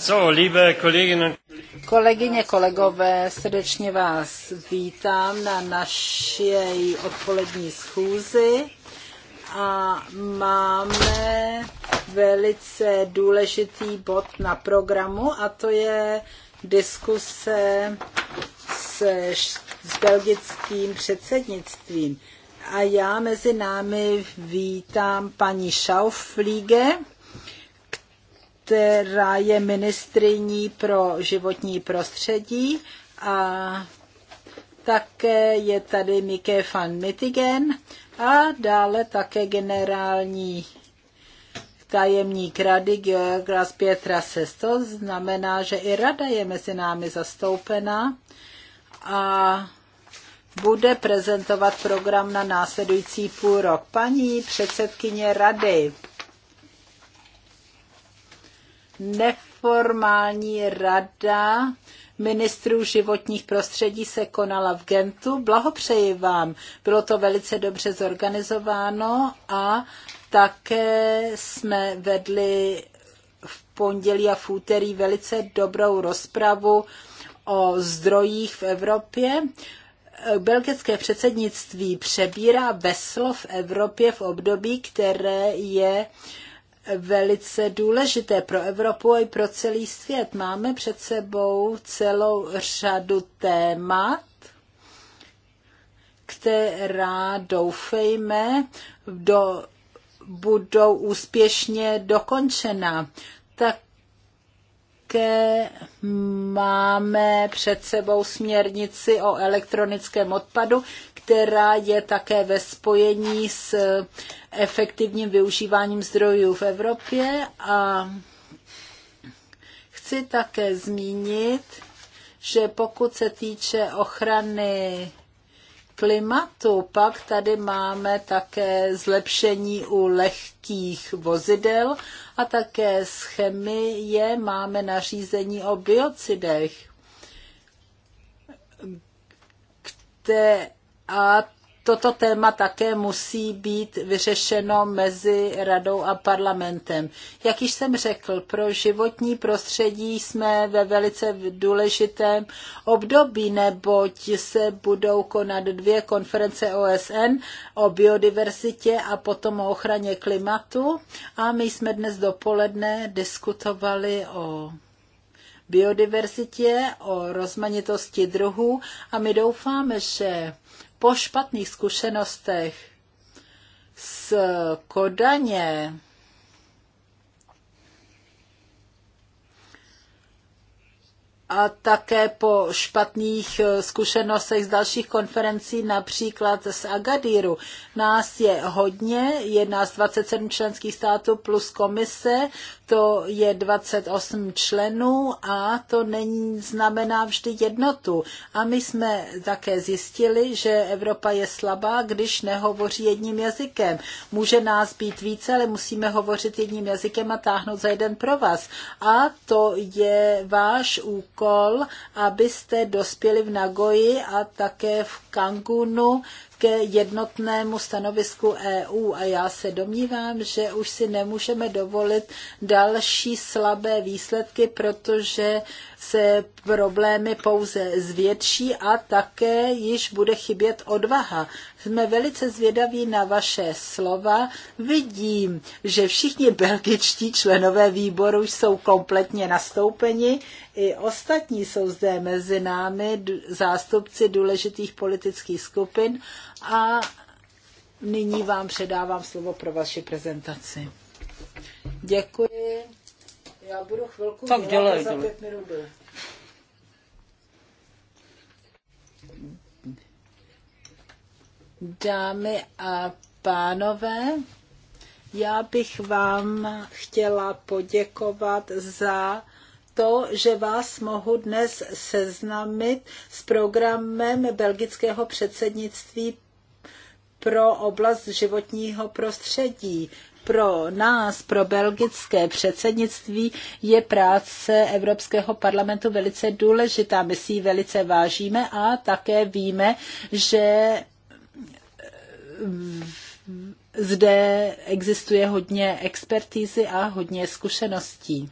So, liebe Kolleginnen Kolegyně, kolegové, srdečně vás vítám na naší odpolední schůzi a máme velice důležitý bod na programu a to je diskuse s, s belgickým předsednictvím. A já mezi námi vítám paní Schauflíge, která je ministriní pro životní prostředí a také je tady Mike van Mitigen a dále také generální tajemník rady Georgas Pietra Sesto. Znamená, že i rada je mezi námi zastoupena a bude prezentovat program na následující půl rok. Paní předsedkyně rady, Neformální rada ministrů životních prostředí se konala v Gentu. Blahopřeji vám. Bylo to velice dobře zorganizováno a také jsme vedli v pondělí a v úterý velice dobrou rozpravu o zdrojích v Evropě. Belgické předsednictví přebírá veslo v Evropě v období, které je uh, velice důležité pro Evropu i pro celý svět. Máme před sebou celou řadu témat, která doufejme do, budou úspěšně dokončena. Také máme před sebou směrnici o elektronickém odpadu, která je také ve spojení s efektivním využíváním zdrojů v Evropě a chci také zmínit, že pokud se týče ochrany klimatu, pak tady máme také zlepšení u lehkých vozidel a také z chemie máme nařízení o biocidech, které a toto téma také musí být vyřešeno mezi radou a parlamentem. Jak již jsem řekl, pro životní prostředí jsme ve velice důležitém období, neboť se budou konat dvě konference OSN o biodiverzitě a potom o ochraně klimatu. A my jsme dnes dopoledne diskutovali o biodiverzitě, o rozmanitosti druhů a my doufáme, že po špatných zkušenostech z Kodaně a také po špatných eh, zkušenostech z dalších konferencí, například z Agadíru. Nás je hodně, je nás 27 členských států plus komise, to je 28 členů a to není, znamená vždy jednotu. A my jsme také zjistili, že Evropa je slabá, když nehovoří jedním jazykem. Může nás být více, ale musíme hovořit jedním jazykem a táhnout za jeden pro vás. A to je váš úkol, abyste dospěli v Nagoji a také v Kangunu k jednotnému stanovisku EU a já se domnívám, že už si nemůžeme dovolit další slabé výsledky, protože se problémy pouze zvětší a také již bude chybět odvaha. Jsme velice zvědaví na vaše slova. Vidím, že všichni belgičtí členové výboru jsou kompletně nastoupeni. I ostatní jsou zde mezi námi zástupci důležitých politických skupin a nyní vám předávám slovo pro vaši prezentaci. Děkuji. Já budu chvilku tak dělej, za pět minut. Dámy a pánové, já bych vám chtěla poděkovat za to, že vás mohu dnes seznámit s programem belgického předsednictví pro oblast životního prostředí. Pro nás, pro belgické předsednictví, je práce Evropského parlamentu velice důležitá. My si ji velice vážíme a také víme, že zde existuje hodně expertízy a hodně zkušeností.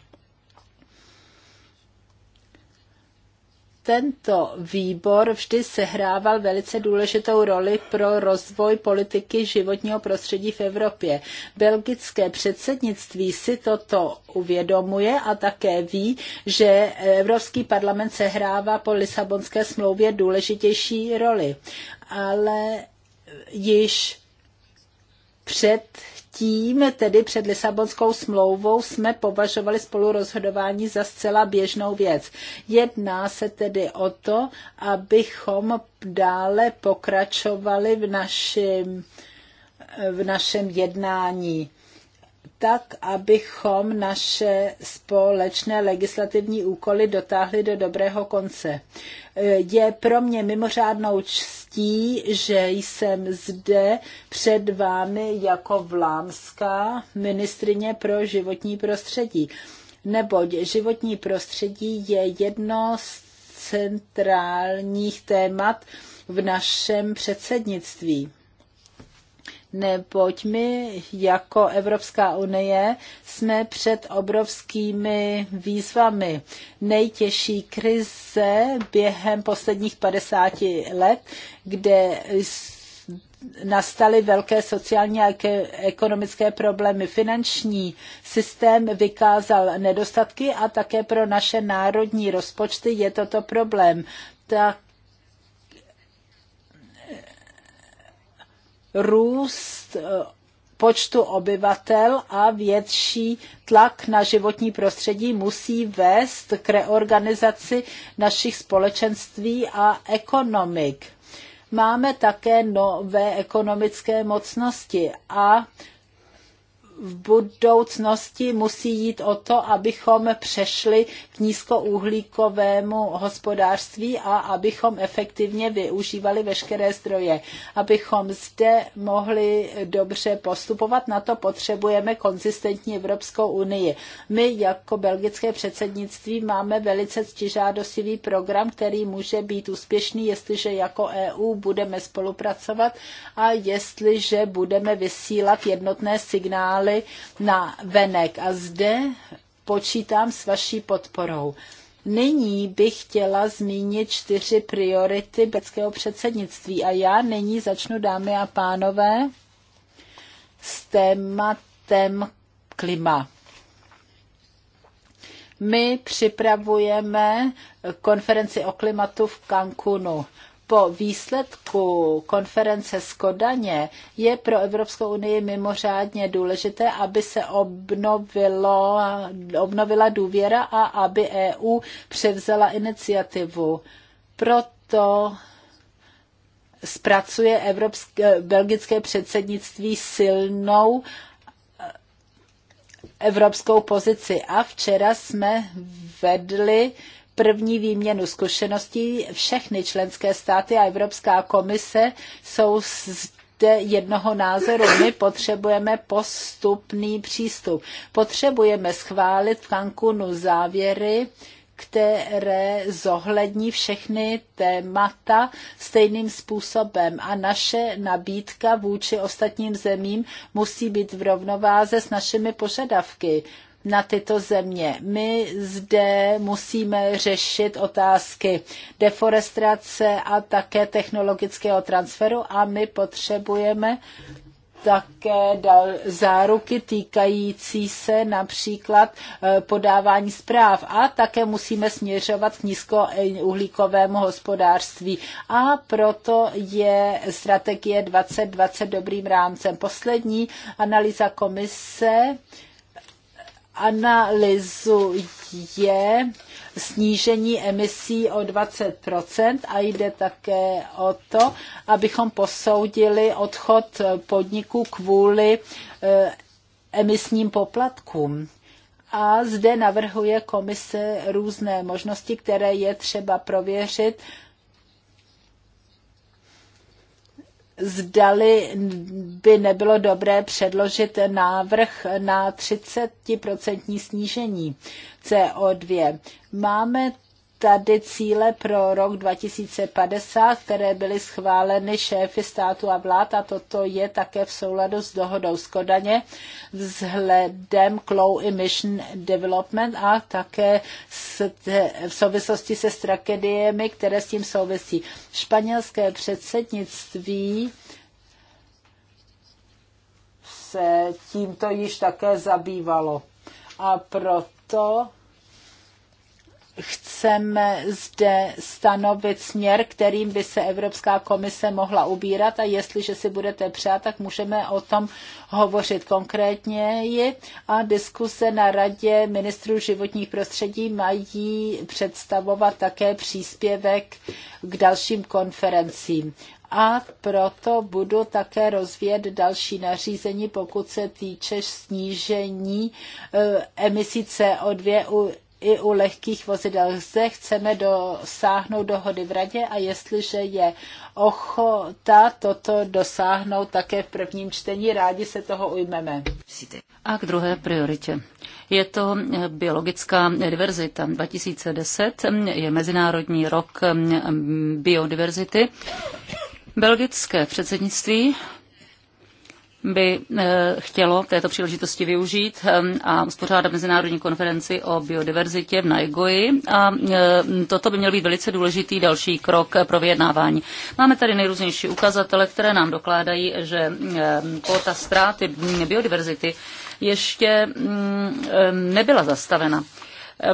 tento výbor vždy sehrával velice důležitou roli pro rozvoj politiky životního prostředí v Evropě. Belgické předsednictví si toto uvědomuje a také ví, že Evropský parlament sehrává po Lisabonské smlouvě důležitější roli. Ale již před Předtím, tedy před Lisabonskou smlouvou, jsme považovali spolurozhodování za zcela běžnou věc. Jedná se tedy o to, abychom dále pokračovali v našem, v našem jednání tak, abychom naše společné legislativní úkoly dotáhli do dobrého konce. Je pro mě mimořádnou čtí, že jsem zde před vámi jako vlámská ministrině pro životní prostředí. Neboť životní prostředí je jedno z centrálních témat v našem předsednictví neboť my jako Evropská unie jsme před obrovskými výzvami. Nejtěžší krize během posledních 50 let, kde nastaly velké sociální a ekonomické problémy. Finanční systém vykázal nedostatky a také pro naše národní rozpočty je toto problém. Tak růst eh, počtu obyvatel a větší tlak na životní prostředí musí vést k reorganizaci našich společenství a ekonomik. Máme také nové ekonomické mocnosti a v budoucnosti musí jít o to, abychom přešli k nízkouhlíkovému hospodářství a abychom efektivně využívali veškeré zdroje. Abychom zde mohli dobře postupovat, na to potřebujeme konzistentní Evropskou unii. My jako belgické předsednictví máme velice ctižádosivý program, který může být úspěšný, jestliže jako EU budeme spolupracovat a jestliže budeme vysílat jednotné signály dostali na venek. A zde počítám s vaší podporou. Nyní bych chtěla zmínit čtyři priority britského předsednictví a já nyní začnu, dámy a pánové, s tématem klima. My připravujeme konferenci o klimatu v Cancunu po výsledku konference z Kodaně je pro Evropskou unii mimořádně důležité, aby se obnovilo, obnovila důvěra a aby EU převzala iniciativu. Proto zpracuje evropské, belgické předsednictví silnou evropskou pozici. A včera jsme vedli první výměnu zkušeností. Všechny členské státy a Evropská komise jsou z jednoho názoru. My potřebujeme postupný přístup. Potřebujeme schválit v Cancunu závěry, které zohlední všechny témata stejným způsobem a naše nabídka vůči ostatním zemím musí být v rovnováze s našimi požadavky na tyto země. My zde musíme řešit otázky deforestace a také technologického transferu a my potřebujeme také dal, záruky týkající se například eh, podávání zpráv a také musíme směřovat k nízkouhlíkovému hospodářství. A proto je strategie 2020 dobrým rámcem. Poslední analýza komise analyzuje snížení emisí o 20 a jde také o to, abychom posoudili odchod podniků kvůli eh, emisním poplatkům. A zde navrhuje komise různé možnosti, které je třeba prověřit zdali by nebylo dobré předložit návrh na 30% snížení CO2. Máme tady cíle pro rok 2050, které byly schváleny šéfy státu a vlád a toto je také v souladu s dohodou z Kodaně vzhledem k low emission development a také v souvislosti se strategiemi, které s tím souvisí. Španělské předsednictví se tímto již také zabývalo. A proto chceme zde stanovit směr, kterým by se Evropská komise mohla ubírat a jestliže si budete přát, tak můžeme o tom hovořit konkrétněji a diskuse na Radě ministrů životních prostředí mají představovat také příspěvek k dalším konferencím a proto budu také rozvíjet další nařízení, pokud se týče snížení eh, emisí CO2 u i u lehkých vozidel. Zde chceme dosáhnout dohody v radě a jestliže je ochota toto dosáhnout také v prvním čtení, rádi se toho ujmeme. A k druhé prioritě. Je to biologická diverzita. 2010 je Mezinárodní rok biodiverzity. Belgické předsednictví by eh, chtělo této příležitosti využít eh, a uspořádat mezinárodní konferenci o biodiverzitě v Nagoji. A eh, toto by měl být velice důležitý další krok pro vyjednávání. Máme tady nejrůznější ukazatele, které nám dokládají, že kvota ztráty biodiverzity ještě mm, nebyla zastavena.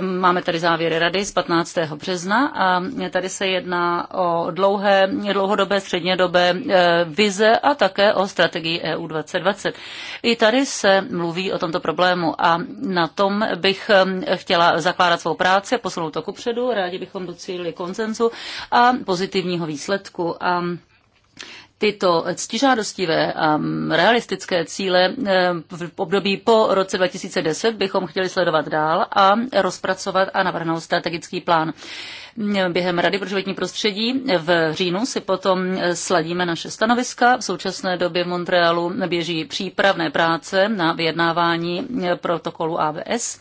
Máme tady závěry rady z 15. března a tady se jedná o dlouhé, dlouhodobé, střednědobé eh, vize a také o strategii EU 2020. I tady se mluví o tomto problému a na tom bych chtěla zakládat svou práci, posunout to kupředu, rádi bychom docílili konsenzu a pozitivního výsledku. A tyto ctižádostivé a realistické cíle eh, v období po roce 2010 bychom chtěli sledovat dál a rozpracovat a navrhnout strategický plán. Během Rady pro životní prostředí v říjnu si potom sladíme naše stanoviska. V současné době v Montrealu běží přípravné práce na vyjednávání protokolu ABS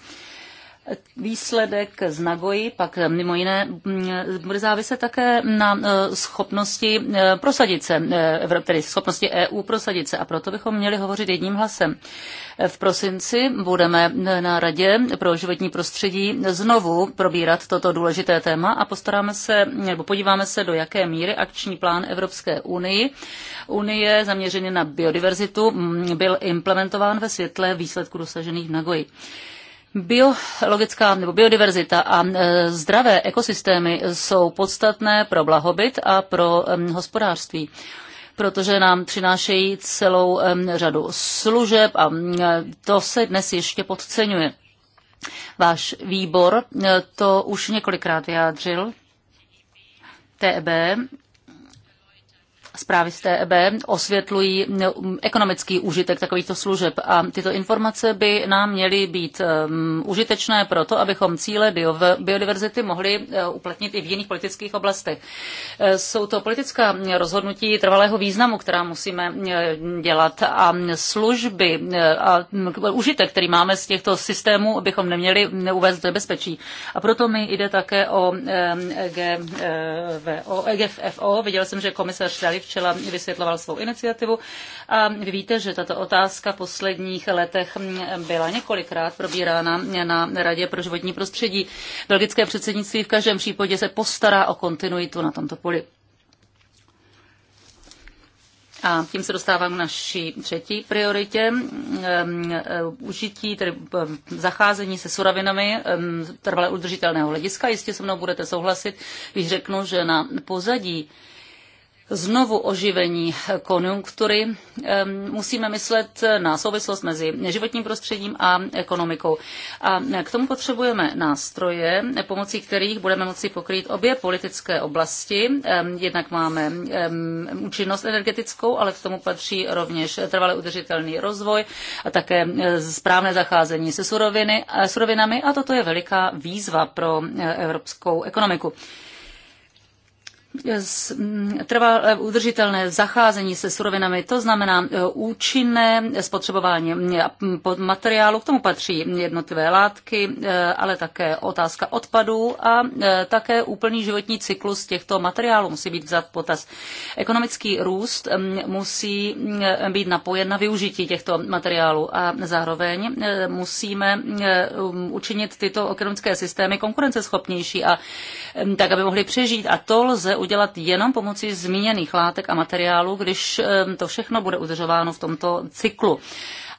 Výsledek z Nagoji pak mimo jiné mm, bude záviset také na e, schopnosti e, prosadit se, e, tedy schopnosti EU prosadit se a proto bychom měli hovořit jedním hlasem. V prosinci budeme na Radě pro životní prostředí znovu probírat toto důležité téma a postaráme se, nebo podíváme se, do jaké míry akční plán Evropské unii, unie zaměřený na biodiverzitu, mm, byl implementován ve světle výsledku dosažených v Nagoji. Biologická nebo biodiverzita a e, zdravé ekosystémy jsou podstatné pro blahobyt a pro hospodářství protože nám přinášejí celou řadu služeb a e, to se dnes ještě podceňuje. Váš výbor e, to už několikrát vyjádřil. TEB Zprávy z TEB osvětlují ekonomický užitek takovýchto služeb a tyto informace by nám měly být um, užitečné pro to, abychom cíle bio, biodiverzity mohli uh, uplatnit i v jiných politických oblastech. Uh, jsou to politická rozhodnutí trvalého významu, která musíme uh, dělat a služby uh, a um, užitek, který máme z těchto systémů, bychom neměli uvést do bezpečí. A proto mi jde také o, um, G, uh, o EGFO. Viděl jsem, že komisař Dali bych včela vysvětloval svou iniciativu. A vy víte, že tato otázka v posledních letech byla několikrát probírána na Radě pro životní prostředí. Belgické předsednictví v každém případě se postará o kontinuitu na tomto poli. A tím se dostávám k naší třetí prioritě, um, um, užití, tedy um, zacházení se surovinami trvale udržitelného hlediska. Jistě se mnou budete souhlasit, když řeknu, že na pozadí znovu oživení konjunktury musíme myslet na souvislost mezi životním prostředím a ekonomikou. A k tomu potřebujeme nástroje, pomocí kterých budeme moci pokrýt obě politické oblasti. Jednak máme účinnost energetickou, ale k tomu patří rovněž trvale udržitelný rozvoj a také správné zacházení se suroviny, surovinami a toto je veliká výzva pro evropskou ekonomiku. Mm, trvalé eh, udržitelné zacházení se surovinami, to znamená eh, účinné spotřebování mm, mm, materiálu, k tomu patří jednotlivé látky, eh, ale také otázka odpadů a také úplný životní cyklus těchto materiálů musí být vzat potaz. Ekonomický růst musí být napojen na využití těchto materiálů a zároveň musíme um, učinit tyto ekonomické systémy konkurenceschopnější a tak, aby mohly přežít a to lze udělat jenom pomocí zmíněných látek a materiálů, když eh, to všechno bude udržováno v tomto cyklu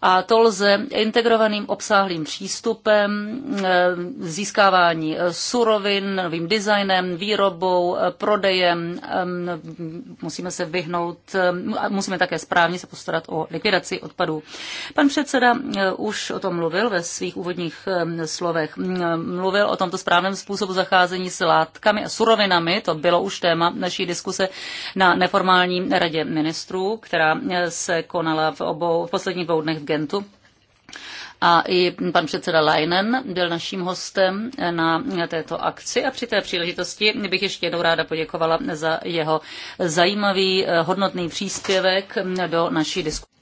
a to lze integrovaným obsáhlým přístupem, eh, získávání eh, surovin, novým designem, výrobou, eh, prodejem. Musíme se vyhnout, musíme také správně se postarat o likvidaci odpadů. Pan předseda už o tom mluvil ve svých úvodních slovech. Mm, mluvil o tomto správném způsobu zacházení s látkami a surovinami. To bylo už téma naší diskuse na neformální radě ministrů, která se konala v obou v posledních dvou dnech v Gentu. A i pan předseda Leinen byl naším hostem na této akci a při té příležitosti bych ještě jednou ráda poděkovala za jeho zajímavý, eh, hodnotný příspěvek mm, do naší diskuse.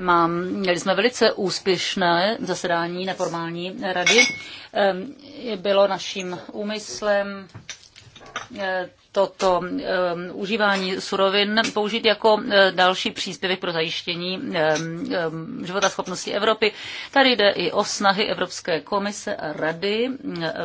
Mám, měli jsme velice úspěšné zasedání neformální rady. Bylo naším úmyslem Eh, toto um, užívání surovin použít jako uh, další příspěvek pro zajištění um, um, životaschopnosti Evropy. Tady jde i o snahy Evropské komise a rady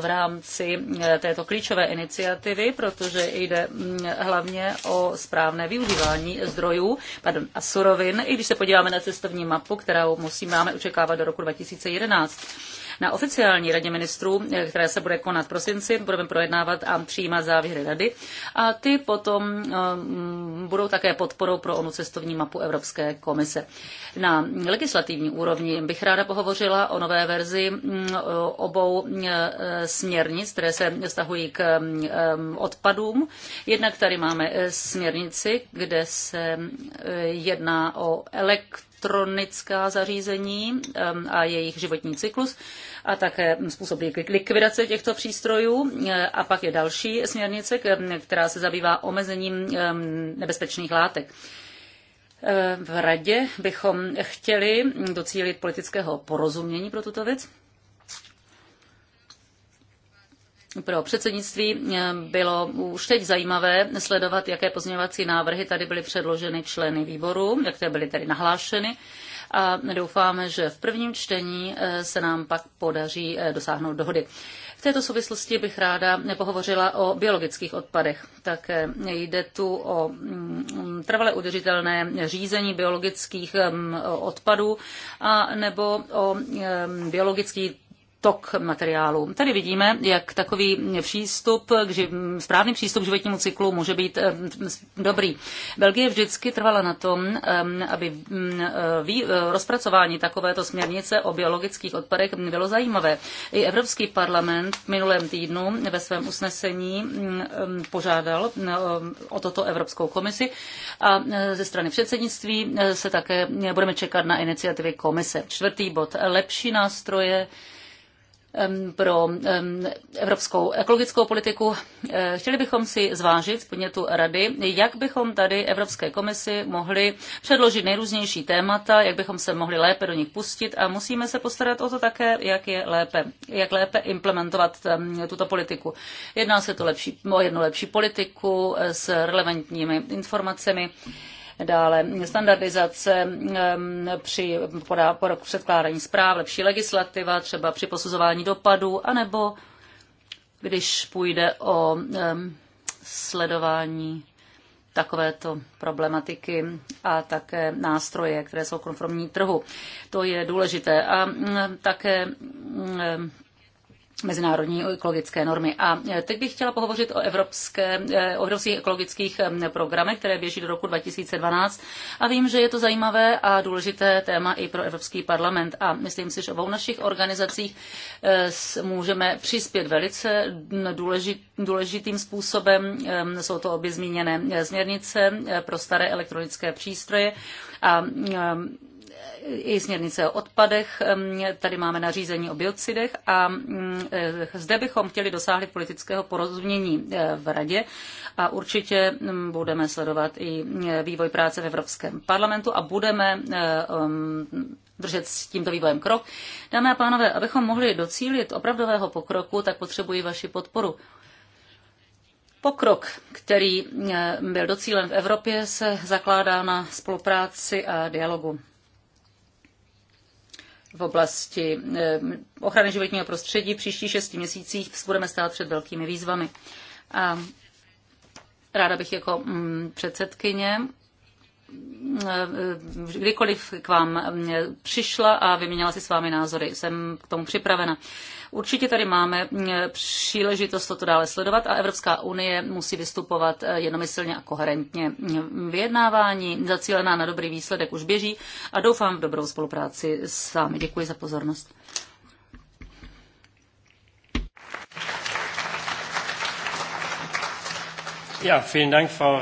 v rámci této klíčové iniciativy, protože jde mm, hlavně o správné využívání zdrojů pardon, a surovin, i když se podíváme na cestovní mapu, kterou musíme máme očekávat do roku 2011 na oficiální radě ministrů, která se bude konat v prosinci, budeme projednávat a přijímat závěry rady a ty potom eh, budou také podporou pro onu cestovní mapu Evropské komise. Na legislativní úrovni bych ráda pohovořila o nové verzi obou eh, směrnic, které se vztahují k eh, odpadům. Jednak tady máme směrnici, kde se jedná o elektronizaci elektronická zařízení a jejich životní cyklus a také způsob likvidace těchto přístrojů. E, a pak je další směrnice, která se zabývá omezením nebezpečných látek. E, v radě bychom chtěli docílit politického porozumění pro tuto věc. pro předsednictví eh, bylo už teď zajímavé sledovat, jaké pozměňovací návrhy tady byly předloženy členy výboru, jaké byly tady nahlášeny. A doufáme, že v prvním čtení eh, se nám pak podaří eh, dosáhnout dohody. V této souvislosti bych ráda pohovořila o biologických odpadech. Tak jde tu o mm, trvale udržitelné řízení biologických mm, odpadů a nebo o mm, biologický tok materiálu. Tady vidíme, jak takový přístup, správný přístup k životnímu cyklu může být eh, dobrý. Belgie vždycky trvala na tom, eh, aby mm, eh, rozpracování takovéto směrnice o biologických odpadech bylo zajímavé. I Evropský parlament v minulém týdnu ve svém usnesení mm, požádal o toto Evropskou komisi a ze strany předsednictví se také budeme čekat na iniciativy komise. Čtvrtý bod. Lepší nástroje pro evropskou ekologickou politiku. Eh, chtěli bychom si zvážit z podnětu rady, jak bychom tady Evropské komisi mohli předložit nejrůznější témata, jak bychom se mohli lépe do nich pustit a musíme se postarat o to také, jak je lépe, jak lépe implementovat tuto politiku. Jedná se to lepší, o jednu lepší politiku eh, s relevantními informacemi dále standardizace při předkládání zpráv, lepší legislativa, třeba při posuzování dopadů, anebo když půjde o sledování takovéto problematiky a také nástroje, které jsou konformní trhu. To je důležité. A také mezinárodní ekologické normy. A e, teď bych chtěla pohovořit o, evropské, e, o evropských ekologických programech, které běží do roku 2012. A vím, že je to zajímavé a důležité téma i pro Evropský parlament. A myslím si, že obou našich organizacích e, můžeme přispět velice důležitým způsobem. Jsou to obě zmíněné směrnice pro staré elektronické přístroje. A i směrnice o odpadech, tady máme nařízení o biocidech a eh, zde bychom chtěli dosáhli politického porozumění eh, v radě a určitě budeme sledovat i eh, vývoj práce v Evropském parlamentu a budeme držet s tímto vývojem krok. Dámy a pánové, abychom mohli docílit opravdového pokroku, tak potřebuji vaši podporu. Pokrok, který byl docílen v Evropě, se zakládá na spolupráci a dialogu v oblasti eh, ochrany životního prostředí v příštích šesti měsících budeme stát před velkými výzvami. A ráda bych jako mm, předsedkyně eh, kdykoliv k vám mm, přišla a vyměnila si s vámi názory. Jsem k tomu připravena. Určitě tady máme mm, příležitost toto dále sledovat a Evropská unie musí vystupovat eh, jednomyslně a koherentně. Mm, vyjednávání zacílená na dobrý výsledek už běží a doufám v dobrou spolupráci s vámi. Děkuji za pozornost. Ja, vielen Dank, Frau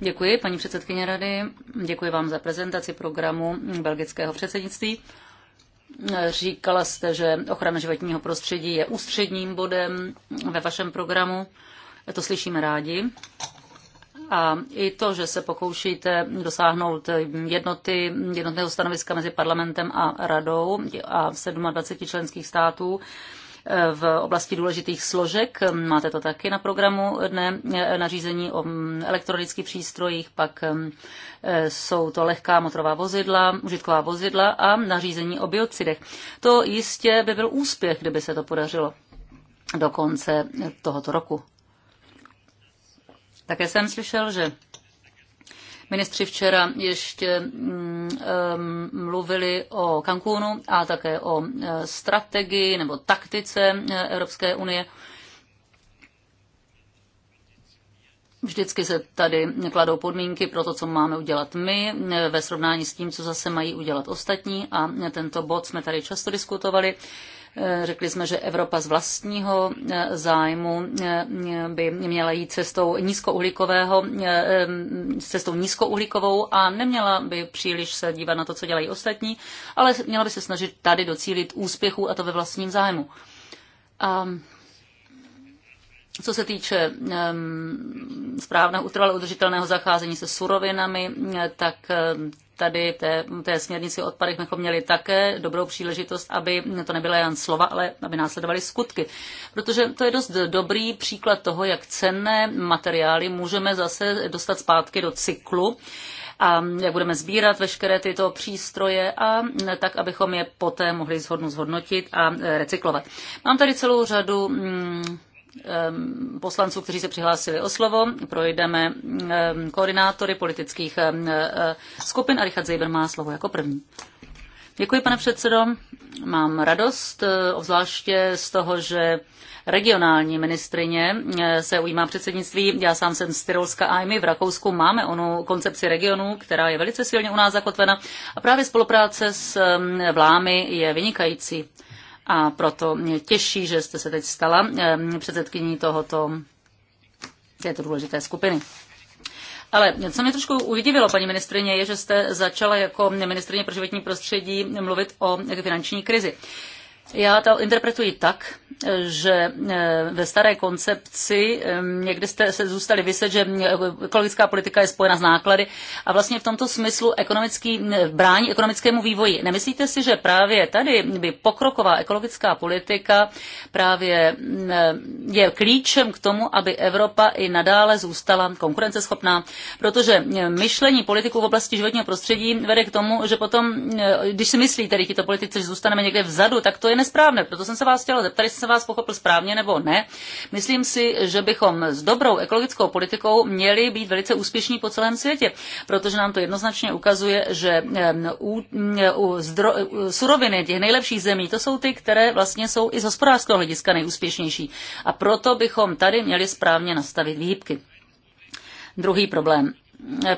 Děkuji, paní předsedkyně rady. Děkuji vám za prezentaci programu belgického předsednictví. Říkala jste, že ochrana životního prostředí je ústředním bodem ve vašem programu. To slyšíme rádi. A i to, že se pokoušíte dosáhnout jednoty, jednotného stanoviska mezi parlamentem a radou a 27 členských států, v oblasti důležitých složek. Máte to taky na programu dne eh, nařízení o mm, elektronických přístrojích, pak eh, jsou to lehká motorová vozidla, užitková vozidla a nařízení o biocidech. To jistě by byl úspěch, kdyby se to podařilo do konce tohoto roku. Také jsem slyšel, že Ministři včera ještě mm, mluvili o Cancúnu a také o eh, strategii nebo taktice eh, Evropské unie. Vždycky se tady kladou podmínky pro to, co máme udělat my, eh, ve srovnání s tím, co zase mají udělat ostatní. A tento bod jsme tady často diskutovali. Eh, řekli jsme, že Evropa z vlastního eh, zájmu eh, by měla jít cestou nízkouhlíkového, cestou nízkouhlíkovou a neměla by příliš se dívat na to, co dělají ostatní, ale měla by se snažit tady docílit úspěchu a to ve vlastním zájmu. A co se týče um, správného utrvalého, udržitelného zacházení se surovinami, tak tady té, té směrnici o odpadech bychom měli také dobrou příležitost, aby to nebyla jen slova, ale aby následovaly skutky. Protože to je dost dobrý příklad toho, jak cenné materiály můžeme zase dostat zpátky do cyklu a jak budeme sbírat veškeré tyto přístroje a tak, abychom je poté mohli zhodnu zhodnotit a recyklovat. Mám tady celou řadu mm, poslanců, kteří se přihlásili o slovo. Projdeme koordinátory politických e, e, skupin a Richard Zeber má slovo jako první. Děkuji, pane předsedo. Mám radost, e, obzvláště z toho, že regionální ministrině se ujímá předsednictví. Já sám jsem z Tyrolska a my v Rakousku máme onu koncepci regionu, která je velice silně u nás zakotvena a právě spolupráce s vlámy je vynikající a proto mě těší, že jste se teď stala předsedkyní tohoto, této důležité skupiny. Ale co mě trošku udivilo, paní ministrině, je, že jste začala jako ministrině pro životní prostředí mluvit o finanční krizi. Já to interpretuji tak, že eh, ve staré koncepci eh, někdy jste se zůstali vyset, že eh, ekologická politika je spojena s náklady a vlastně v tomto smyslu ekonomický, brání ekonomickému vývoji. Nemyslíte si, že právě tady by pokroková ekologická politika právě je klíčem k tomu, aby Evropa i nadále zůstala konkurenceschopná, protože myšlení politiků v oblasti životního prostředí vede k tomu, že potom, když si myslí tedy tyto politice, že zůstaneme někde vzadu, tak to je nesprávné. Proto jsem se vás chtěla zeptat, jestli se vás pochopil správně nebo ne, myslím si, že bychom s dobrou ekologickou politikou měli být velice úspěšní po celém světě, protože nám to jednoznačně ukazuje, že u, u zdro, suroviny těch nejlepších zemí, to jsou ty, které vlastně jsou i z hospodářského hlediska nejúspěšnější. A proto bychom tady měli správně nastavit výhybky. Druhý problém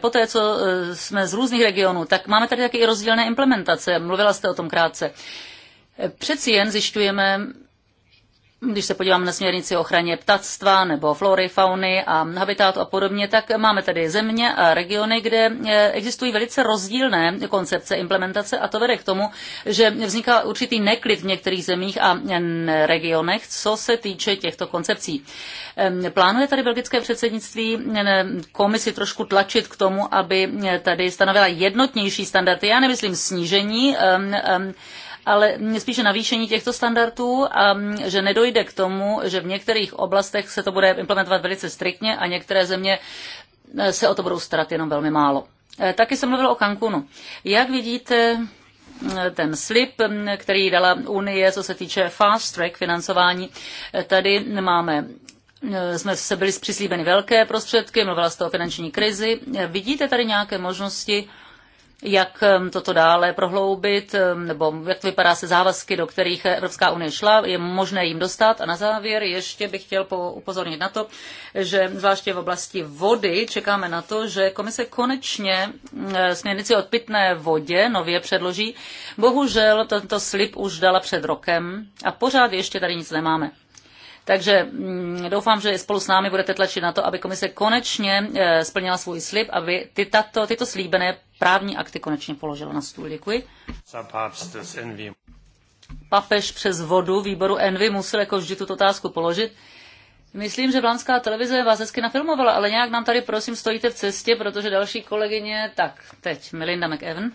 poté, co e, jsme z různých regionů, tak máme tady taky i rozdílné implementace. Mluvila jste o tom krátce. Přeci jen zjišťujeme, když se podívám na směrnici o ochraně ptactva nebo flory, fauny a habitátu a podobně, tak máme tady země a regiony, kde eh, existují velice rozdílné koncepce implementace a to vede k tomu, že vzniká určitý neklid v některých zemích a regionech, co se týče těchto koncepcí. Plánuje tady belgické předsednictví komisi trošku tlačit k tomu, aby eh, tady stanovila jednotnější standardy. Já nemyslím snížení ale spíše navýšení těchto standardů a že nedojde k tomu, že v některých oblastech se to bude implementovat velice striktně a některé země e, se o to budou starat jenom velmi málo. E, taky jsem mluvil o Cancunu. Jak vidíte, e, ten slib, který dala Unie, co se týče fast track financování. Tady máme jsme se byli přislíbeny velké prostředky, mluvila jste o finanční krizi. Vidíte tady nějaké možnosti jak um, toto dále prohloubit, um, nebo jak to vypadá se závazky, do kterých Evropská unie šla, je možné jim dostat. A na závěr ještě bych chtěl upozornit na to, že zvláště v oblasti vody čekáme na to, že komise konečně mm, směrnici o pitné vodě nově předloží. Bohužel tento slib už dala před rokem a pořád ještě tady nic nemáme. Takže mm, doufám, že spolu s námi budete tlačit na to, aby komise konečně eh, splnila svůj slib, aby ty, tato, tyto slíbené právní akty konečně položila na stůl. Děkuji. Papež přes vodu výboru Envy musel jako vždy tuto otázku položit. Myslím, že vlámská televize vás hezky nafilmovala, ale nějak nám tady prosím stojíte v cestě, protože další kolegyně, tak teď Melinda McEwen.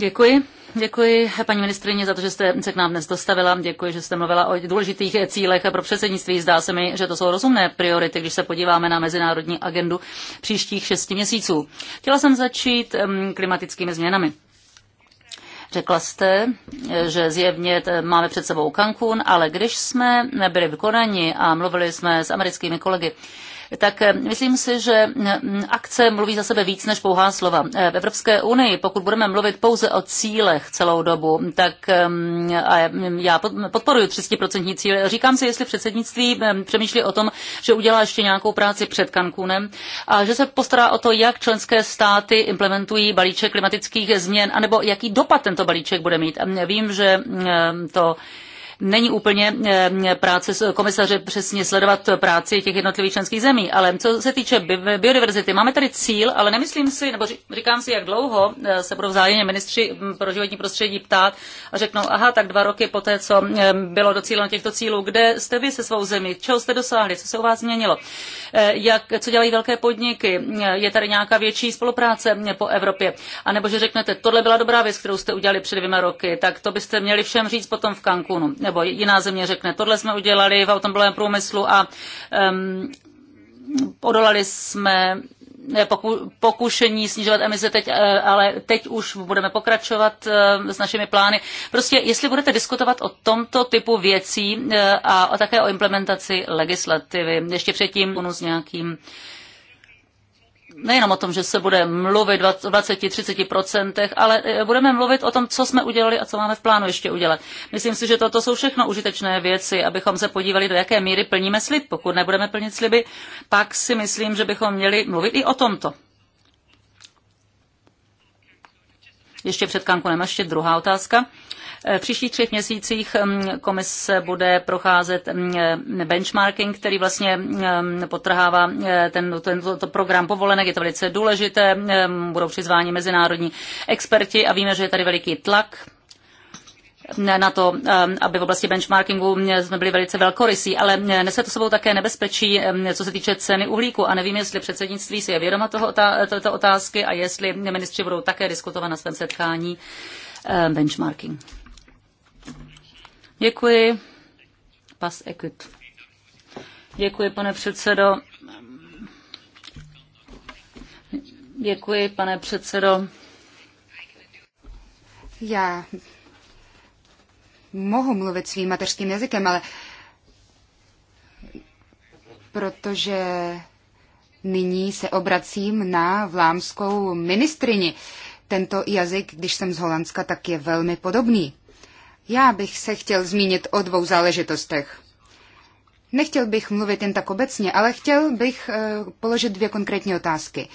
Děkuji. Děkuji, paní ministrině, za to, že jste se k nám dnes dostavila. Děkuji, že jste mluvila o důležitých cílech pro předsednictví. Zdá se mi, že to jsou rozumné priority, když se podíváme na mezinárodní agendu příštích šesti měsíců. Chtěla jsem začít klimatickými změnami. Řekla jste, že zjevně eh, máme před sebou Cancún, ale když jsme byli v a mluvili jsme s americkými kolegy, tak eh, myslím si, že mm, mm, akce mluví za sebe víc než pouhá slova. Eh, v Evropské unii, pokud budeme mluvit pouze o cílech celou dobu, tak mm, a já podporuji 30% cíle. Říkám si, jestli předsednictví přemýšlí o tom, že udělá ještě nějakou práci před Cancunem a že se postará o to, jak členské státy implementují balíček klimatických změn, anebo jaký dopad tento balíček bude mít. Vím, že to není úplně eh, práce komisaře přesně sledovat práci těch jednotlivých členských zemí. Ale co se týče biodiverzity, máme tady cíl, ale nemyslím si, nebo říkám si, jak dlouho eh, se budou vzájemně ministři hm, pro životní prostředí ptát a řeknou, aha, tak dva roky po té, co eh, bylo docíleno těchto cílů, kde jste vy se svou zemí, čeho jste dosáhli, co se u vás změnilo, jak, co dělají velké podniky, je tady nějaká větší spolupráce po Evropě, anebo že řeknete, tohle byla dobrá věc, kterou jste udělali před dvěma roky, tak to byste měli všem říct potom v Cancunu nebo jiná země řekne, tohle jsme udělali v automobilovém průmyslu a um, odolali jsme poku, pokušení snižovat emise teď, e, ale teď už budeme pokračovat e, s našimi plány. Prostě jestli budete diskutovat o tomto typu věcí e, a také o implementaci legislativy, ještě předtím s nějakým nejenom o tom, že se bude mluvit o 20-30%, ale e, budeme mluvit o tom, co jsme udělali a co máme v plánu ještě udělat. Myslím si, že toto jsou všechno užitečné věci, abychom se podívali, do jaké míry plníme slib. Pokud nebudeme plnit sliby, pak si myslím, že bychom měli mluvit i o tomto. Ještě před Kankunem, ještě druhá otázka. V příštích třech měsících mm, komise bude procházet mm, benchmarking, který vlastně mm, potrhává ten, tento to program povolenek. Je to velice důležité. Budou přizváni mezinárodní experti a víme, že je tady veliký tlak na to, aby v oblasti benchmarkingu jsme byli velice velkorysí, ale nese to sebou také nebezpečí, co se týče ceny uhlíku. A nevím, jestli předsednictví si je vědoma toho, této otázky a jestli ministři budou také diskutovat na svém setkání benchmarking. Děkuji. Pas Equit. Děkuji, pane předsedo. Děkuji, pane předsedo. Já mohu mluvit svým mateřským jazykem, ale protože nyní se obracím na vlámskou ministrini. Tento jazyk, když jsem z Holandska, tak je velmi podobný. Já bych se chtěl zmínit o dvou záležitostech. Nechtěl bych mluvit jen tak obecně, ale chtěl bych eh, položit dvě konkrétní otázky.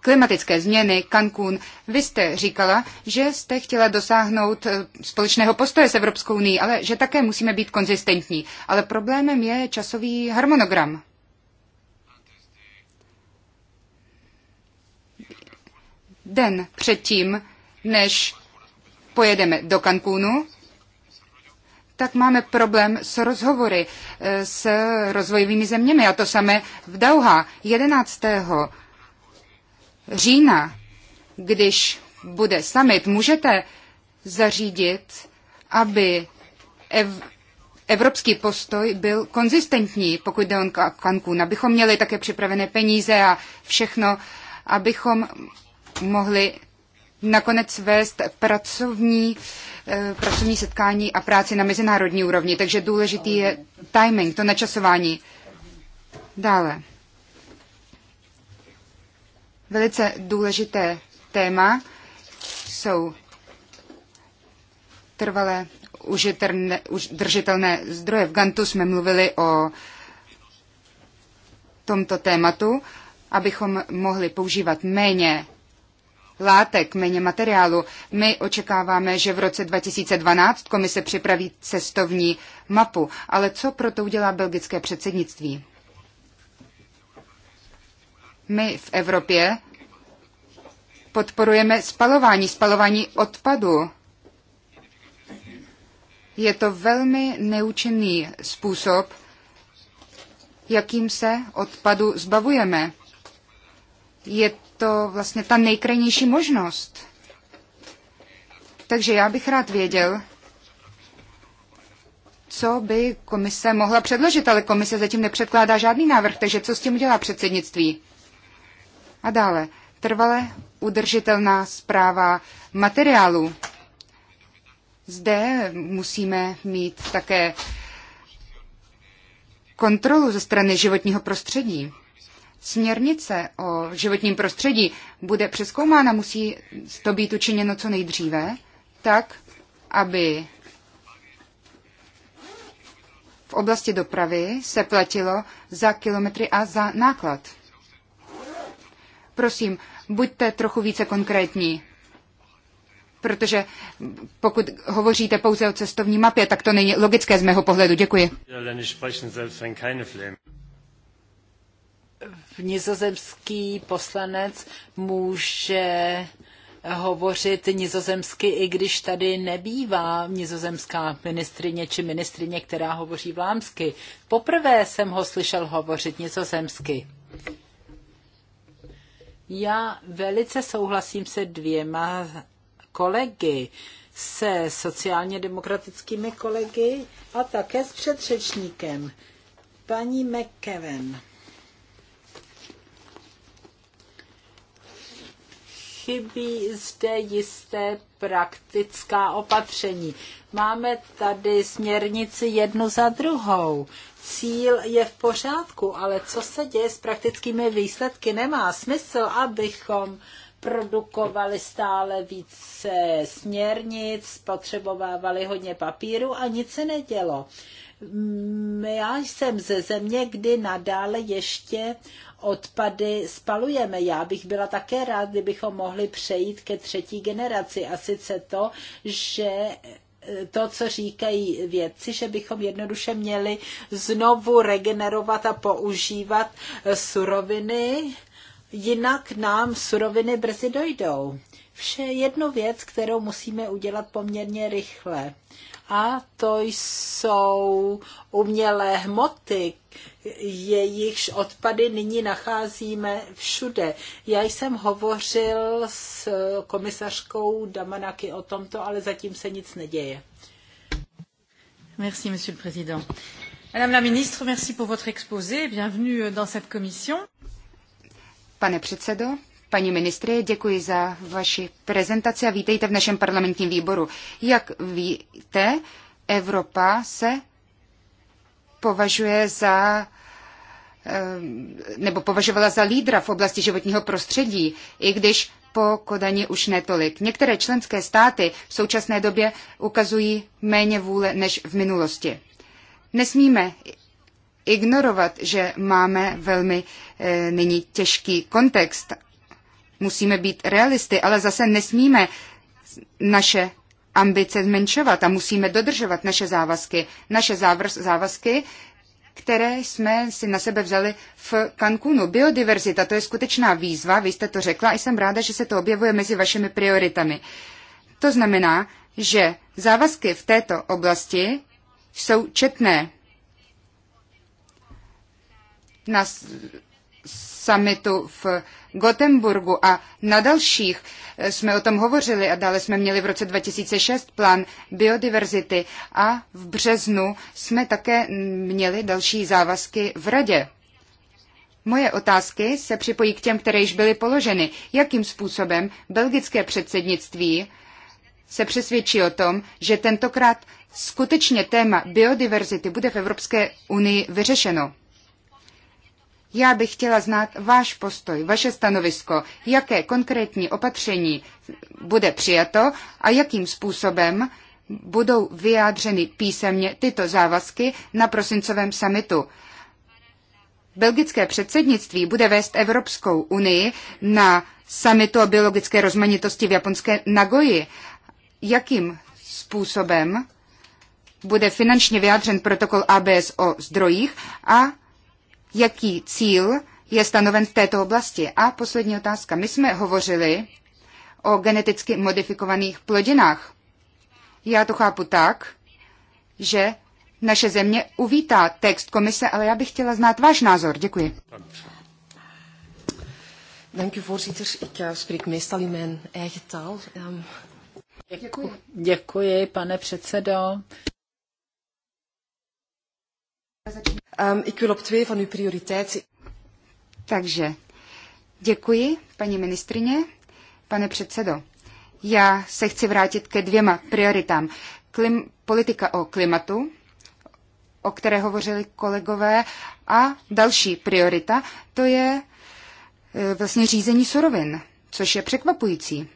Klimatické změny, Cancún. Vy jste říkala, že jste chtěla dosáhnout eh, společného postoje s Evropskou unii, ale že také musíme být konzistentní. Ale problémem je časový harmonogram. Den předtím, než pojedeme do Cancúnu, tak máme problém s rozhovory eh, s rozvojovými zeměmi. A to samé v Dauha 11. října, když bude summit, můžete zařídit, aby ev- evropský postoj byl konzistentní, pokud jde o Cancún, abychom měli také připravené peníze a všechno, abychom mohli nakonec vést pracovní, eh, pracovní setkání a práci na mezinárodní úrovni. Takže důležitý je timing, to načasování. Dále. Velice důležité téma jsou trvalé užitrne, už držitelné zdroje. V Gantu jsme mluvili o tomto tématu, abychom mohli používat méně látek, méně materiálu. My očekáváme, že v roce 2012 komise připraví cestovní mapu, ale co proto udělá belgické předsednictví? My v Evropě podporujeme spalování, spalování odpadu. Je to velmi neúčinný způsob, jakým se odpadu zbavujeme. Je to vlastně ta nejkrajnější možnost. Takže já bych rád věděl, co by komise mohla předložit, ale komise zatím nepředkládá žádný návrh, takže co s tím udělá předsednictví? A dále, trvale udržitelná zpráva materiálu. Zde musíme mít také kontrolu ze strany životního prostředí směrnice o životním prostředí bude přeskoumána, musí to být učiněno co nejdříve, tak, aby v oblasti dopravy se platilo za kilometry a za náklad. Prosím, buďte trochu více konkrétní, protože pokud hovoříte pouze o cestovní mapě, tak to není logické z mého pohledu. Děkuji nizozemský poslanec může hovořit nizozemsky, i když tady nebývá nizozemská ministrině či ministrině, která hovoří vlámsky. Poprvé jsem ho slyšel hovořit nizozemsky. Já velice souhlasím se dvěma kolegy, se sociálně demokratickými kolegy a také s předřečníkem, paní McKeven. chybí zde jisté praktická opatření. Máme tady směrnici jednu za druhou. Cíl je v pořádku, ale co se děje s praktickými výsledky? Nemá smysl, abychom produkovali stále více směrnic, spotřebovávali hodně papíru a nic se nedělo. Mm, já jsem ze země, kdy nadále ještě odpady spalujeme. Já bych byla také rád, kdybychom mohli přejít ke třetí generaci a sice to, že e, to, co říkají vědci, že bychom jednoduše měli znovu regenerovat a používat e, suroviny, jinak nám suroviny brzy dojdou. Vše jedno věc, kterou musíme udělat poměrně rychle. A to jsou umělé hmoty, jejichž odpady nyní nacházíme všude. Já jsem hovořil s komisařkou Damanaky o tomto, ale zatím se nic neděje. Merci, monsieur le président. Madame la ministre, merci pour votre exposé. Bienvenue dans cette commission. Pane předsedo, paní ministry, děkuji za vaši prezentaci a vítejte v našem parlamentním výboru. Jak víte, Evropa se považuje za eh, nebo považovala za lídra v oblasti životního prostředí, i když po Kodani už netolik. Některé členské státy v současné době ukazují méně vůle než v minulosti. Nesmíme ignorovat, že máme velmi e, nyní těžký kontext. Musíme být realisty, ale zase nesmíme naše ambice zmenšovat a musíme dodržovat naše závazky. Naše závazky, které jsme si na sebe vzali v Cancunu. Biodiverzita, to je skutečná výzva, vy jste to řekla a jsem ráda, že se to objevuje mezi vašimi prioritami. To znamená, že závazky v této oblasti jsou četné na summitu v Gotemburgu a na dalších e, jsme o tom hovořili a dále jsme měli v roce 2006 plán biodiverzity a v březnu jsme také měli další závazky v radě. Moje otázky se připojí k těm, které již byly položeny. Jakým způsobem belgické předsednictví se přesvědčí o tom, že tentokrát skutečně téma biodiverzity bude v Evropské unii vyřešeno? Já bych chtěla znát váš postoj, vaše stanovisko, jaké konkrétní opatření bude přijato a jakým způsobem budou vyjádřeny písemně tyto závazky na prosincovém samitu. Belgické předsednictví bude vést Evropskou unii na samitu o biologické rozmanitosti v japonské Nagoji. Jakým způsobem bude finančně vyjádřen protokol ABS o zdrojích a jaký cíl je stanoven v této oblasti. A poslední otázka. My jsme hovořili o geneticky modifikovaných plodinách. Já to chápu tak, že naše země uvítá text komise, ale já bych chtěla znát váš názor. Děkuji. Eh, ehm, Děkuji, pane předsedo. Um, ik wil op twee van uw prioriteiten. Takže děkuji, paní ministrině, pane předsedo. Já se chci vrátit ke dvěma prioritám. Klim, politika o klimatu, o které hovořili kolegové, a další priorita, to je e, vlastně řízení surovin, což je překvapující.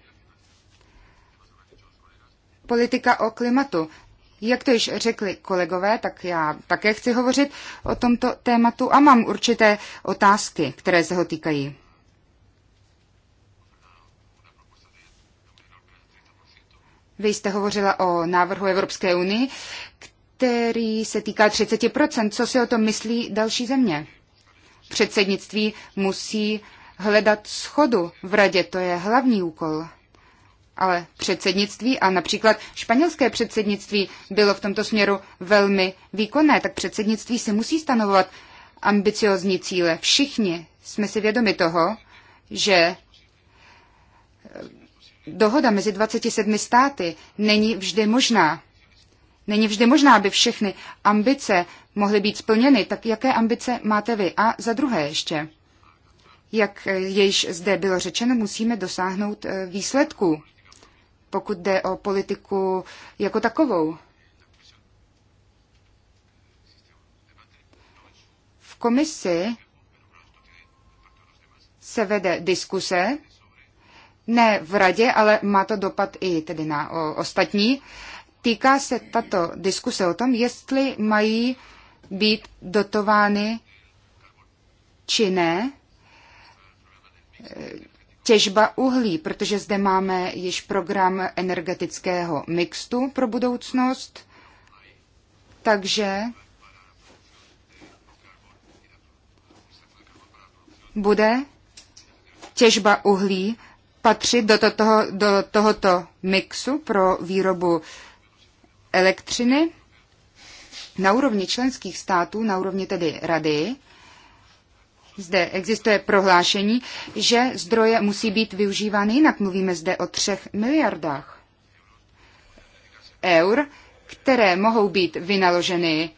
Politika o klimatu. Jak to již řekli kolegové, tak já také chci hovořit o tomto tématu a mám určité otázky, které se ho týkají. Vy jste hovořila o návrhu Evropské unii, který se týká 30%. Co si o tom myslí další země? Předsednictví musí hledat schodu v radě, to je hlavní úkol ale předsednictví a například španělské předsednictví bylo v tomto směru velmi výkonné, tak předsednictví si musí stanovovat ambiciozní cíle. Všichni jsme si vědomi toho, že eh, dohoda mezi 27 státy není vždy možná. Není vždy možná, aby všechny ambice mohly být splněny. Tak jaké ambice máte vy? A za druhé ještě, jak eh, již zde bylo řečeno, musíme dosáhnout eh, výsledků pokud jde o politiku jako takovou. V komisi se vede diskuse, ne v radě, ale má to dopad i tedy na o, ostatní. Týká se tato diskuse o tom, jestli mají být dotovány či ne těžba uhlí, protože zde máme již program energetického mixtu pro budoucnost, takže bude těžba uhlí patřit do, toho, do tohoto mixu pro výrobu elektřiny na úrovni členských států, na úrovni tedy rady, zde existuje prohlášení, že zdroje musí být využívány jinak. Mluvíme zde o třech miliardách eur, které mohou být vynaloženy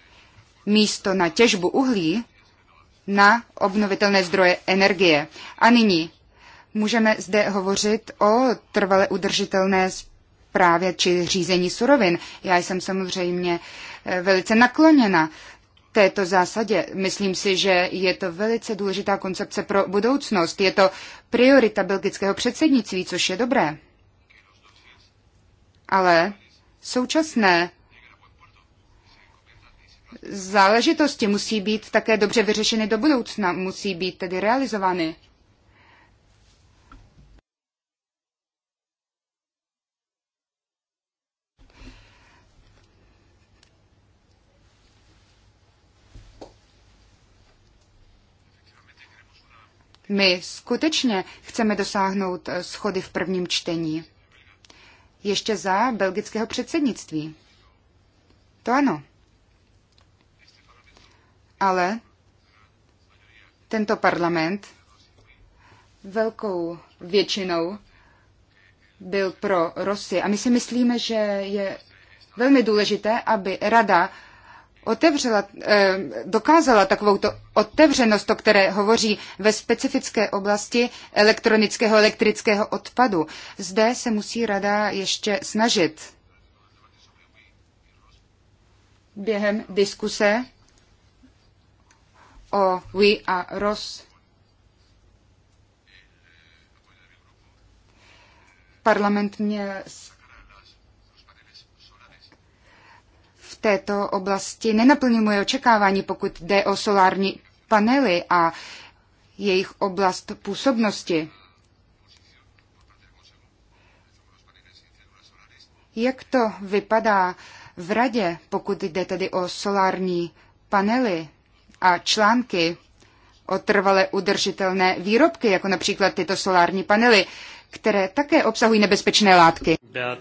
místo na těžbu uhlí na obnovitelné zdroje energie. A nyní můžeme zde hovořit o trvale udržitelné právě či řízení surovin. Já jsem samozřejmě eh, velice nakloněna této zásadě. Myslím si, že je to velice důležitá koncepce pro budoucnost. Je to priorita belgického předsednictví, což je dobré. Ale současné záležitosti musí být také dobře vyřešeny do budoucna, musí být tedy realizovány. My skutečně chceme dosáhnout eh, schody v prvním čtení. Ještě za belgického předsednictví. To ano. Ale tento parlament velkou většinou byl pro Rosy. A my si myslíme, že je velmi důležité, aby Rada otevřela, eh, dokázala takovou otevřenost, o které hovoří ve specifické oblasti elektronického elektrického odpadu. Zde se musí rada ještě snažit. Během diskuse o We a Ross parlament měl této oblasti nenaplní moje očekávání, pokud jde o solární panely a jejich oblast působnosti. Jak to vypadá v radě, pokud jde tedy o solární panely a články o trvale udržitelné výrobky, jako například tyto solární panely? které také obsahují nebezpečné látky. Äh,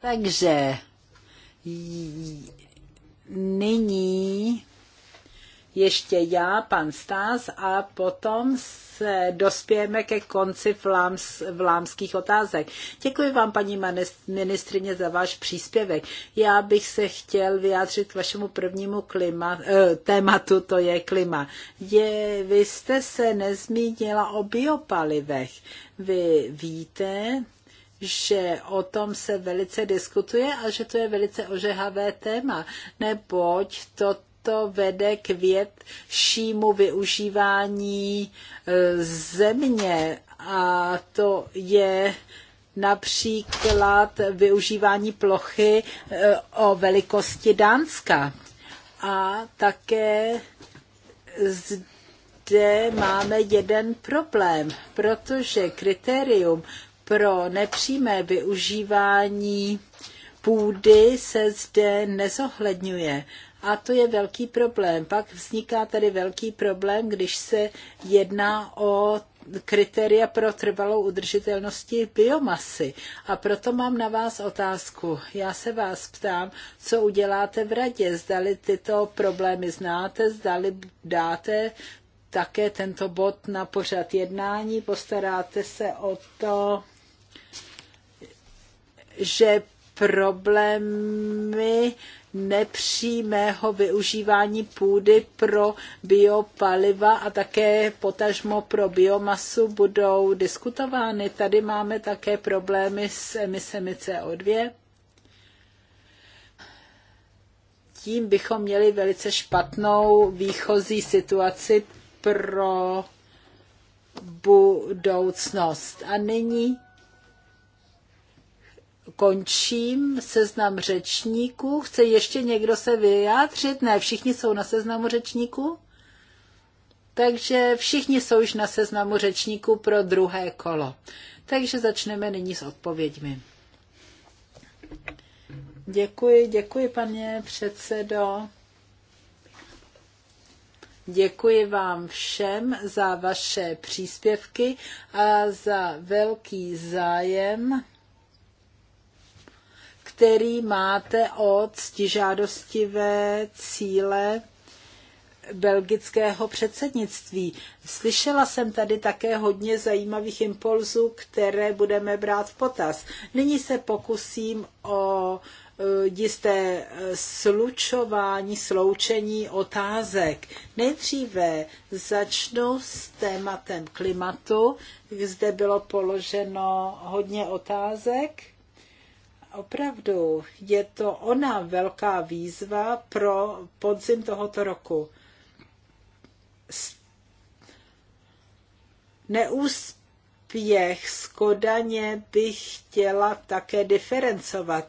Takže nyní ještě já, pan Stás a potom se dospějeme ke konci vláms, vlámských otázek. Děkuji vám, paní ministrině, za váš příspěvek. Já bych se chtěl vyjádřit k vašemu prvnímu klima, eh, tématu, to je klima. Je, vy jste se nezmínila o biopalivech. Vy víte, že o tom se velice diskutuje a že to je velice ožehavé téma, neboť to to vede k většímu využívání e, země a to je například využívání plochy e, o velikosti Dánska. A také zde máme jeden problém, protože kritérium pro nepřímé využívání půdy se zde nezohledňuje. A to je velký problém. Pak vzniká tady velký problém, když se jedná o kritéria pro trvalou udržitelnosti biomasy. A proto mám na vás otázku. Já se vás ptám, co uděláte v radě. Zdali tyto problémy znáte, zdali dáte také tento bod na pořad jednání, postaráte se o to, že problémy nepřímého využívání půdy pro biopaliva a také potažmo pro biomasu budou diskutovány. Tady máme také problémy s emisemi CO2. Tím bychom měli velice špatnou výchozí situaci pro budoucnost. A nyní končím seznam řečníků. Chce ještě někdo se vyjádřit? Ne, všichni jsou na seznamu řečníků. Takže všichni jsou již na seznamu řečníků pro druhé kolo. Takže začneme nyní s odpověďmi. Děkuji, děkuji, pane předsedo. Děkuji vám všem za vaše příspěvky a za velký zájem který máte o ctižádostivé cíle belgického předsednictví. Slyšela jsem tady také hodně zajímavých impulzů, které budeme brát v potaz. Nyní se pokusím o eh, jisté eh, slučování, sloučení otázek. Nejdříve začnu s tématem klimatu. Zde bylo položeno hodně otázek opravdu je to ona velká výzva pro podzim tohoto roku. Neúspěch z Kodaně bych chtěla také diferencovat.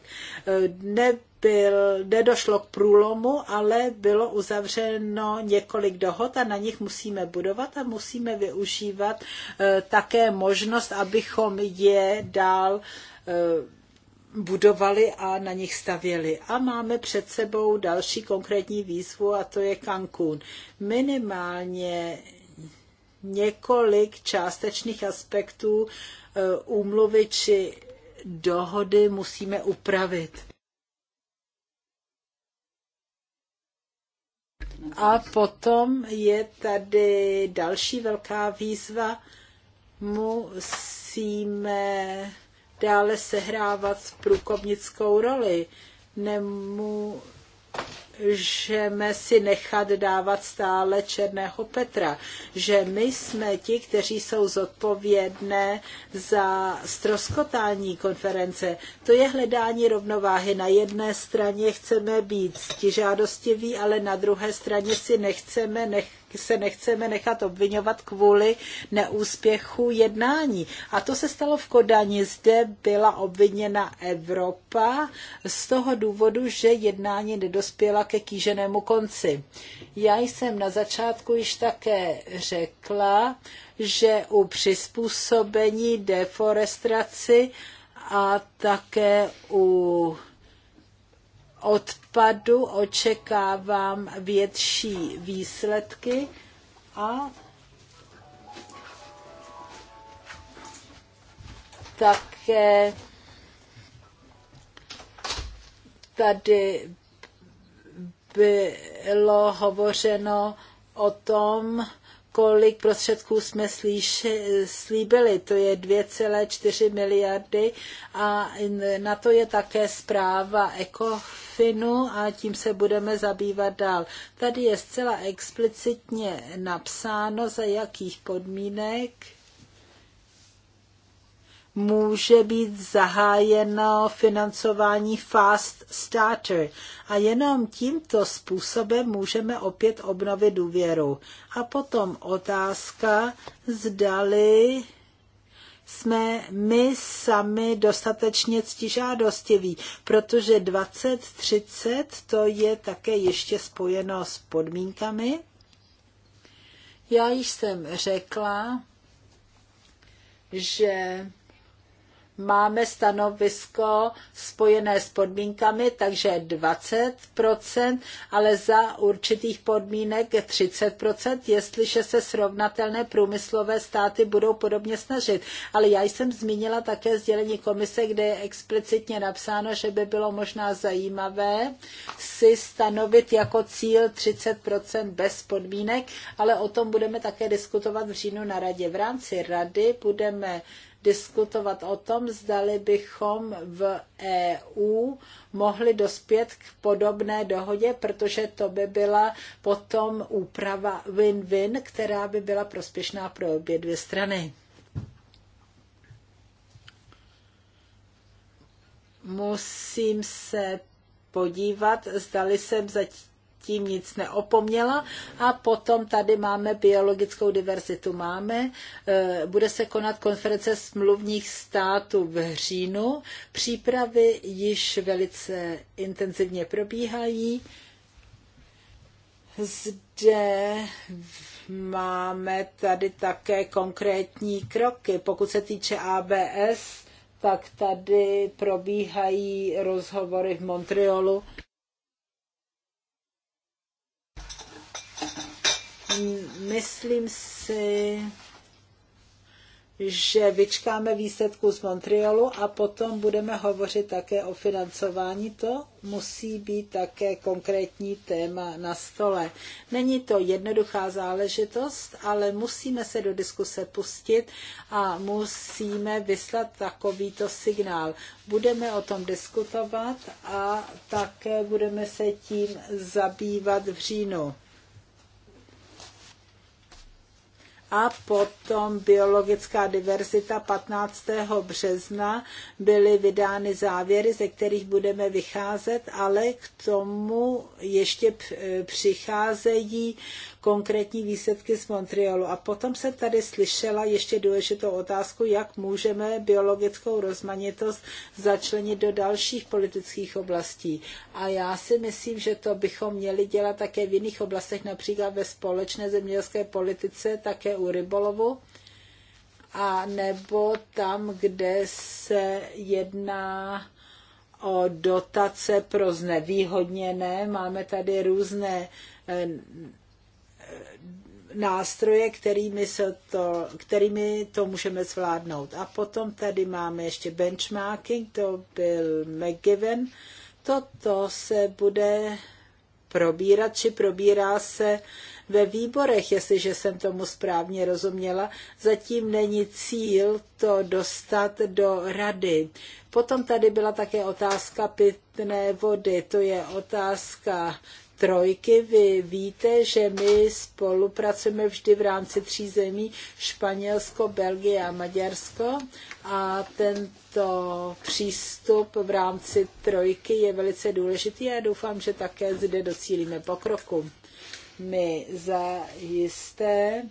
Ne byl, nedošlo k průlomu, ale bylo uzavřeno několik dohod a na nich musíme budovat a musíme využívat eh, také možnost, abychom je dál eh, budovali a na nich stavěli. A máme před sebou další konkrétní výzvu a to je Cancún. Minimálně několik částečných aspektů e, úmluvy či dohody musíme upravit. A potom je tady další velká výzva. Musíme dále sehrávat průkopnickou roli. Nemůžeme si nechat dávat stále Černého Petra, že my jsme ti, kteří jsou zodpovědné za stroskotání konference. To je hledání rovnováhy. Na jedné straně chceme být žádostiví, ale na druhé straně si nechceme nechat se nechceme nechat obvinovat kvůli neúspěchu jednání. A to se stalo v Kodani. Zde byla obviněna Evropa z toho důvodu, že jednání nedospěla ke kýženému konci. Já jsem na začátku již také řekla, že u přizpůsobení deforestaci a také u odpadu očekávám větší výsledky a také tady bylo hovořeno o tom, kolik prostředků jsme slíbili. To je 2,4 miliardy a na to je také zpráva ECOFINu a tím se budeme zabývat dál. Tady je zcela explicitně napsáno, za jakých podmínek může být zahájeno financování Fast Starter. A jenom tímto způsobem můžeme opět obnovit důvěru. A potom otázka, zdali jsme my sami dostatečně ctižádostiví, protože 2030 to je také ještě spojeno s podmínkami. Já již jsem řekla, že máme stanovisko spojené s podmínkami, takže 20%, ale za určitých podmínek 30%, jestliže se srovnatelné průmyslové státy budou podobně snažit. Ale já jsem zmínila také sdělení komise, kde je explicitně napsáno, že by bylo možná zajímavé si stanovit jako cíl 30% bez podmínek, ale o tom budeme také diskutovat v říjnu na radě. V rámci rady budeme diskutovat o tom, zdali bychom v EU mohli dospět k podobné dohodě, protože to by byla potom úprava win-win, která by byla prospěšná pro obě dvě strany. Musím se podívat, zdali jsem zatím tím nic neopomněla. A potom tady máme biologickou diverzitu. Máme, e, bude se konat konference smluvních států v říjnu. Přípravy již velice intenzivně probíhají. Zde máme tady také konkrétní kroky. Pokud se týče ABS, tak tady probíhají rozhovory v Montrealu. myslím si, že vyčkáme výsledků z Montrealu a potom budeme hovořit také o financování. To musí být také konkrétní téma na stole. Není to jednoduchá záležitost, ale musíme se do diskuse pustit a musíme vyslat takovýto signál. Budeme o tom diskutovat a také budeme se tím zabývat v říjnu. a potom biologická diverzita 15. března byly vydány závěry, ze kterých budeme vycházet, ale k tomu ještě e, přicházejí konkrétní výsledky z Montrealu. A potom jsem tady slyšela ještě důležitou otázku, jak můžeme biologickou rozmanitost začlenit do dalších politických oblastí. A já si myslím, že to bychom měli dělat také v jiných oblastech, například ve společné zemědělské politice, také u rybolovu a nebo tam, kde se jedná o dotace pro znevýhodněné. Máme tady různé eh, nástroje, kterými, se to, kterými to můžeme zvládnout. A potom tady máme ještě benchmarking, to byl McGiven. Toto se bude probírat, či probírá se ve výborech, jestliže jsem tomu správně rozuměla. Zatím není cíl to dostat do rady. Potom tady byla také otázka pitné vody. To je otázka trojky. Vy víte, že my spolupracujeme vždy v rámci tří zemí Španělsko, Belgie a Maďarsko a tento přístup v rámci trojky je velice důležitý a doufám, že také zde docílíme pokroku. My jisté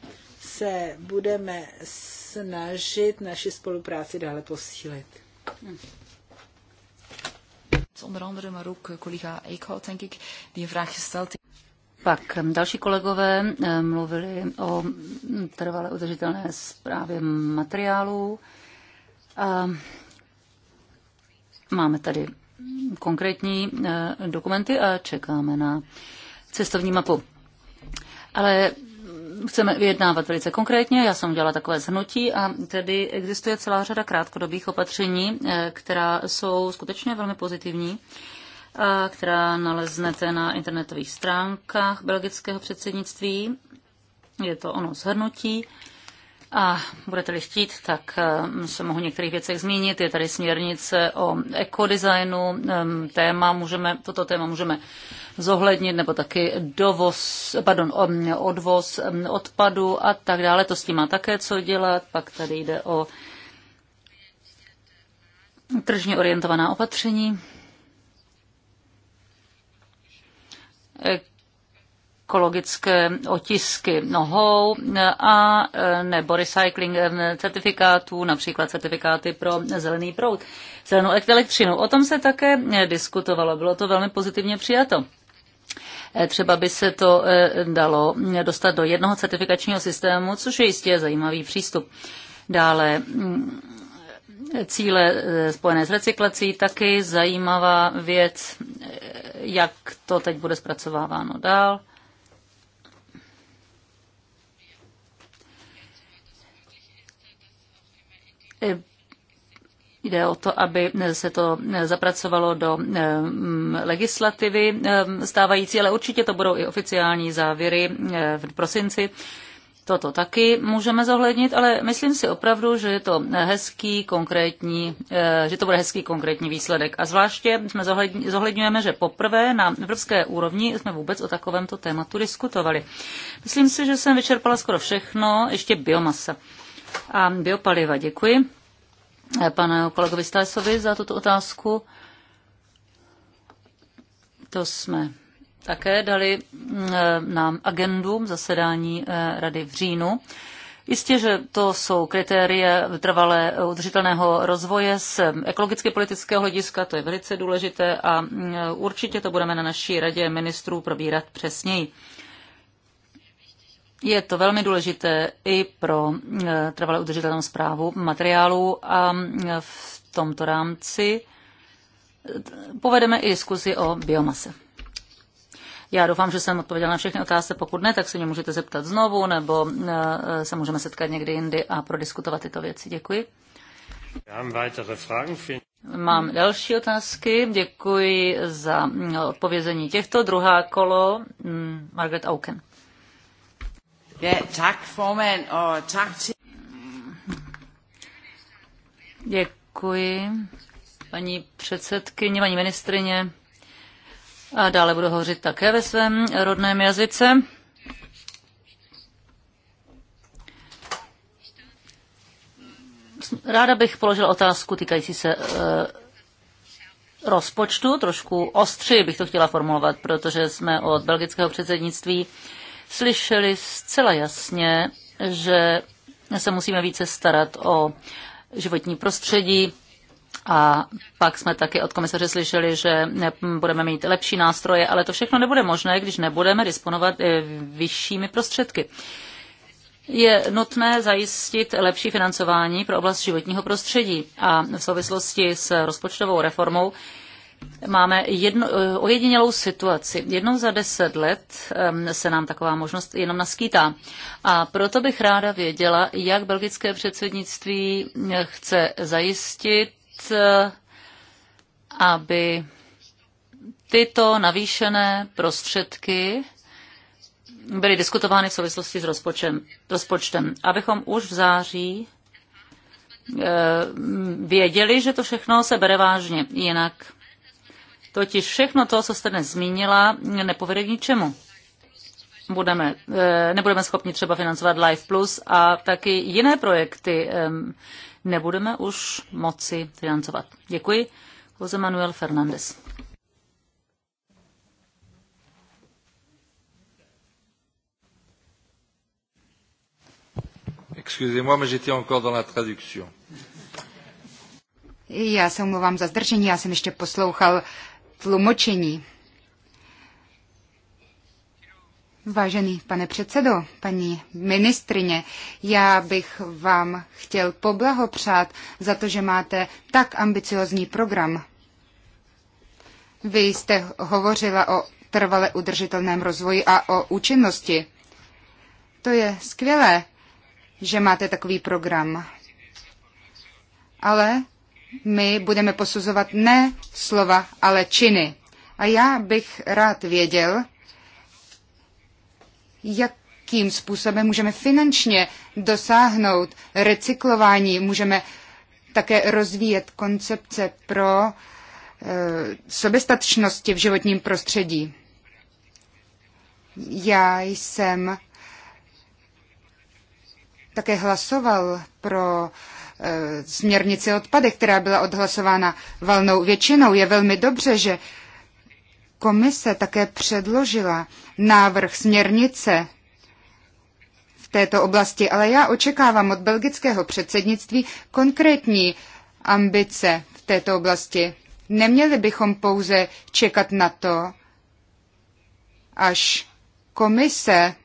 se budeme snažit naši spolupráci dále posílit. Hm onder andere, maar ook eh, collega Eekhout, denk ik, die een vraag gesteld heeft. Pak ehm, další kolegové ehm, mluvili o mm, trvalé udržitelné zprávě materiálů. Ehm, máme tady konkrétní eh, dokumenty a čekáme na cestovní mapu. Ale chceme vyjednávat velice konkrétně. Já jsem udělala takové zhnutí a tedy existuje celá řada krátkodobých opatření, eh, která jsou skutečně velmi pozitivní a eh, která naleznete na internetových stránkách belgického předsednictví. Je to ono zhrnutí. A budete-li chtít, tak ehm, se mohu některých věcech zmínit. Je tady směrnice o ekodesignu. Ehm, téma můžeme, toto téma můžeme zohlednit, nebo taky dovoz, pardon, odvoz ehm, odpadu a tak dále. To s tím má také co dělat. Pak tady jde o tržně orientovaná opatření ekologické otisky nohou e, a e, nebo recycling e, certifikátů, například certifikáty pro zelený proud, zelenou elektřinu. O tom se také diskutovalo, bylo to velmi pozitivně přijato. Třeba by se to dalo dostat do jednoho certifikačního systému, což je jistě zajímavý přístup. Dále mm, cíle spojené s recyklací, taky zajímavá věc, jak to teď bude zpracováváno dál. Eh, jde o to, aby se to zapracovalo do eh, mm, legislativy eh, stávající, ale určitě to budou i oficiální závěry v prosinci. Toto taky můžeme zohlednit, ale myslím si opravdu, že je to hezký konkrétní, že to bude hezký konkrétní výsledek. A zvláště jsme zohledňujeme, že poprvé na evropské úrovni jsme vůbec o takovémto tématu diskutovali. Myslím si, že jsem vyčerpala skoro všechno, ještě biomasa a biopaliva. Děkuji panu kolegovi Stalesovi za tuto otázku. To jsme také dali eh, nám agendu zasedání eh, rady v říjnu. Jistě, že to jsou kritérie trvalé udržitelného rozvoje z ekologicky politického hlediska, to je velice důležité a eh, určitě to budeme na naší radě ministrů probírat přesněji. Je to velmi důležité i pro eh, trvalé udržitelnou zprávu materiálu a eh, v tomto rámci eh, povedeme i diskuzi o biomase. Já doufám, že jsem odpověděla na všechny otázky. Pokud ne, tak se mě můžete zeptat znovu, nebo se můžeme setkat někdy jindy a prodiskutovat tyto věci. Děkuji. Mám další otázky. Děkuji za mm, odpovězení těchto. Druhá kolo, mm, Margaret Auken tak formand, og tak til... Děkuji, paní předsedkyně, paní ministrině. A dále budu hovořit také ve svém rodném jazyce. Ráda bych položila otázku týkající se eh, rozpočtu, trošku ostřeji bych to chtěla formulovat, protože jsme od belgického předsednictví slyšeli zcela jasně, že se musíme více starat o životní prostředí, a pak jsme taky od komisaře slyšeli, že budeme mít lepší nástroje, ale to všechno nebude možné, když nebudeme disponovat eh, vyššími prostředky. Je nutné zajistit lepší financování pro oblast životního prostředí a v souvislosti s rozpočtovou reformou máme jedno, eh, ojedinělou situaci. Jednou za deset let se nám taková možnost jenom naskýtá. A proto bych ráda věděla, jak belgické předsednictví eh, chce zajistit, eh, aby tyto navýšené prostředky byly diskutovány v souvislosti s rozpočtem, rozpočtem abychom už v září věděli, že to všechno se bere vážně. Jinak Totiž všechno to, co jste dnes zmínila, nepovede k ničemu budeme, eh, nebudeme schopni třeba financovat Life Plus a taky jiné projekty nebudeme už moci financovat. Děkuji. Jose Manuel Fernández. Excusez-moi, mais j'étais encore dans la traduction. Já se omlouvám za zdržení, já jsem ještě poslouchal tlumočení. Vážený pane předsedo, paní ministrině, já bych vám chtěl poblahopřát za to, že máte tak ambiciozní program. Vy jste hovořila o trvale udržitelném rozvoji a o účinnosti. To je skvělé, že máte takový program. Ale my budeme posuzovat ne slova, ale činy. A já bych rád věděl, jakým způsobem můžeme finančně dosáhnout recyklování, můžeme také rozvíjet koncepce pro e, soběstačnosti v životním prostředí. Já jsem také hlasoval pro e, Eh, směrnici odpadech, která byla odhlasována valnou většinou. Je velmi dobře, že komise také předložila návrh směrnice v této oblasti, ale já očekávám od belgického předsednictví konkrétní ambice v této oblasti. Neměli bychom pouze čekat na to, až komise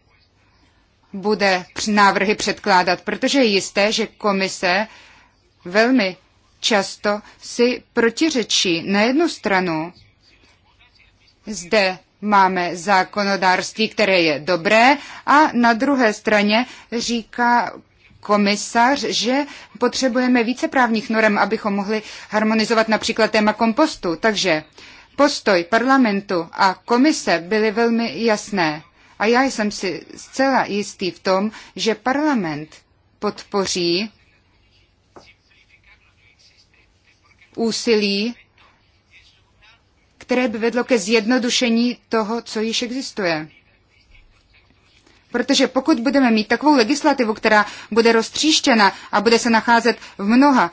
bude návrhy předkládat, protože je jisté, že komise velmi často si protiřečí. Na jednu stranu zde máme zákonodárství, které je dobré, a na druhé straně říká komisař, že potřebujeme více právních norem, abychom mohli harmonizovat například téma kompostu. Takže postoj parlamentu a komise byly velmi jasné. A já jsem si zcela jistý v tom, že parlament podpoří úsilí, které by vedlo ke zjednodušení toho, co již existuje. Protože pokud budeme mít takovou legislativu, která bude roztříštěna a bude se nacházet v mnoha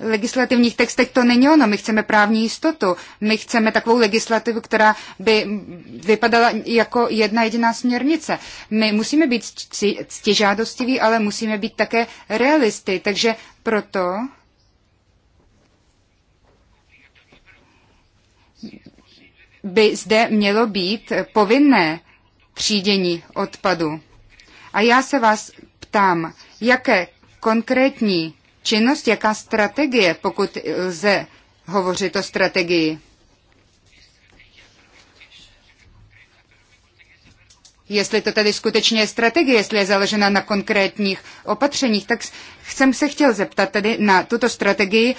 legislativních textech to není ono. My chceme právní jistotu. My chceme takovou legislativu, která by vypadala jako jedna jediná směrnice. My musíme být ctižádostiví, ale musíme být také realisty. Takže proto by zde mělo být povinné třídění odpadu. A já se vás ptám, jaké konkrétní činnost, jaká strategie, pokud lze hovořit o strategii. Jestli to tady skutečně je strategie, jestli je založena na konkrétních opatřeních, tak jsem se chtěl zeptat tady na tuto strategii,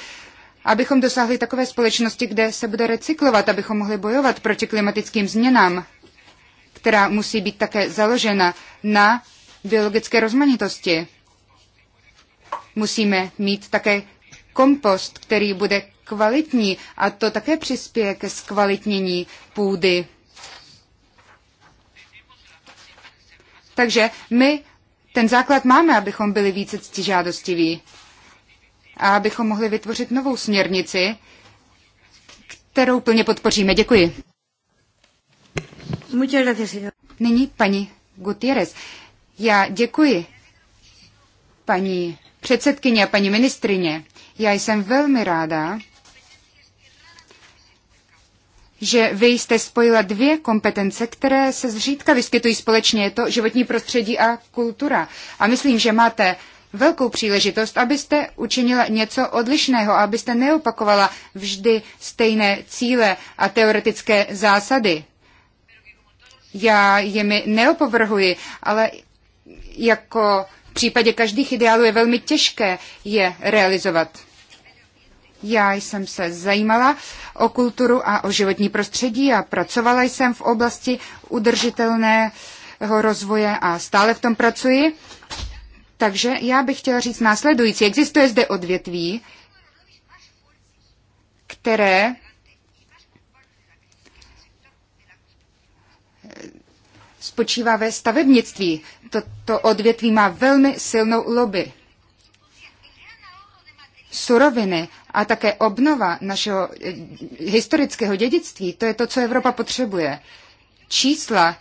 abychom dosáhli takové společnosti, kde se bude recyklovat, abychom mohli bojovat proti klimatickým změnám, která musí být také založena na biologické rozmanitosti. Musíme mít také kompost, který bude kvalitní a to také přispěje ke zkvalitnění půdy. Takže my ten základ máme, abychom byli více ctižádostiví a abychom mohli vytvořit novou směrnici, kterou plně podpoříme. Děkuji. Nyní paní Gutierrez. Já děkuji, paní předsedkyně a paní ministrině, já jsem velmi ráda, že vy jste spojila dvě kompetence, které se zřídka vyskytují společně, je to životní prostředí a kultura. A myslím, že máte velkou příležitost, abyste učinila něco odlišného, abyste neopakovala vždy stejné cíle a teoretické zásady. Já jimi neopovrhuji, ale jako v případě každých ideálů je velmi těžké je realizovat. Já jsem se zajímala o kulturu a o životní prostředí a pracovala jsem v oblasti udržitelného rozvoje a stále v tom pracuji. Takže já bych chtěla říct následující. Existuje zde odvětví, které spočívá ve stavebnictví. Toto odvětví má velmi silnou lobby. Suroviny a také obnova našeho eh, historického dědictví, to je to, co Evropa potřebuje. Čísla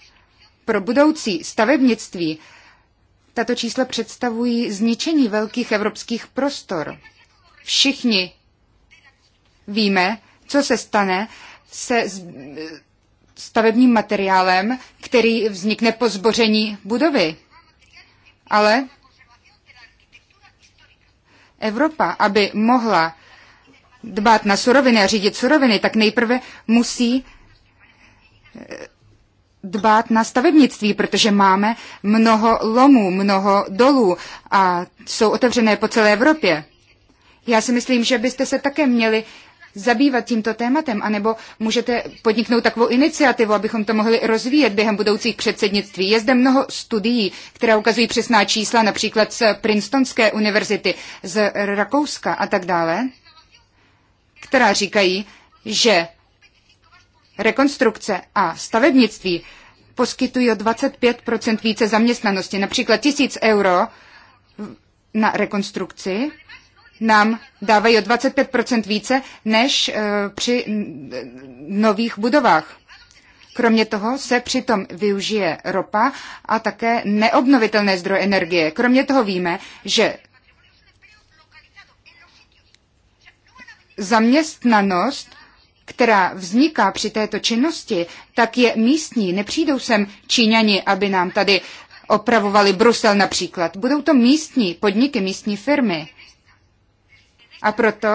pro budoucí stavebnictví, tato čísla představují zničení velkých evropských prostor. Všichni víme, co se stane se stavebním materiálem, který vznikne po zboření budovy. Ale Evropa, aby mohla dbát na suroviny a řídit suroviny, tak nejprve musí eh, dbát na stavebnictví, protože máme mnoho lomů, mnoho dolů a jsou otevřené po celé Evropě. Já si myslím, že byste se také měli zabývat tímto tématem, anebo můžete podniknout takovou iniciativu, abychom to mohli rozvíjet během budoucích předsednictví. Je zde mnoho studií, které ukazují přesná čísla, například z Princetonské univerzity, z Rakouska a tak dále, která říkají, že rekonstrukce a stavebnictví poskytují o 25 více zaměstnanosti. Například tisíc euro na rekonstrukci nám dávají o 25 více než eh, při nových budovách. Kromě toho se přitom využije ropa a také neobnovitelné zdroje energie. Kromě toho víme, že zaměstnanost, která vzniká při této činnosti, tak je místní. Nepřijdou sem Číňani, aby nám tady opravovali Brusel například. Budou to místní podniky, místní firmy. A proto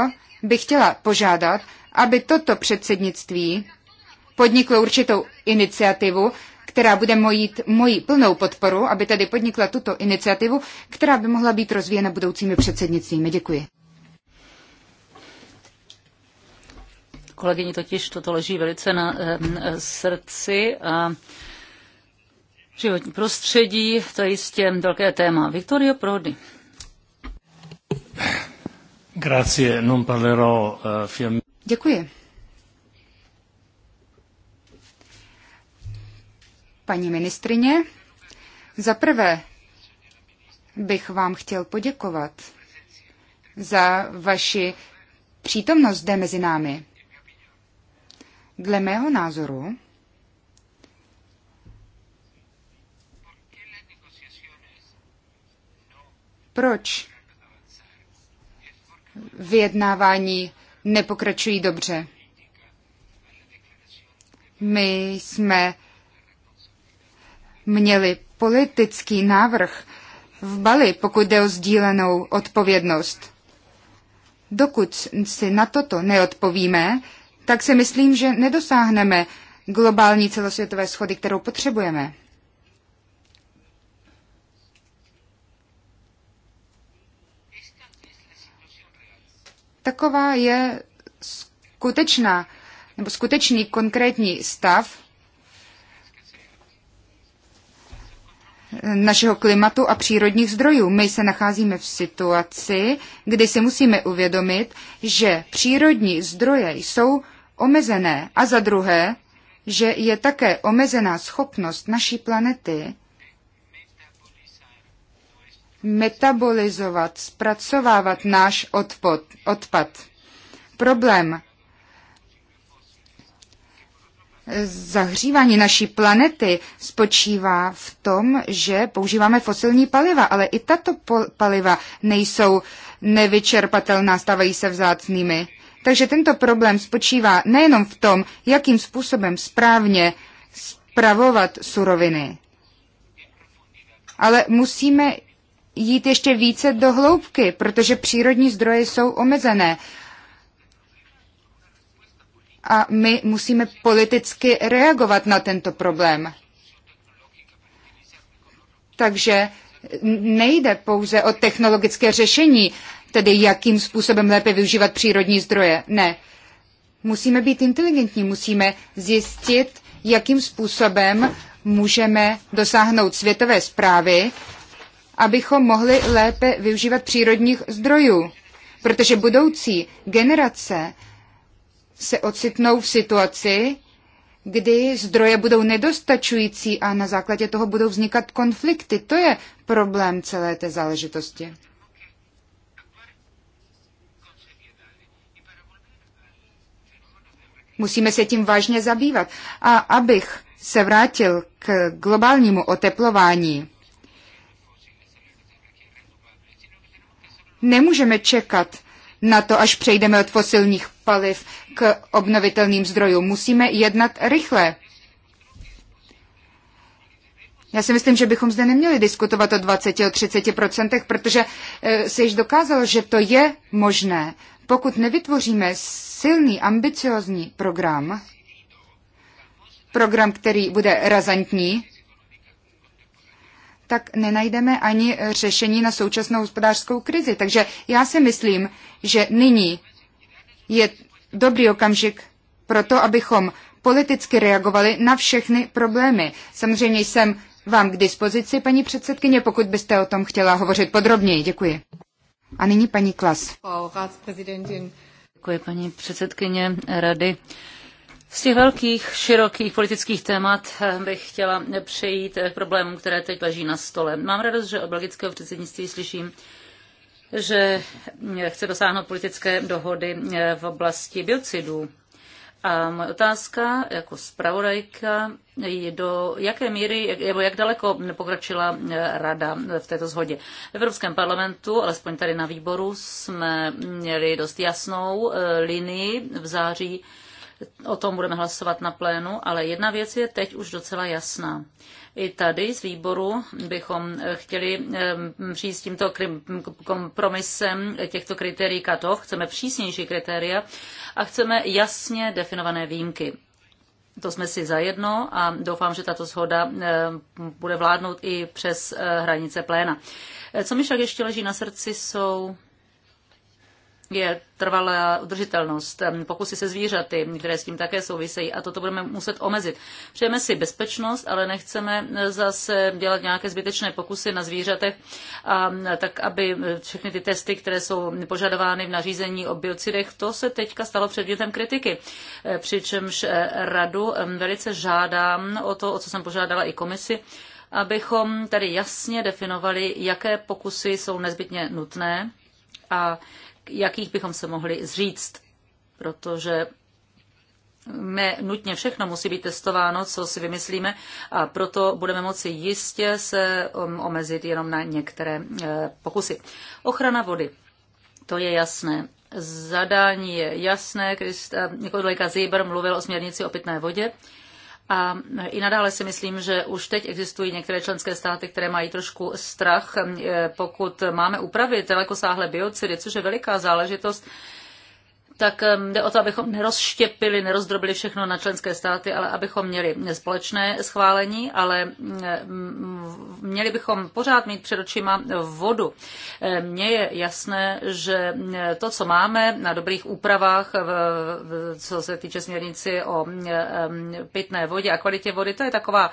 bych chtěla požádat, aby toto předsednictví podniklo určitou iniciativu, která bude mojít moji plnou podporu, aby tedy podnikla tuto iniciativu, která by mohla být rozvíjena budoucími předsednictvími. Děkuji. Kolegyni totiž toto leží velice na eh, eh srdci a životní prostředí, to je jistě velké téma. Viktorio Prody. Grazie, non parlerò eh, Děkuji. Paní ministrině, za prvé bych vám chtěl poděkovat za vaši přítomnost zde mezi námi. Dle mého názoru proč vyjednávání nepokračují dobře. My jsme měli politický návrh v Bali, pokud jde o sdílenou odpovědnost. Dokud si na toto neodpovíme, tak si myslím, že nedosáhneme globální celosvětové schody, kterou potřebujeme. Taková je skutečná nebo skutečný konkrétní stav našeho klimatu a přírodních zdrojů. My se nacházíme v situaci, kdy si musíme uvědomit, že přírodní zdroje jsou omezené a za druhé, že je také omezená schopnost naší planety metabolizovat, zpracovávat náš odpad. odpad. Problém zahřívání naší planety spočívá v tom, že používáme fosilní paliva, ale i tato paliva nejsou nevyčerpatelná, stávají se vzácnými. Takže tento problém spočívá nejenom v tom, jakým způsobem správně spravovat suroviny, ale musíme jít ještě více do hloubky, protože přírodní zdroje jsou omezené. A my musíme politicky reagovat na tento problém. Takže nejde pouze o technologické řešení, tedy jakým způsobem lépe využívat přírodní zdroje. Ne. Musíme být inteligentní, musíme zjistit, jakým způsobem můžeme dosáhnout světové zprávy, abychom mohli lépe využívat přírodních zdrojů, protože budoucí generace se ocitnou v situaci, kdy zdroje budou nedostačující a na základě toho budou vznikat konflikty. To je problém celé té záležitosti. Musíme se tím vážně zabývat. A abych se vrátil k globálnímu oteplování, Nemůžeme čekat na to, až přejdeme od fosilních paliv k obnovitelným zdrojům. Musíme jednat rychle. Já si myslím, že bychom zde neměli diskutovat o 20, o 30 procentech, protože eh, se již dokázalo, že to je možné. Pokud nevytvoříme silný, ambiciozní program, program, který bude razantní, tak nenajdeme ani eh, řešení na současnou hospodářskou krizi. Takže já si myslím, že nyní je dobrý okamžik pro to, abychom politicky reagovali na všechny problémy. Samozřejmě jsem vám k dispozici, paní předsedkyně, pokud byste o tom chtěla hovořit podrobněji. Děkuji. A nyní paní Klas. Děkuji, paní předsedkyně rady. Z těch velkých, širokých politických témat eh, bych chtěla přejít k problémům, které teď leží na stole. Mám radost, že od belgického předsednictví slyším, že mm, chce dosáhnout politické dohody eh, v oblasti biocidů. A moje otázka jako zpravodajka je do jaké míry, nebo jak daleko pokročila eh, rada v této shodě. V Evropském parlamentu, alespoň tady na výboru, jsme měli dost jasnou linii v září O tom budeme hlasovat na plénu, ale jedna věc je teď už docela jasná. I tady z výboru bychom eh, chtěli eh, přijít s tímto kompromisem těchto kritérií katov. Chceme přísnější kritéria a chceme jasně definované výjimky. To jsme si zajedno a doufám, že tato shoda eh, bude vládnout i přes hranice pléna. Co mi však ještě leží na srdci, jsou je trvalá udržitelnost, pokusy se zvířaty, které s tím také souvisejí a toto budeme muset omezit. Přejeme si bezpečnost, ale nechceme zase dělat nějaké zbytečné pokusy na zvířatech, a, tak aby všechny ty testy, které jsou požadovány v nařízení o biocidech, to se teďka stalo předmětem kritiky. E, přičemž e, radu velice žádám o to, o co jsem požádala i komisi, abychom tady jasně definovali, jaké pokusy jsou nezbytně nutné a jakých bychom se mohli zříct, protože ne nutně všechno musí být testováno, co si vymyslíme, a proto budeme moci jistě se um, omezit jenom na některé eh, pokusy. Ochrana vody. To je jasné. Zadání je jasné. Nikolajka Zíber mluvil o směrnici o pitné vodě. A i nadále si myslím, že už teď existují některé členské státy, které mají trošku strach, eh, pokud máme upravit dalekosáhle biocidy, což je veliká záležitost, tak jde o to, abychom nerozštěpili, nerozdrobili všechno na členské státy, ale abychom měli společné schválení, ale měli bychom pořád mít před očima vodu. Mně je jasné, že to, co máme na dobrých úpravách, co se týče směrnici o pitné vodě a kvalitě vody, to je taková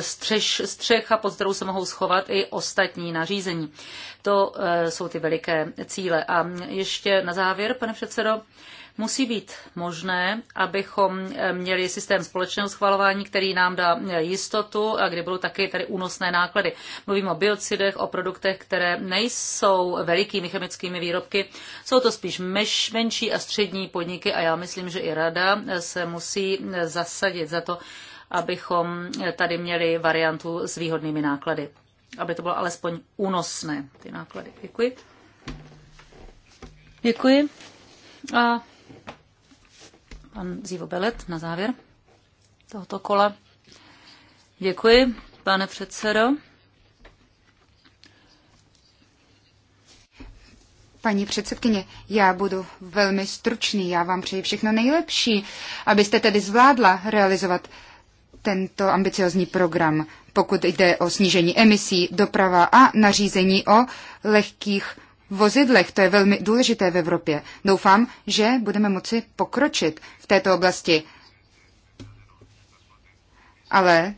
střeš, střecha, pod kterou se mohou schovat i ostatní nařízení. To eh, jsou ty veliké cíle. A ještě na závěr, pane předsedo, musí být možné, abychom eh, měli systém společného schvalování, který nám dá eh, jistotu a kde budou taky tady únosné náklady. Mluvím o biocidech, o produktech, které nejsou velikými chemickými výrobky, jsou to spíš meš, menší a střední podniky a já myslím, že i rada se musí zasadit za to, abychom tady měli variantu s výhodnými náklady. Aby to bylo alespoň únosné, ty náklady. Děkuji. Děkuji. A pan Zívo Belet na závěr tohoto kola. Děkuji, pane předsedo. Paní předsedkyně, já budu velmi stručný, já vám přeji všechno nejlepší, abyste tedy zvládla realizovat tento ambiciozní program, pokud jde o snížení emisí, doprava a nařízení o lehkých vozidlech. To je velmi důležité v Evropě. Doufám, že budeme moci pokročit v této oblasti. Ale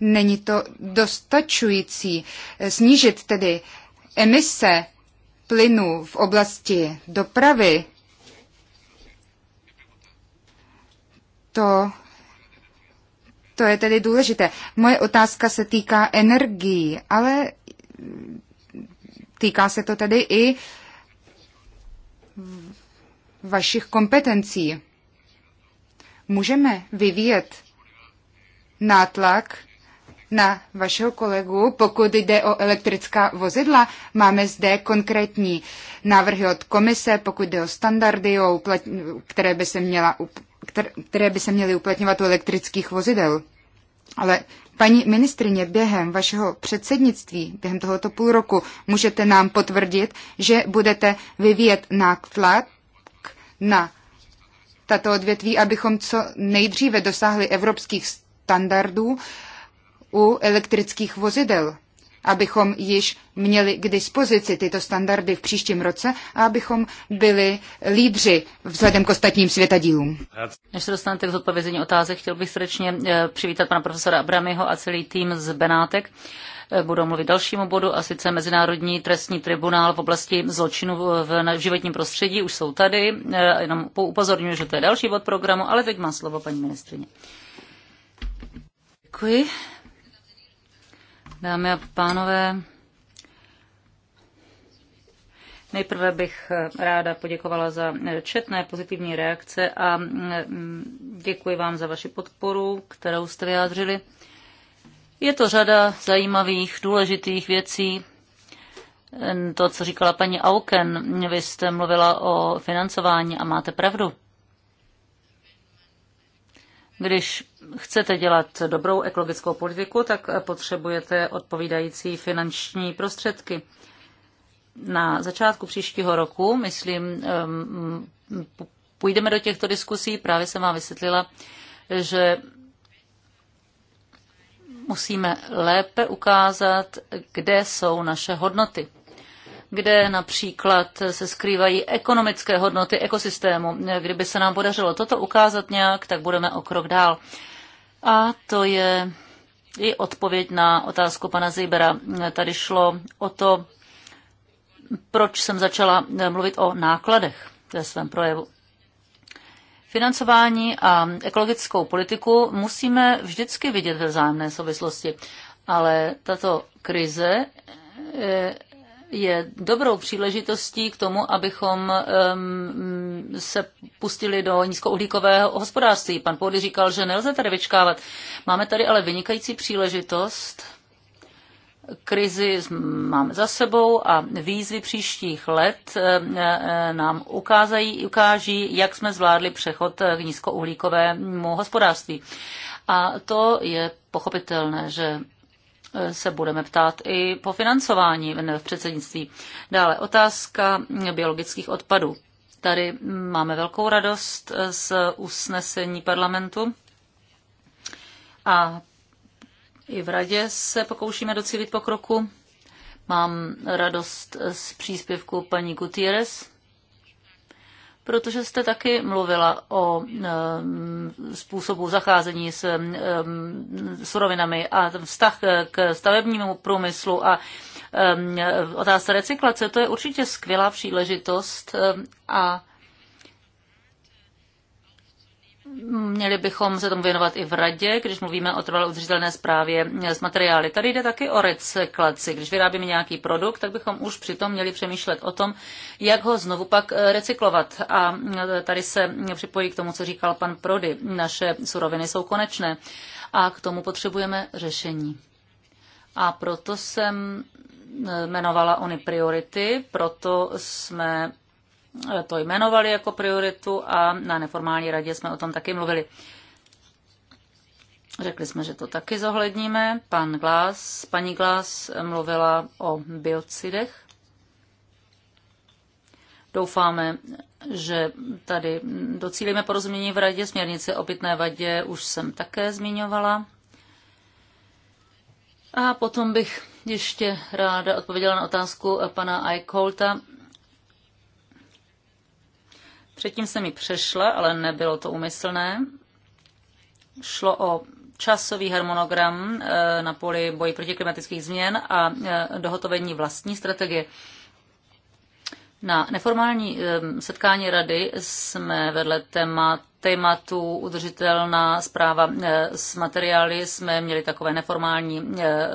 není to dostačující. Snížit tedy emise plynu v oblasti dopravy, to to je tedy důležité. Moje otázka se týká energií, ale týká se to tedy i vašich kompetencí. Můžeme vyvíjet nátlak na vašeho kolegu, pokud jde o elektrická vozidla. Máme zde konkrétní návrhy od komise, pokud jde o standardy, které by se měla které by se měly uplatňovat u elektrických vozidel. Ale paní ministrině, během vašeho předsednictví, během tohoto půl roku, můžete nám potvrdit, že budete vyvíjet nátlak na tato odvětví, abychom co nejdříve dosáhli evropských standardů u elektrických vozidel abychom již měli k dispozici tyto standardy v příštím roce a abychom byli lídři vzhledem k ostatním světadílům. Než se dostanete k zodpovězení otázek, chtěl bych srdečně eh, přivítat pana profesora Abramiho a celý tým z Benátek eh, budou mluvit dalšímu bodu, a sice Mezinárodní trestní tribunál v oblasti zločinu v životním prostředí. Už jsou tady, eh, jenom upozorňuji, že to je další bod programu, ale teď má slovo paní ministrině. Děkuji. Dámy a pánové, nejprve bych ráda poděkovala za četné pozitivní reakce a děkuji vám za vaši podporu, kterou jste vyjádřili. Je to řada zajímavých, důležitých věcí. To, co říkala paní Auken, vy jste mluvila o financování a máte pravdu. Když chcete dělat dobrou ekologickou politiku, tak potřebujete odpovídající finanční prostředky. Na začátku příštího roku, myslím, um, půjdeme do těchto diskusí. Právě jsem vám vysvětlila, že musíme lépe ukázat, kde jsou naše hodnoty kde například se skrývají ekonomické hodnoty ekosystému. Kdyby se nám podařilo toto ukázat nějak, tak budeme o krok dál. A to je i odpověď na otázku pana Zibera. Tady šlo o to, proč jsem začala mluvit o nákladech ve svém projevu. Financování a ekologickou politiku musíme vždycky vidět ve vzájemné souvislosti, ale tato krize eh, je dobrou příležitostí k tomu, abychom se pustili do nízkouhlíkového hospodářství. Pan Poudy říkal, že nelze tady vyčkávat. Máme tady ale vynikající příležitost. Krizi máme za sebou a výzvy příštích let nám ukázají, ukáží, jak jsme zvládli přechod k nízkouhlíkovému hospodářství. A to je pochopitelné, že se budeme ptát i po financování v předsednictví. Dále otázka biologických odpadů. Tady máme velkou radost z usnesení parlamentu a i v radě se pokoušíme docílit pokroku. Mám radost z příspěvku paní Gutierrez protože jste taky mluvila o eh, způsobu zacházení eh, s surovinami a vztah k stavebnímu průmyslu a eh, otázka recyklace, to je určitě skvělá příležitost a Měli bychom se tomu věnovat i v radě, když mluvíme o trvalé udržitelné zprávě z eh, materiály. Tady jde taky o recyklaci. Když vyrábíme nějaký produkt, tak bychom už přitom měli přemýšlet o tom, jak ho znovu pak eh, recyklovat. A eh, tady se připojí k tomu, co říkal pan Prody. Naše suroviny jsou konečné a k tomu potřebujeme řešení. A proto jsem jmenovala ony priority, proto jsme to jmenovali jako prioritu a na neformální radě jsme o tom taky mluvili. Řekli jsme, že to taky zohledníme. Pan Glas, paní Glas mluvila o biocidech. Doufáme, že tady docílíme porozumění v radě. Směrnice o pitné vadě už jsem také zmiňovala. A potom bych ještě ráda odpověděla na otázku pana Eichholta Předtím jsem mi přešla, ale nebylo to úmyslné. Šlo o časový harmonogram eh, na poli boji proti klimatických změn a eh, dohotovení vlastní strategie. Na neformální eh, setkání rady jsme vedle témat tématu udržitelná zpráva eh, s materiály jsme měli takové neformální eh,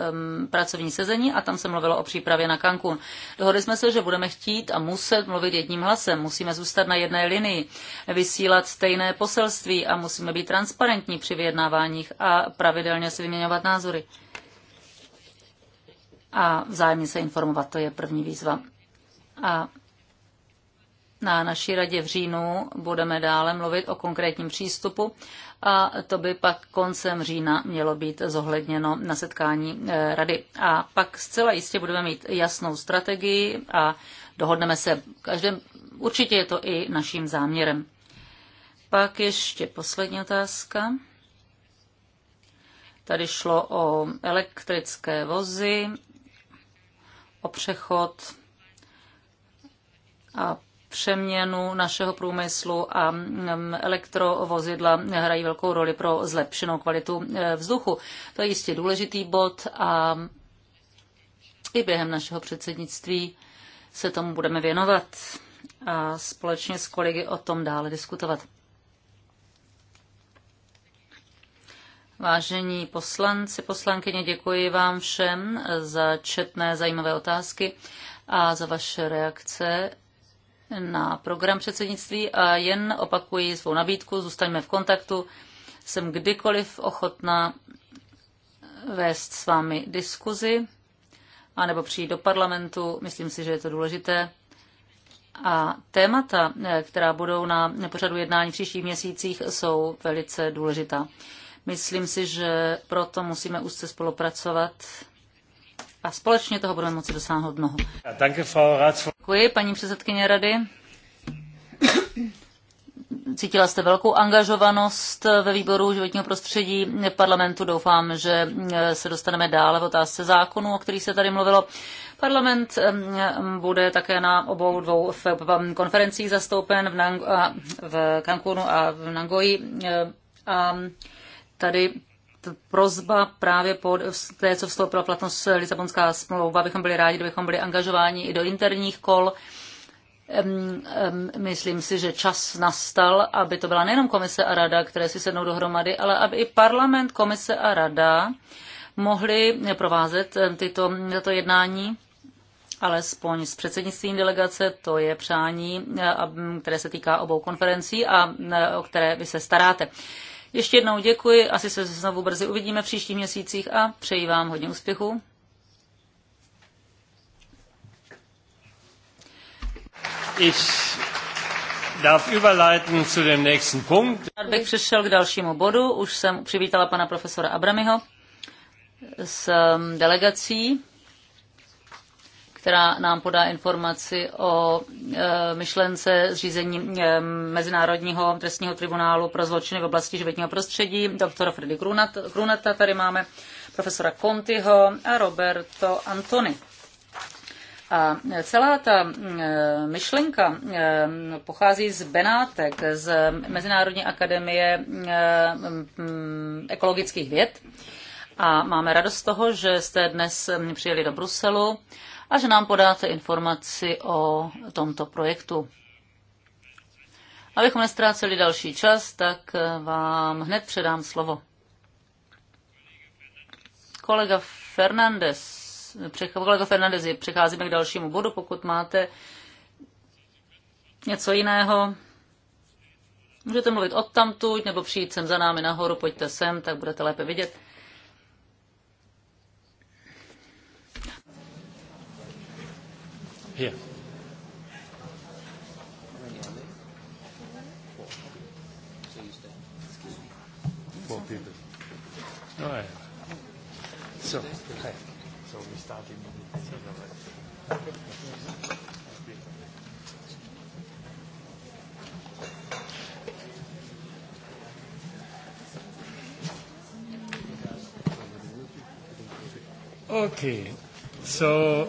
pracovní sezení a tam se mluvilo o přípravě na Cancún. Dohodli jsme se, že budeme chtít a muset mluvit jedním hlasem, musíme zůstat na jedné linii, vysílat stejné poselství a musíme být transparentní při vyjednáváních a pravidelně si vyměňovat názory. A vzájemně se informovat, to je první výzva. A na naší radě v říjnu budeme dále mluvit o konkrétním přístupu a to by pak koncem října mělo být zohledněno na setkání eh, rady. A pak zcela jistě budeme mít jasnou strategii a dohodneme se. Každém, určitě je to i naším záměrem. Pak ještě poslední otázka. Tady šlo o elektrické vozy, o přechod a přeměnu našeho průmyslu a mm, elektrovozidla hrají velkou roli pro zlepšenou kvalitu e, vzduchu. To je jistě důležitý bod a i během našeho předsednictví se tomu budeme věnovat a společně s kolegy o tom dále diskutovat. Vážení poslanci, poslankyně, děkuji vám všem za četné zajímavé otázky a za vaše reakce na program předsednictví a jen opakuji svou nabídku, zůstaňme v kontaktu. Jsem kdykoliv ochotná vést s vámi diskuzi anebo přijít do parlamentu. Myslím si, že je to důležité. A témata, která budou na pořadu jednání v příštích měsících, jsou velice důležitá. Myslím si, že proto musíme úzce spolupracovat a společně toho budeme moci dosáhnout mnoho. Děkuji, paní předsedkyně rady. Cítila jste velkou angažovanost ve výboru životního prostředí v parlamentu. Doufám, že eh, se dostaneme dále v otázce zákonu, o kterých se tady mluvilo. Parlament eh, bude také na obou dvou konferencích zastoupen v, Nang- v Cancunu a v Nangoji. Eh, a tady prozba právě po té, co vstoupila platnost Lisabonská smlouva, bychom byli rádi, kdybychom byli angažováni i do interních kol. Myslím si, že čas nastal, aby to byla nejenom komise a rada, které si sednou dohromady, ale aby i parlament, komise a rada mohli provázet tyto, tyto jednání alespoň s předsednictvím delegace, to je přání, které se týká obou konferencí a o které vy se staráte. Ještě jednou děkuji, asi se znovu brzy uvidíme v příštích měsících a přeji vám hodně úspěchů. Ich darf überleiten zu dem nächsten Punkt. Bych přešel k dalšímu bodu. Už jsem přivítala pana profesora Abramiho s ehm, delegací která nám podá informaci o e, myšlence zřízení e, Mezinárodního trestního tribunálu pro zločiny v oblasti životního prostředí. Doktora Freddy Krunata tady máme, profesora Contiho a Roberto Antony. A celá ta e, myšlenka pochází z Benátek, z Mezinárodní akademie ekologických věd. A máme radost z toho, že jste dnes přijeli do Bruselu a že nám podáte informaci o tomto projektu. Abychom nestráceli další čas, tak vám hned předám slovo. Kolega Fernandez, kolega Fernandez, přecházíme k dalšímu bodu, pokud máte něco jiného. Můžete mluvit odtamtud nebo přijít sem za námi nahoru, pojďte sem, tak budete lépe vidět. Here. Four people. All right. So, okay. So we start immediately. Okay. So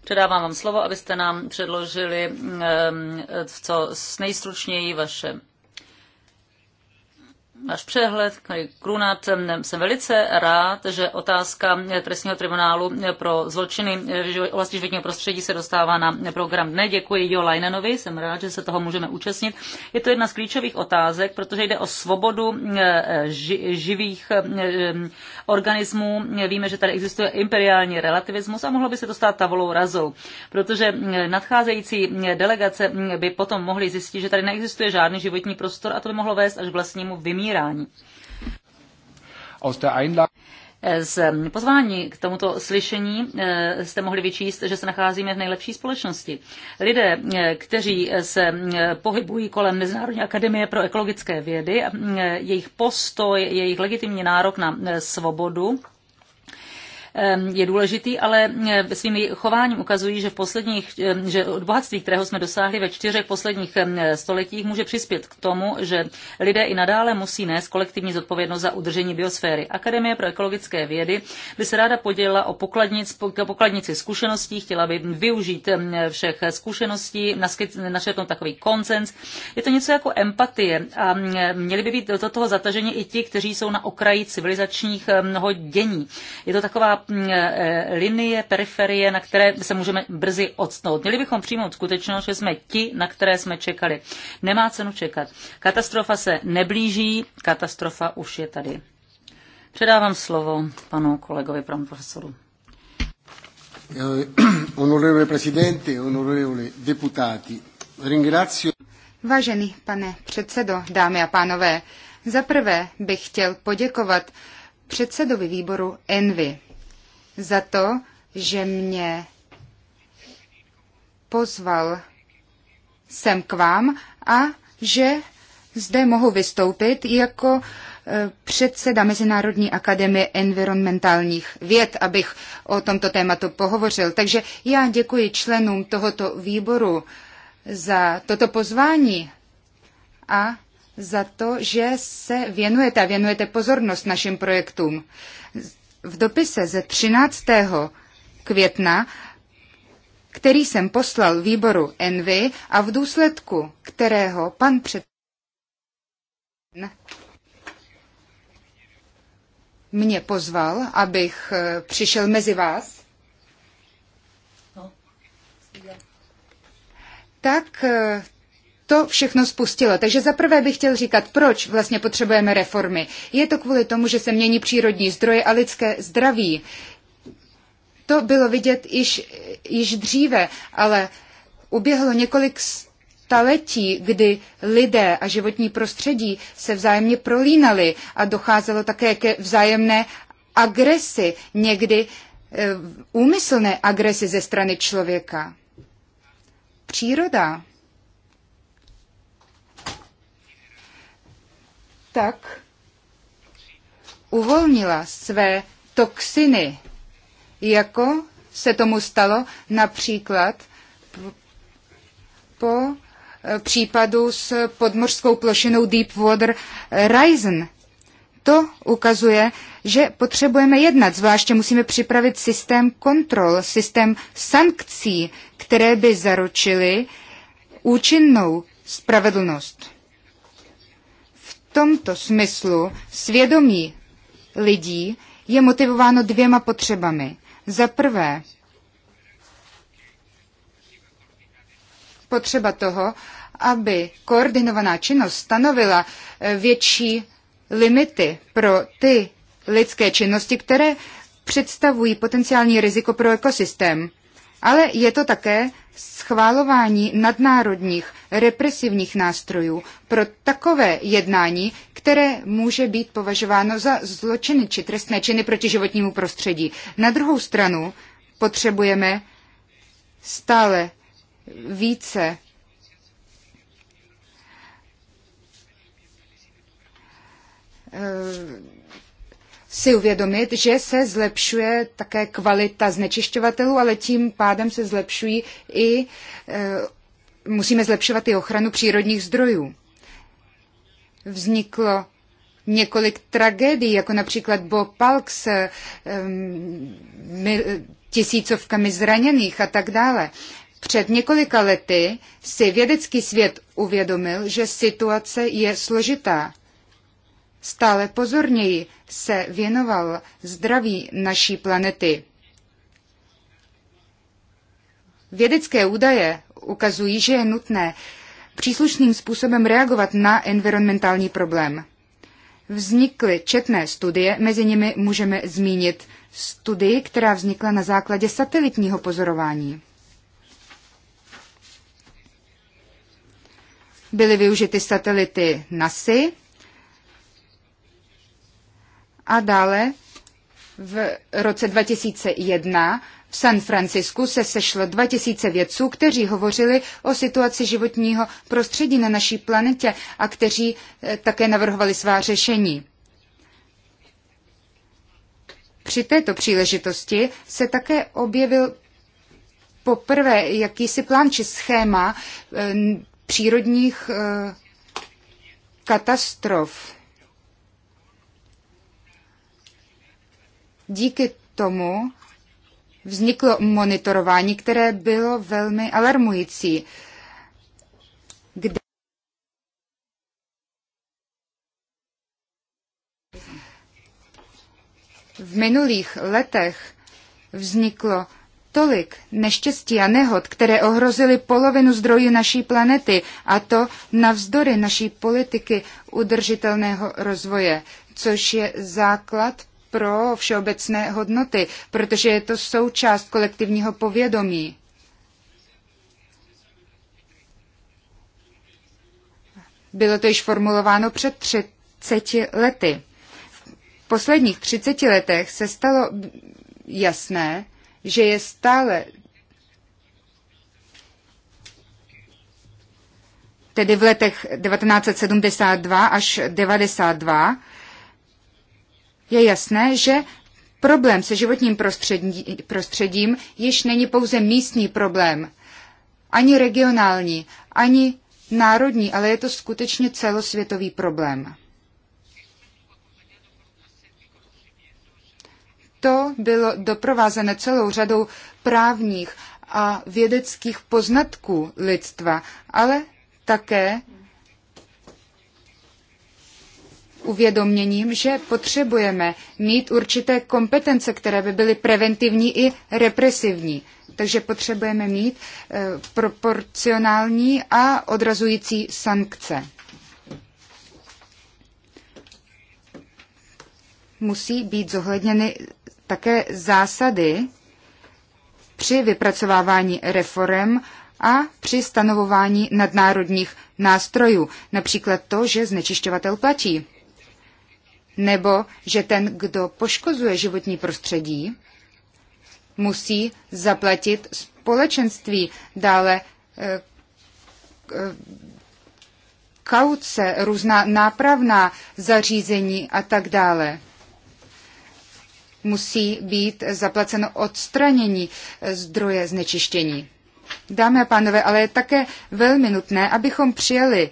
Předávám vám slovo, abyste nám předložili ehm, co nejstručněji vaše váš přehled. Krunat, jsem velice rád, že otázka trestního tribunálu pro zločiny v oblasti životního prostředí se dostává na program dne. Děkuji Jo Lajnenovi, jsem rád, že se toho můžeme účastnit. Je to jedna z klíčových otázek, protože jde o svobodu eh, živých eh, organismů. Víme, že tady existuje imperiální relativismus a mohlo by se to stát tavolou razou, protože eh, nadcházející delegace by potom mohly zjistit, že tady neexistuje žádný životní prostor a to by mohlo vést až k vlastnímu vymíru umírání. Z pozvání k tomuto slyšení eh, jste mohli vyčíst, že se nacházíme v nejlepší společnosti. Lidé, eh, kteří se eh, pohybují kolem Mezinárodní akademie pro ekologické vědy, jejich postoj, jejich legitimní nárok na svobodu, Ehm, je důležitý, ale eh, svým chováním ukazují, že v posledních, ehm, že bohatství, kterého jsme dosáhli ve čtyřech posledních ehm, stoletích, může přispět k tomu, že lidé i nadále musí nést kolektivní zodpovědnost za udržení biosféry. Akademie pro ekologické vědy by se ráda podělila o pokladnic, pokladnici zkušeností, chtěla by využít všech zkušeností, našetnout takový koncens. Je to něco jako empatie a měli by být do toho zataženi i ti, kteří jsou na okraji civilizačních dění. Je to taková Eh, linie, periferie, na které se můžeme brzy odstnout. Měli bychom přijmout skutečnost, že jsme ti, na které jsme čekali. Nemá cenu čekat. Katastrofa se neblíží, katastrofa už je tady. Předávám slovo panu kolegovi, panu profesoru. Eh, onorevole presidente, deputati, ringrazio... Vážený pane předsedo, dámy a pánové, za prvé bych chtěl poděkovat předsedovi výboru Envy za to, že mě pozval sem k vám a že zde mohu vystoupit jako e, předseda Mezinárodní akademie environmentálních věd, abych o tomto tématu pohovořil. Takže já děkuji členům tohoto výboru za toto pozvání a za to, že se věnujete a věnujete pozornost našim projektům v dopise ze 13. května, který jsem poslal výboru Envy a v důsledku kterého pan před mě pozval, abych eh, přišel mezi vás, no, tak eh, to všechno spustilo. Takže zaprvé bych chtěl říkat, proč vlastně potřebujeme reformy. Je to kvůli tomu, že se mění přírodní zdroje a lidské zdraví. To bylo vidět již, již dříve, ale uběhlo několik staletí, kdy lidé a životní prostředí se vzájemně prolínali a docházelo také ke vzájemné agresi, někdy eh, úmyslné agresi ze strany člověka. Příroda tak uvolnila své toxiny, jako se tomu stalo například po eh, případu s podmořskou plošinou Deepwater Horizon. To ukazuje, že potřebujeme jednat, zvláště musíme připravit systém kontrol, systém sankcí, které by zaručily účinnou spravedlnost tomto smyslu svědomí lidí je motivováno dvěma potřebami. Za prvé, potřeba toho, aby koordinovaná činnost stanovila eh, větší limity pro ty lidské činnosti, které představují potenciální riziko pro ekosystém. Ale je to také schválování nadnárodních represivních nástrojů pro takové jednání, které může být považováno za zločiny či trestné činy proti životnímu prostředí. Na druhou stranu potřebujeme stále více si uvědomit, že se zlepšuje také kvalita znečišťovatelů, ale tím pádem se zlepšují i, eh, musíme zlepšovat i ochranu přírodních zdrojů. Vzniklo několik tragédií, jako například Bob Palk s eh, eh, tisícovkami zraněných a tak dále. Před několika lety si vědecký svět uvědomil, že situace je složitá stále pozorněji se věnoval zdraví naší planety. Vědecké údaje ukazují, že je nutné příslušným způsobem reagovat na environmentální problém. Vznikly četné studie, mezi nimi můžeme zmínit studii, která vznikla na základě satelitního pozorování. Byly využity satelity NASY, a dále v roce 2001 v San Francisku se sešlo 2000 vědců, kteří hovořili o situaci životního prostředí na naší planetě a kteří eh, také navrhovali svá řešení. Při této příležitosti se také objevil poprvé jakýsi plán či schéma eh, přírodních eh, katastrof. Díky tomu vzniklo monitorování, které bylo velmi alarmující. Kde v minulých letech vzniklo tolik neštěstí a nehod, které ohrozily polovinu zdrojů naší planety, a to navzdory naší politiky udržitelného rozvoje, což je základ pro všeobecné hodnoty, protože je to součást kolektivního povědomí. Bylo to již formulováno před 30 lety. V posledních 30 letech se stalo jasné, že je stále tedy v letech 1972 až 92 je jasné, že problém se životním prostředí, prostředím již není pouze místní problém, ani regionální, ani národní, ale je to skutečně celosvětový problém. To bylo doprovázeno celou řadou právních a vědeckých poznatků lidstva, ale také uvědoměním, že potřebujeme mít určité kompetence, které by byly preventivní i represivní. Takže potřebujeme mít eh, proporcionální a odrazující sankce. Musí být zohledněny také zásady při vypracovávání reform a při stanovování nadnárodních nástrojů, například to, že znečišťovatel platí nebo že ten, kdo poškozuje životní prostředí, musí zaplatit společenství. Dále eh, eh, kauce, různá nápravná zařízení a tak dále. Musí být zaplaceno odstranění eh, zdroje znečištění. Dámy a pánové, ale je také velmi nutné, abychom přijeli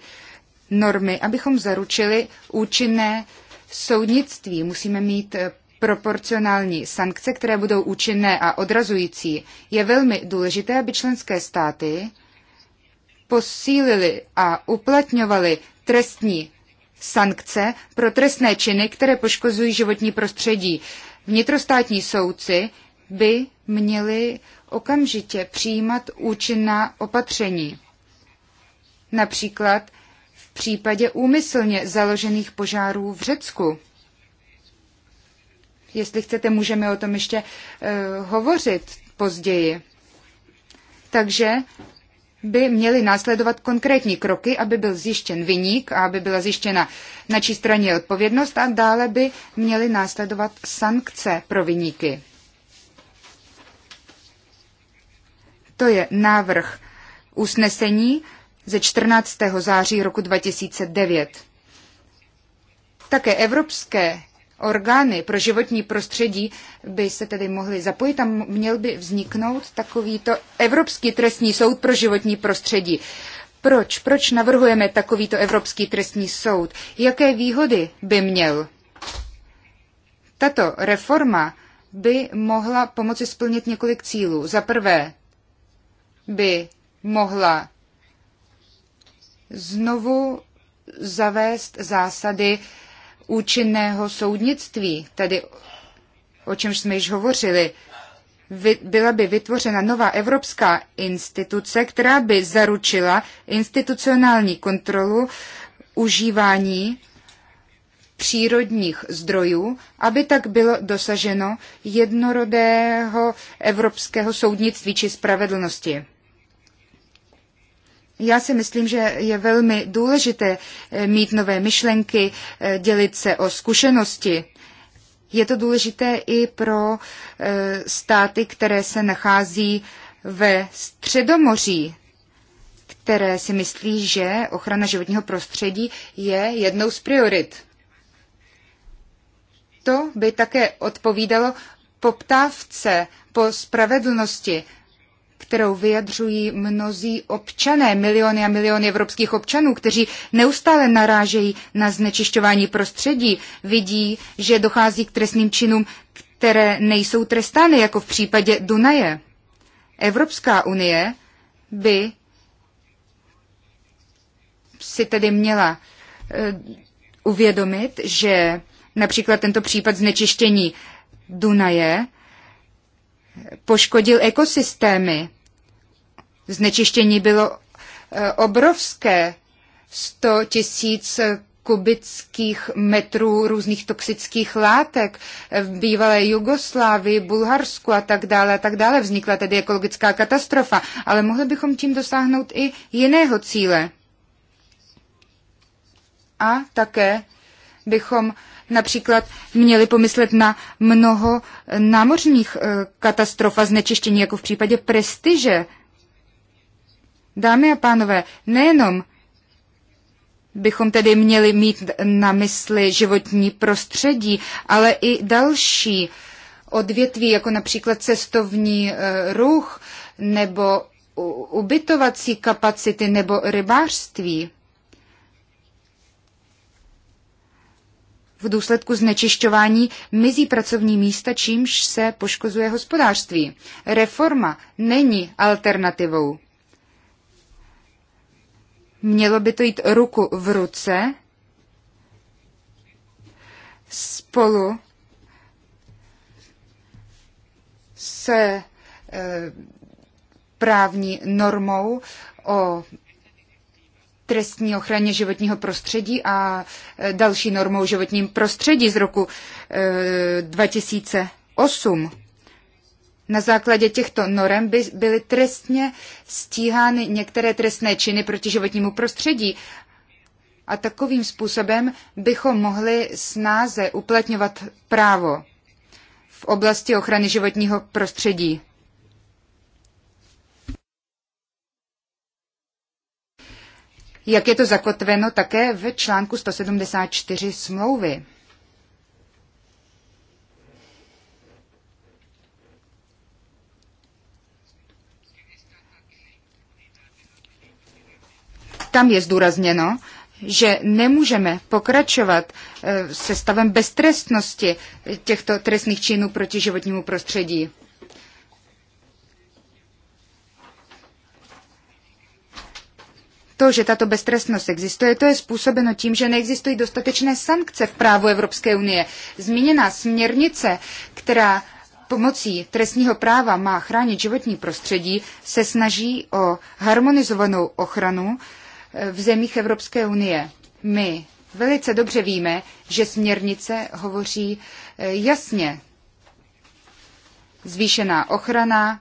normy, abychom zaručili účinné soudnictví musíme mít eh, proporcionální sankce, které budou účinné a odrazující. Je velmi důležité, aby členské státy posílili a uplatňovali trestní sankce pro trestné činy, které poškozují životní prostředí. Vnitrostátní soudci by měli okamžitě přijímat účinná opatření. Například případě úmyslně založených požárů v Řecku. Jestli chcete, můžeme o tom ještě uh, hovořit později. Takže by měly následovat konkrétní kroky, aby byl zjištěn viník a aby byla zjištěna na čí straně odpovědnost a dále by měly následovat sankce pro viníky. To je návrh usnesení, ze 14. září roku 2009. Také evropské orgány pro životní prostředí by se tedy mohly zapojit Tam měl by vzniknout takovýto Evropský trestní soud pro životní prostředí. Proč? Proč navrhujeme takovýto Evropský trestní soud? Jaké výhody by měl? Tato reforma by mohla pomoci splnit několik cílů. Za prvé by mohla znovu zavést zásady účinného soudnictví, tedy o čemž jsme již hovořili, byla by vytvořena nová evropská instituce, která by zaručila institucionální kontrolu užívání přírodních zdrojů, aby tak bylo dosaženo jednorodého evropského soudnictví či spravedlnosti. Já si myslím, že je velmi důležité eh, mít nové myšlenky, eh, dělit se o zkušenosti. Je to důležité i pro eh, státy, které se nachází ve Středomoří, které si myslí, že ochrana životního prostředí je jednou z priorit. To by také odpovídalo poptávce po spravedlnosti kterou vyjadřují mnozí občané, miliony a miliony evropských občanů, kteří neustále narážejí na znečišťování prostředí, vidí, že dochází k trestným činům, které nejsou trestány, jako v případě Dunaje. Evropská unie by si tedy měla eh, uvědomit, že například tento případ znečištění Dunaje poškodil ekosystémy. Znečištění bylo eh, obrovské. 100 tisíc kubických metrů různých toxických látek v bývalé Jugoslávii, Bulharsku a tak dále a tak dále. Vznikla tedy ekologická katastrofa, ale mohli bychom tím dosáhnout i jiného cíle. A také bychom například měli pomyslet na mnoho námořních eh, katastrof a znečištění, jako v případě prestiže. Dámy a pánové, nejenom bychom tedy měli mít na mysli životní prostředí, ale i další odvětví, jako například cestovní eh, ruch nebo ubytovací kapacity nebo rybářství. v důsledku znečišťování mizí pracovní místa, čímž se poškozuje hospodářství. Reforma není alternativou. Mělo by to jít ruku v ruce spolu se e, právní normou o trestní ochraně životního prostředí a e, další normou životním prostředí z roku 2008. E, Na základě těchto norem by byly trestně stíhány některé trestné činy proti životnímu prostředí a takovým způsobem bychom mohli snáze uplatňovat právo v oblasti ochrany životního prostředí. jak je to zakotveno také v článku 174 smlouvy. Tam je zdůrazněno, že nemůžeme pokračovat eh, se stavem beztrestnosti těchto trestných činů proti životnímu prostředí. To, že tato beztrestnost existuje, to je způsobeno tím, že neexistují dostatečné sankce v právu Evropské unie. Zmíněná směrnice, která pomocí trestního práva má chránit životní prostředí, se snaží o harmonizovanou ochranu eh, v zemích Evropské unie. My velice dobře víme, že směrnice hovoří eh, jasně. Zvýšená ochrana,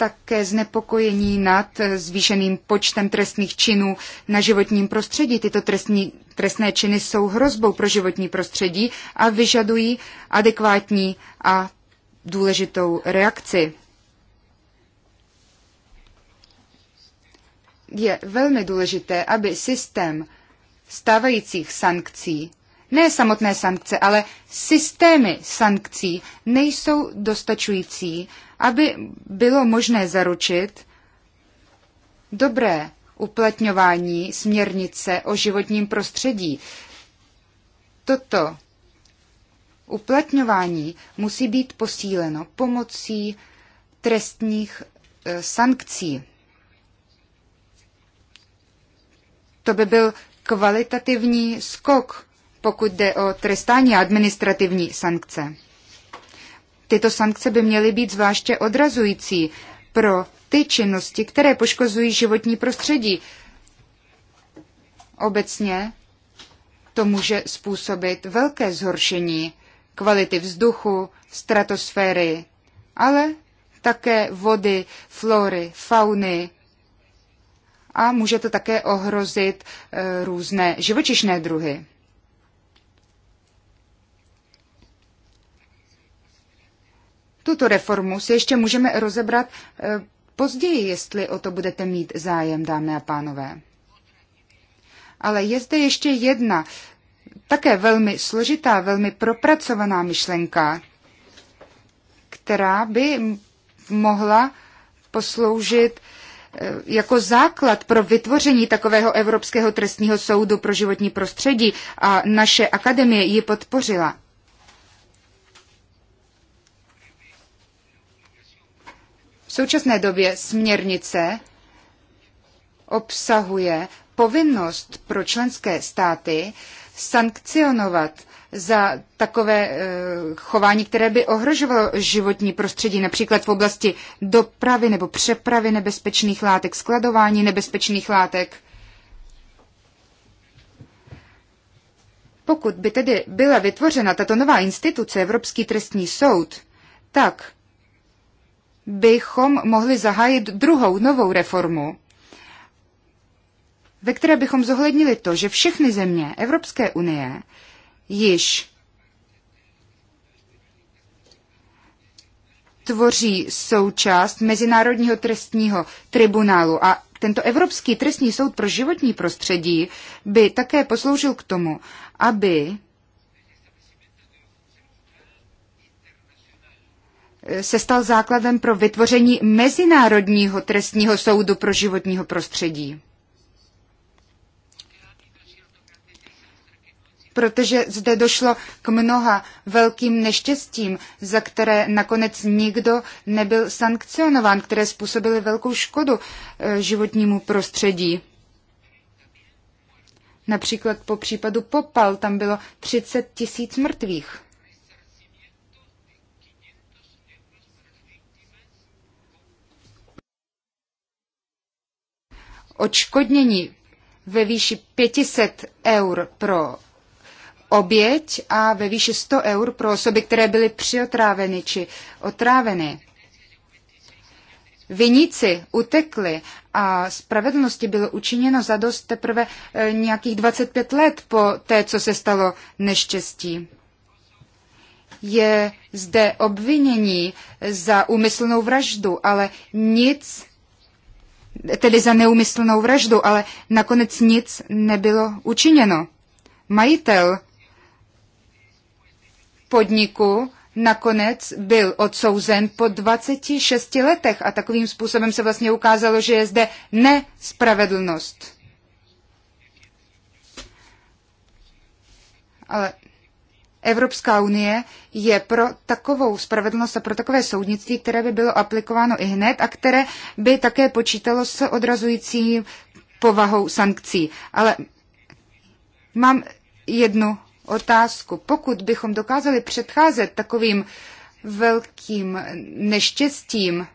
také znepokojení nad zvýšeným počtem trestných činů na životním prostředí. Tyto trestní, trestné činy jsou hrozbou pro životní prostředí a vyžadují adekvátní a důležitou reakci. Je velmi důležité, aby systém stávajících sankcí ne samotné sankce, ale systémy sankcí nejsou dostačující aby bylo možné zaručit dobré uplatňování směrnice o životním prostředí. Toto uplatňování musí být posíleno pomocí trestních e, sankcí. To by byl kvalitativní skok, pokud jde o trestání administrativní sankce. Tyto sankce by měly být zvláště odrazující pro ty činnosti, které poškozují životní prostředí. Obecně to může způsobit velké zhoršení kvality vzduchu, stratosféry, ale také vody, flory, fauny a může to také ohrozit eh, různé živočišné druhy. Tuto reformu si ještě můžeme rozebrat eh, později, jestli o to budete mít zájem, dámy a pánové. Ale je zde ještě jedna, také velmi složitá, velmi propracovaná myšlenka, která by mohla posloužit eh, jako základ pro vytvoření takového Evropského trestního soudu pro životní prostředí a naše akademie ji podpořila. V současné době směrnice obsahuje povinnost pro členské státy sankcionovat za takové eh, chování, které by ohrožovalo životní prostředí, například v oblasti dopravy nebo přepravy nebezpečných látek, skladování nebezpečných látek. Pokud by tedy byla vytvořena tato nová instituce, Evropský trestní soud, tak bychom mohli zahájit druhou, novou reformu, ve které bychom zohlednili to, že všechny země Evropské unie již tvoří součást Mezinárodního trestního tribunálu a tento Evropský trestní soud pro životní prostředí by také posloužil k tomu, aby se stal základem pro vytvoření Mezinárodního trestního soudu pro životního prostředí. protože zde došlo k mnoha velkým neštěstím, za které nakonec nikdo nebyl sankcionován, které způsobily velkou škodu e, životnímu prostředí. Například po případu Popal tam bylo 30 tisíc mrtvých. odškodnění ve výši 500 eur pro oběť a ve výši 100 eur pro osoby, které byly přiotráveny či otráveny. Viníci utekli a spravedlnosti bylo učiněno za dost teprve eh, nějakých 25 let po té, co se stalo neštěstí. Je zde obvinění za úmyslnou vraždu, ale nic tedy za neumyslnou vraždu, ale nakonec nic nebylo učiněno. Majitel podniku nakonec byl odsouzen po 26 letech a takovým způsobem se vlastně ukázalo, že je zde nespravedlnost. Ale Evropská unie je pro takovou spravedlnost a pro takové soudnictví, které by bylo aplikováno i hned a které by také počítalo s odrazující povahou sankcí. Ale mám jednu otázku. Pokud bychom dokázali předcházet takovým velkým neštěstím,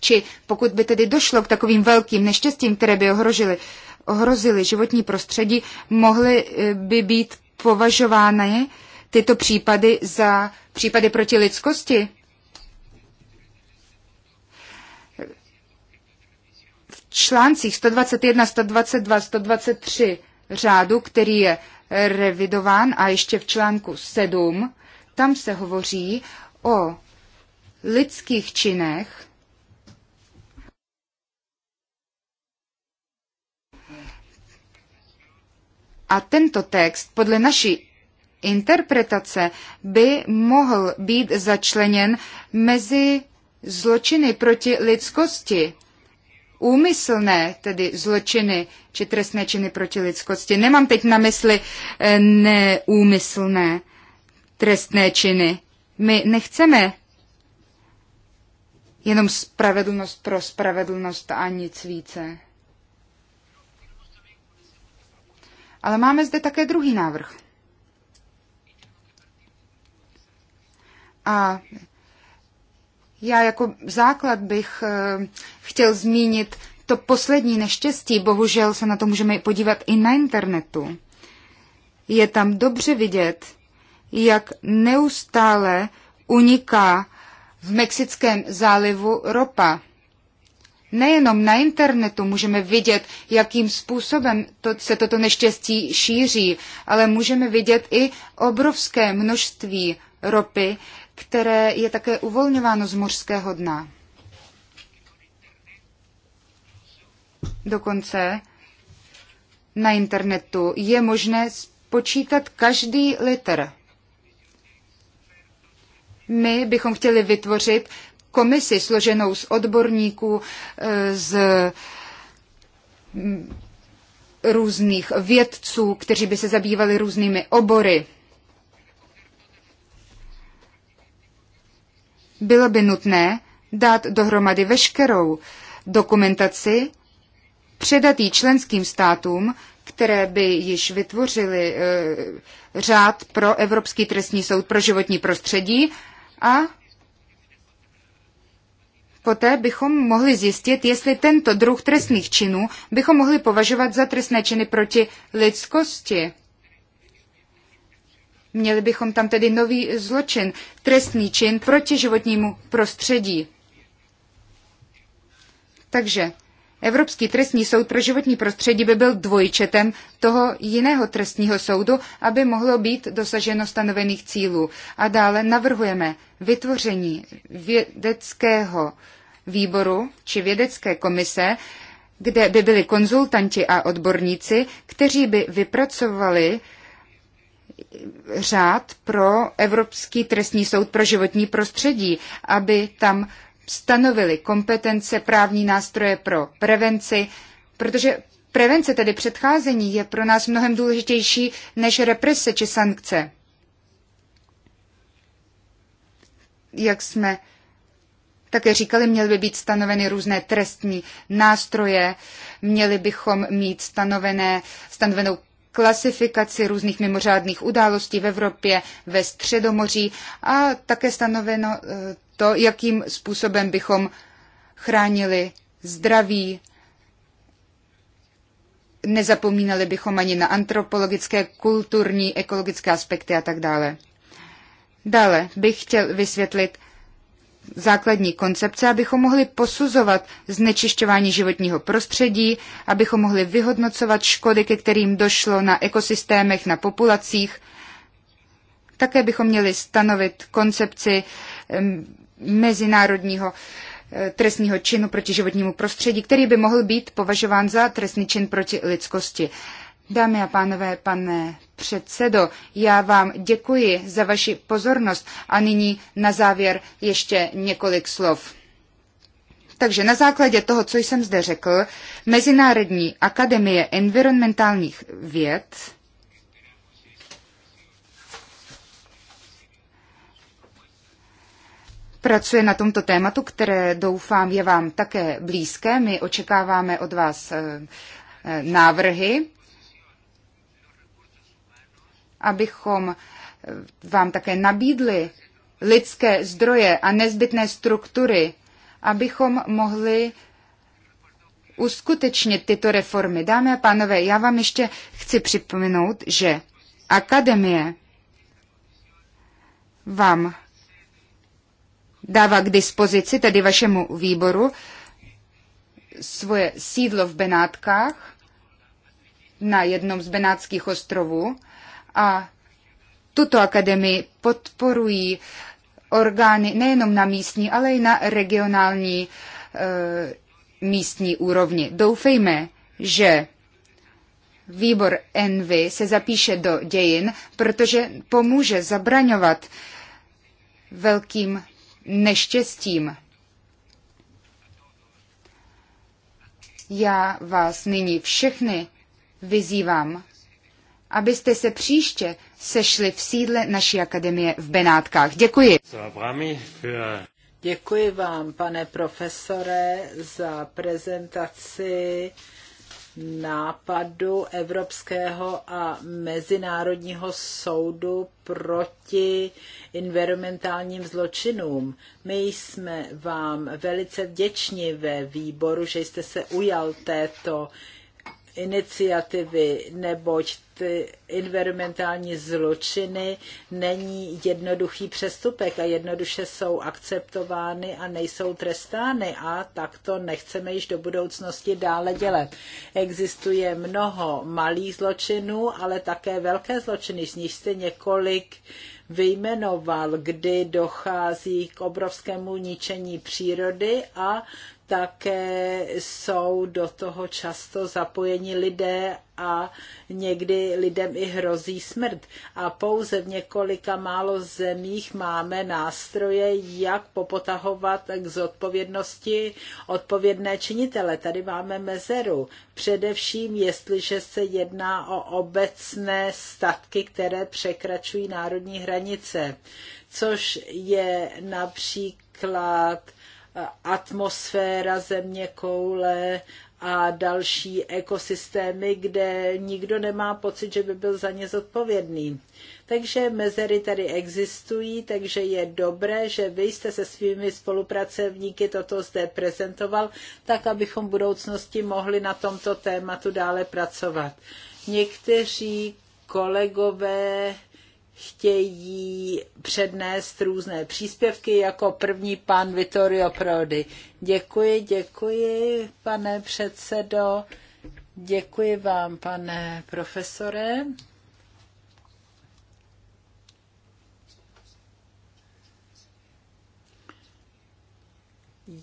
či pokud by tedy došlo k takovým velkým neštěstím, které by ohrožily ohrozily životní prostředí, mohly by být považovány tyto případy za případy proti lidskosti? V článcích 121, 122, 123 řádu, který je revidován a ještě v článku 7, tam se hovoří o lidských činech, A tento text podle naší interpretace by mohl být začleněn mezi zločiny proti lidskosti. Úmyslné tedy zločiny či trestné činy proti lidskosti. Nemám teď na mysli eh, neúmyslné trestné činy. My nechceme jenom spravedlnost pro spravedlnost a nic více. Ale máme zde také druhý návrh. A já jako základ bych eh, chtěl zmínit to poslední neštěstí. Bohužel se na to můžeme podívat i na internetu. Je tam dobře vidět, jak neustále uniká v Mexickém zálivu ropa. Nejenom na internetu můžeme vidět, jakým způsobem to, se toto neštěstí šíří, ale můžeme vidět i obrovské množství ropy, které je také uvolňováno z mořského dna. Dokonce na internetu je možné počítat každý liter. My bychom chtěli vytvořit komisi složenou z odborníků, e, z různých vědců, kteří by se zabývali různými obory. Bylo by nutné dát dohromady veškerou dokumentaci, předat ji členským státům, které by již vytvořily e, řád pro Evropský trestní soud pro životní prostředí a Poté bychom mohli zjistit, jestli tento druh trestných činů bychom mohli považovat za trestné činy proti lidskosti. Měli bychom tam tedy nový zločin, trestný čin proti životnímu prostředí. Takže Evropský trestní soud pro životní prostředí by byl dvojčetem toho jiného trestního soudu, aby mohlo být dosaženo stanovených cílů. A dále navrhujeme vytvoření vědeckého výboru či vědecké komise, kde by byli konzultanti a odborníci, kteří by vypracovali řád pro Evropský trestní soud pro životní prostředí, aby tam stanovili kompetence, právní nástroje pro prevenci, protože prevence, tedy předcházení, je pro nás mnohem důležitější než represe či sankce. jak jsme také říkali, měly by být stanoveny různé trestní nástroje, měli bychom mít stanovené, stanovenou klasifikaci různých mimořádných událostí v Evropě, ve Středomoří a také stanoveno eh, to, jakým způsobem bychom chránili zdraví. Nezapomínali bychom ani na antropologické, kulturní, ekologické aspekty a tak dále. Dále bych chtěl vysvětlit základní koncepce, abychom mohli posuzovat znečišťování životního prostředí, abychom mohli vyhodnocovat škody, ke kterým došlo na ekosystémech, na populacích. Také bychom měli stanovit koncepci mezinárodního eh, trestního činu proti životnímu prostředí, který by mohl být považován za trestný čin proti lidskosti. Dámy a pánové, pane předsedo, já vám děkuji za vaši pozornost a nyní na závěr ještě několik slov. Takže na základě toho, co jsem zde řekl, Mezinárodní akademie environmentálních věd pracuje na tomto tématu, které doufám je vám také blízké. My očekáváme od vás eh, návrhy abychom eh, vám také nabídli lidské zdroje a nezbytné struktury, abychom mohli uskutečnit tyto reformy. Dámy a pánové, já vám ještě chci připomenout, že akademie vám dává k dispozici, tedy vašemu výboru, svoje sídlo v Benátkách na jednom z Benátských ostrovů a tuto akademii podporují orgány nejenom na místní, ale i na regionální e, místní úrovni. Doufejme, že výbor Envy se zapíše do dějin, protože pomůže zabraňovat velkým neštěstím. Já vás nyní všechny vyzývám abyste se příště sešli v sídle naší akademie v Benátkách. Děkuji. Děkuji vám, pane profesore, za prezentaci nápadu Evropského a Mezinárodního soudu proti environmentálním zločinům. My jsme vám velice vděční ve výboru, že jste se ujal této iniciativy, neboť environmentální zločiny není jednoduchý přestupek a jednoduše jsou akceptovány a nejsou trestány a tak to nechceme již do budoucnosti dále dělat. Existuje mnoho malých zločinů, ale také velké zločiny, z nich jste několik vyjmenoval, kdy dochází k obrovskému ničení přírody a také jsou do toho často zapojeni lidé a někdy lidem i hrozí smrt. A pouze v několika málo zemích máme nástroje, jak popotahovat k zodpovědnosti odpovědné činitele. Tady máme mezeru. Především, jestliže se jedná o obecné statky, které překračují národní hranice, což je například atmosféra země koule a další ekosystémy, kde nikdo nemá pocit, že by byl za ně zodpovědný. Takže mezery tady existují, takže je dobré, že vy jste se svými spolupracovníky toto zde prezentoval, tak abychom v budoucnosti mohli na tomto tématu dále pracovat. Někteří kolegové chtějí přednést různé příspěvky, jako první pan Vittorio Prodi. Děkuji, děkuji, pane předsedo, děkuji vám, pane profesore.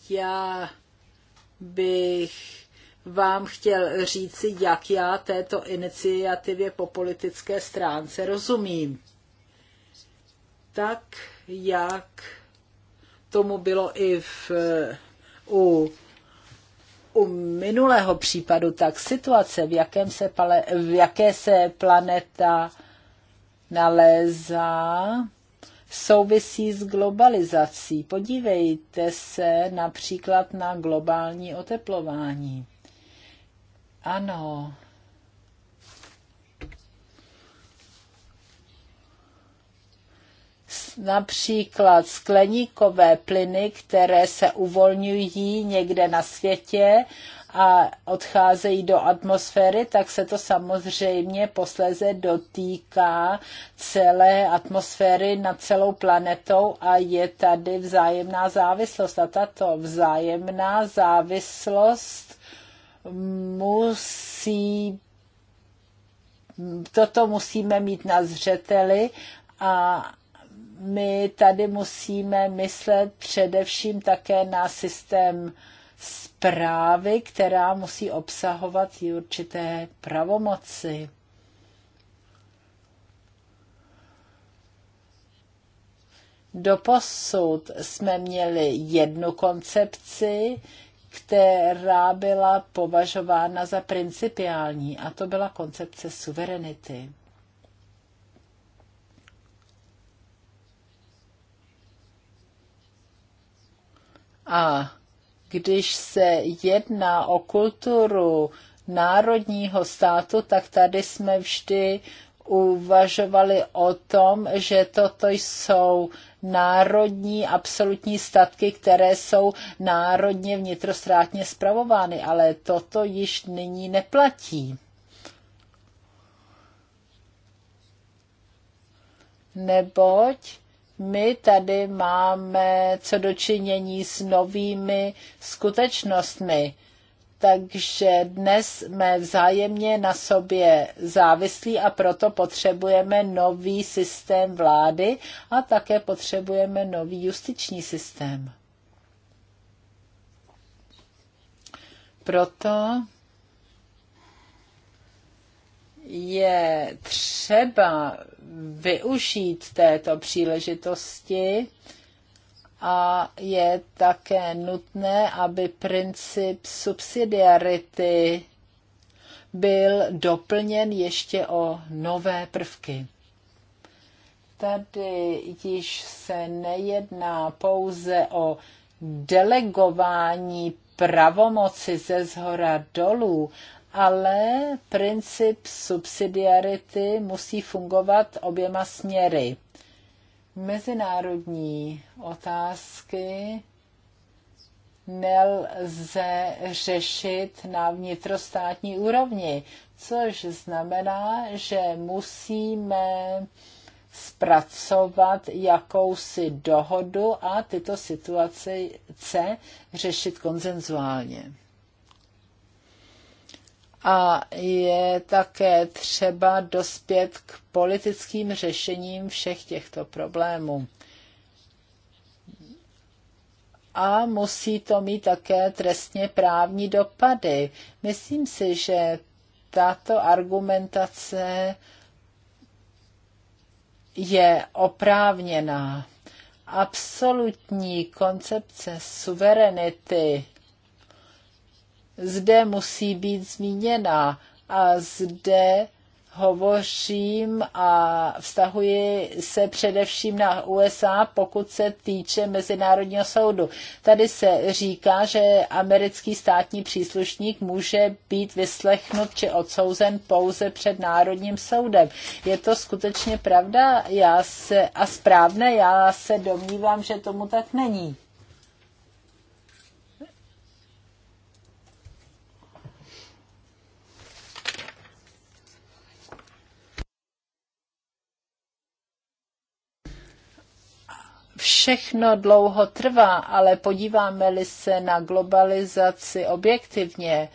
Já bych vám chtěl říci, jak já této iniciativě po politické stránce rozumím tak, jak tomu bylo i v, u, u minulého případu, tak situace, v, jakém se pale, v jaké se planeta nalézá, souvisí s globalizací. Podívejte se například na globální oteplování. Ano, například skleníkové plyny, které se uvolňují někde na světě a odcházejí do atmosféry, tak se to samozřejmě posléze dotýká celé atmosféry nad celou planetou a je tady vzájemná závislost. A tato vzájemná závislost musí toto musíme mít na zřeteli a my tady musíme myslet především také na systém zprávy, která musí obsahovat i určité pravomoci. Doposud jsme měli jednu koncepci, která byla považována za principiální, a to byla koncepce suverenity. A když se jedná o kulturu národního státu, tak tady jsme vždy uvažovali o tom, že toto jsou národní absolutní statky, které jsou národně vnitrostátně spravovány, ale toto již nyní neplatí. Neboť my tady máme co dočinění s novými skutečnostmi. Takže dnes jsme vzájemně na sobě závislí a proto potřebujeme nový systém vlády a také potřebujeme nový justiční systém. Proto je třeba využít této příležitosti a je také nutné, aby princip subsidiarity byl doplněn ještě o nové prvky. Tady již se nejedná pouze o delegování pravomoci ze zhora dolů, ale princip subsidiarity musí fungovat oběma směry. Mezinárodní otázky nelze řešit na vnitrostátní úrovni, což znamená, že musíme zpracovat jakousi dohodu a tyto situace řešit konzenzuálně a je také třeba dospět k politickým řešením všech těchto problémů. A musí to mít také trestně právní dopady. Myslím si, že tato argumentace je oprávněná. Absolutní koncepce suverenity zde musí být zmíněna a zde hovořím a vztahuji se především na USA, pokud se týče Mezinárodního soudu. Tady se říká, že americký státní příslušník může být vyslechnut či odsouzen pouze před Národním soudem. Je to skutečně pravda já se, a správné? Já se domnívám, že tomu tak není. všechno dlouho trvá, ale podíváme-li se na globalizaci objektivně,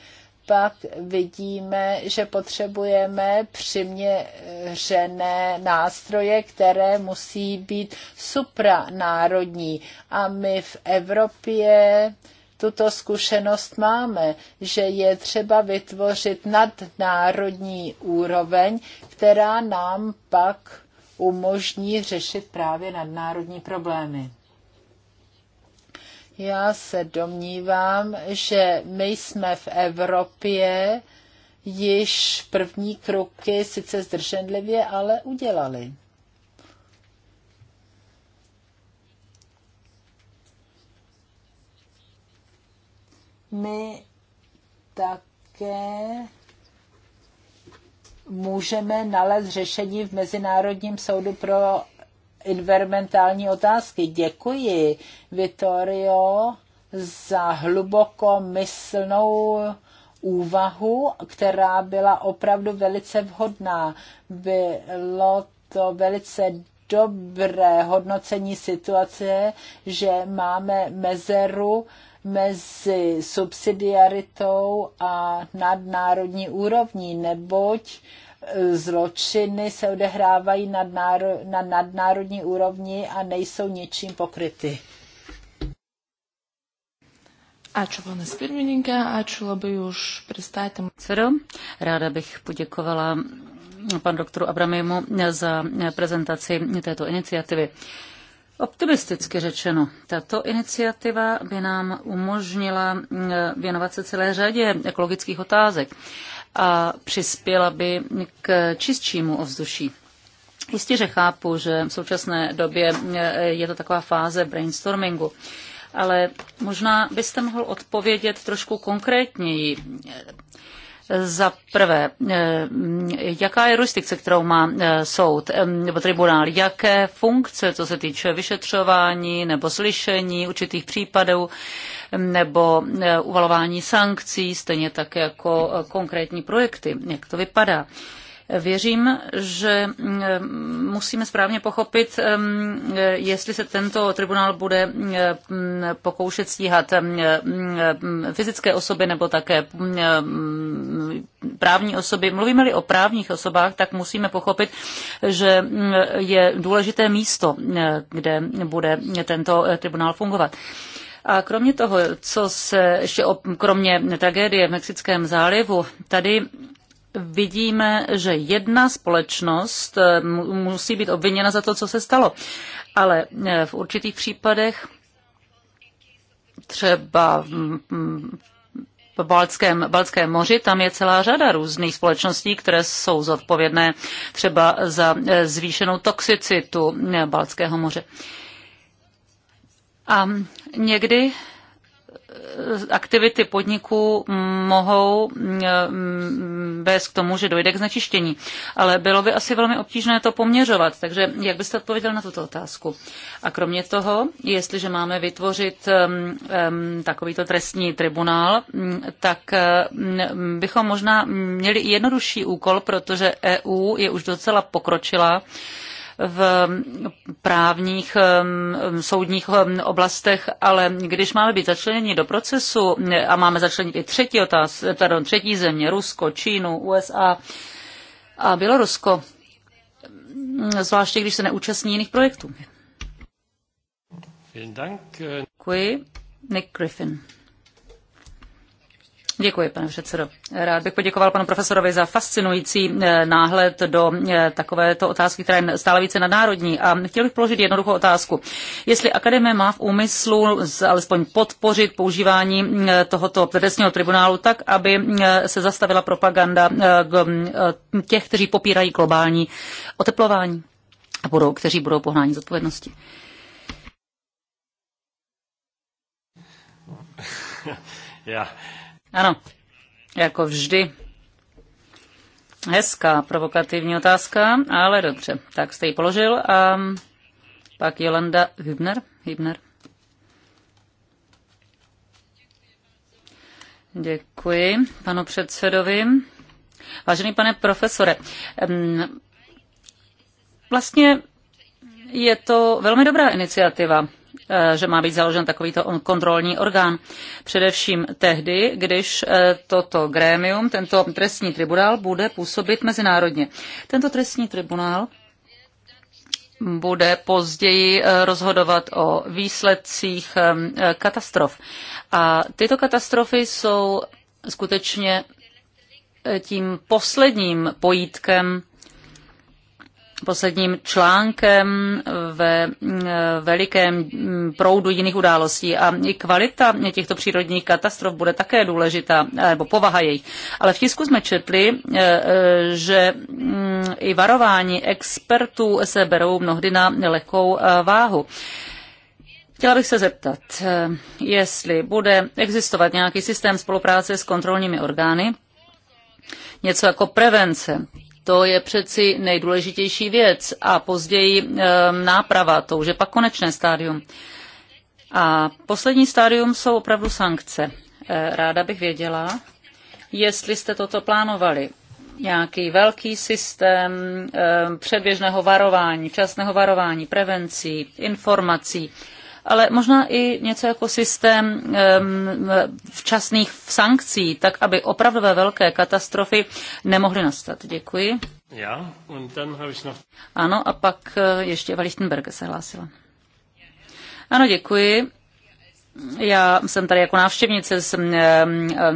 pak vidíme, že potřebujeme přiměřené nástroje, které musí být supranárodní. A my v Evropě tuto zkušenost máme, že je třeba vytvořit nadnárodní úroveň, která nám pak umožní řešit právě nadnárodní problémy. Já se domnívám, že my jsme v Evropě již první kroky sice zdrženlivě, ale udělali. My také můžeme nalézt řešení v Mezinárodním soudu pro environmentální otázky. Děkuji, Vittorio, za hluboko myslnou úvahu, která byla opravdu velice vhodná. Bylo to velice dobré hodnocení situace, že máme mezeru mezi subsidiaritou a nadnárodní úrovní, neboť e, zločiny se odehrávají na nadnárodní úrovni a nejsou ničím pokryty. Ačiū, pane pirmininkė, ačiū labai už pristatymą. Cero, ráda bych poděkovala panu doktoru Abramimu za prezentaci této iniciativy. Optimisticky řečeno, tato iniciativa by nám umožnila eh, věnovat se celé řadě ekologických otázek a přispěla by k čistšímu ovzduší. Jistě, že chápu, že v současné době eh, je to taková fáze brainstormingu, ale možná byste mohl odpovědět trošku konkrétněji za prvé, eh, jaká je jurisdikce, kterou má eh, soud eh, nebo tribunál? Jaké funkce, co se týče vyšetřování nebo slyšení určitých případů nebo uvalování sankcí, stejně tak jako konkrétní projekty? Jak to vypadá? Věřím, že mm, musíme správně pochopit, mm, jestli se tento tribunál bude mm, pokoušet stíhat fyzické osoby nebo také právní osoby. Mluvíme-li o právních osobách, tak musíme pochopit, že je důležité místo, kde bude tento tribunál fungovat. A kromě toho, co se ještě o, kromě tragédie v Mexickém zálivu, tady vidíme, že jedna společnost eh, musí být obviněna za to, co se stalo. Ale eh, v určitých případech, třeba v Balckém, Balckém moři, tam je celá řada různých společností, které jsou zodpovědné třeba za eh, zvýšenou toxicitu Balckého moře. A někdy aktivity podniků mohou mm, mm, vést k tomu, že dojde k znečištění. Ale bylo by asi velmi obtížné to poměřovat, takže jak byste odpověděl na tuto otázku? A kromě toho, jestliže máme vytvořit mm, takovýto trestní tribunál, tak bychom možná měli i jednodušší úkol, protože EU je už docela pokročila v právních soudních oblastech, ale když máme být začleněni do procesu a máme začlenit i třetí, otáz, pardon, třetí země, Rusko, Čínu, USA a Bělorusko, zvláště když se neúčastní jiných projektů. Děkuji. Nick Griffin. Děkuji, pane předsedo. Rád bych poděkoval panu profesorovi za fascinující eh, náhled do eh, takovéto otázky, která je stále více nadnárodní. A chtěl bych položit jednoduchou otázku. Jestli akademie má v úmyslu alespoň podpořit používání eh, tohoto trestního tribunálu tak, aby se zastavila propaganda těch, kteří popírají globální oteplování a budou, kteří budou pohnáni z odpovědnosti. Yeah. Ano, jako vždy. Hezká provokativní otázka, ale dobře. Tak jste ji položil a pak Jolanda Hübner. Hübner. Děkuji panu předsedovi. Vážený pane profesore, vlastně je to velmi dobrá iniciativa Eh, že má být založen takovýto kontrolní orgán. Především tehdy, když eh, toto grémium, tento trestní tribunál, bude působit mezinárodně. Tento trestní tribunál bude později eh, rozhodovat o výsledcích katastrof. A tyto katastrofy jsou skutečně tím posledním pojítkem posledním článkem ve e, velikém proudu jiných událostí. A i kvalita těchto přírodních katastrof bude také důležitá, nebo povaha jejich. Ale v tisku jsme četli, e, e, že mm, i varování expertů se berou mnohdy na lehkou váhu. Chtěla bych se zeptat, jestli bude existovat nějaký systém spolupráce s kontrolními orgány, něco jako prevence to je přeci nejdůležitější věc a později eh, náprava, to už je pak konečné stádium. A poslední stádium jsou opravdu sankce. Eh, ráda bych věděla, jestli jste toto plánovali. Nějaký velký systém eh, předběžného varování, včasného varování, prevencí, informací ale možná i něco jako systém včasných sankcí, tak aby opravdové velké katastrofy nemohly nastat. Děkuji. Ja, und dann habe ich noch... Ano, a pak eh, ještě Eva Lichtenberg se hlásila. Ano, děkuji. Já jsem tady jako návštěvnice z, eh,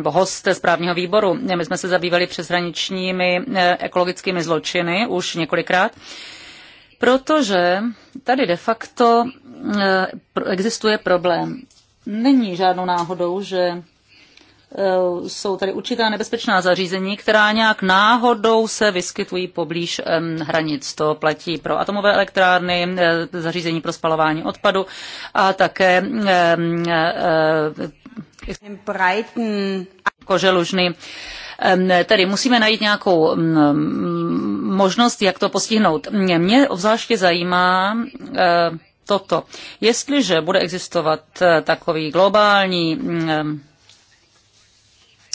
host správního výboru. My jsme se zabývali přeshraničními eh, ekologickými zločiny už několikrát protože tady de facto eh, existuje problém. Není žádnou náhodou, že eh, jsou tady určitá nebezpečná zařízení, která nějak náhodou se vyskytují poblíž hranic. To platí pro atomové elektrárny, eh, zařízení pro spalování odpadu a také koželužny. Tady musíme najít nějakou možnost, jak to postihnout. Mě, mě obzvláště zajímá eh, toto. Jestliže bude existovat eh, takový globální mm,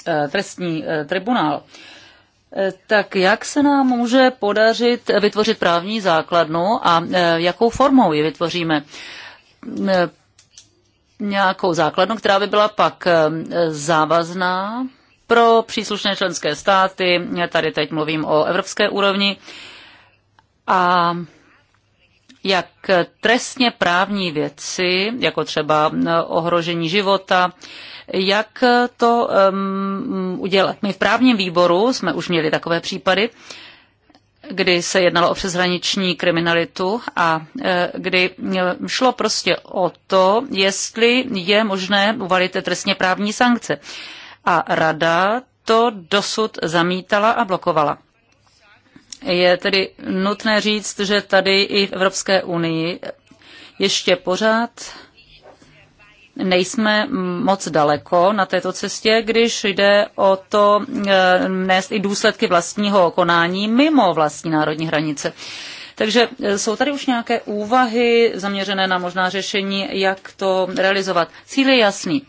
eh, trestní tribunál, tak jak se nám může podařit vytvořit právní základnu a jakou formou ji vytvoříme? Nějakou základnu, která by byla pak závazná pro příslušné členské státy, tady teď mluvím o evropské úrovni, a jak trestně právní věci, jako třeba ohrožení života, jak to um, udělat. My v právním výboru jsme už měli takové případy, kdy se jednalo o přeshraniční kriminalitu a e, kdy e, šlo prostě o to, jestli je možné uvalit trestně právní sankce. Uh, a rada to dosud zamítala a blokovala. Je tedy nutné říct, že tady i v Evropské unii ještě pořád nejsme moc daleko na této cestě, když jde o to eh, nést i důsledky vlastního konání mimo vlastní národní hranice. Takže eh, jsou tady už nějaké úvahy zaměřené na možná řešení, jak to realizovat. Cíl je jasný.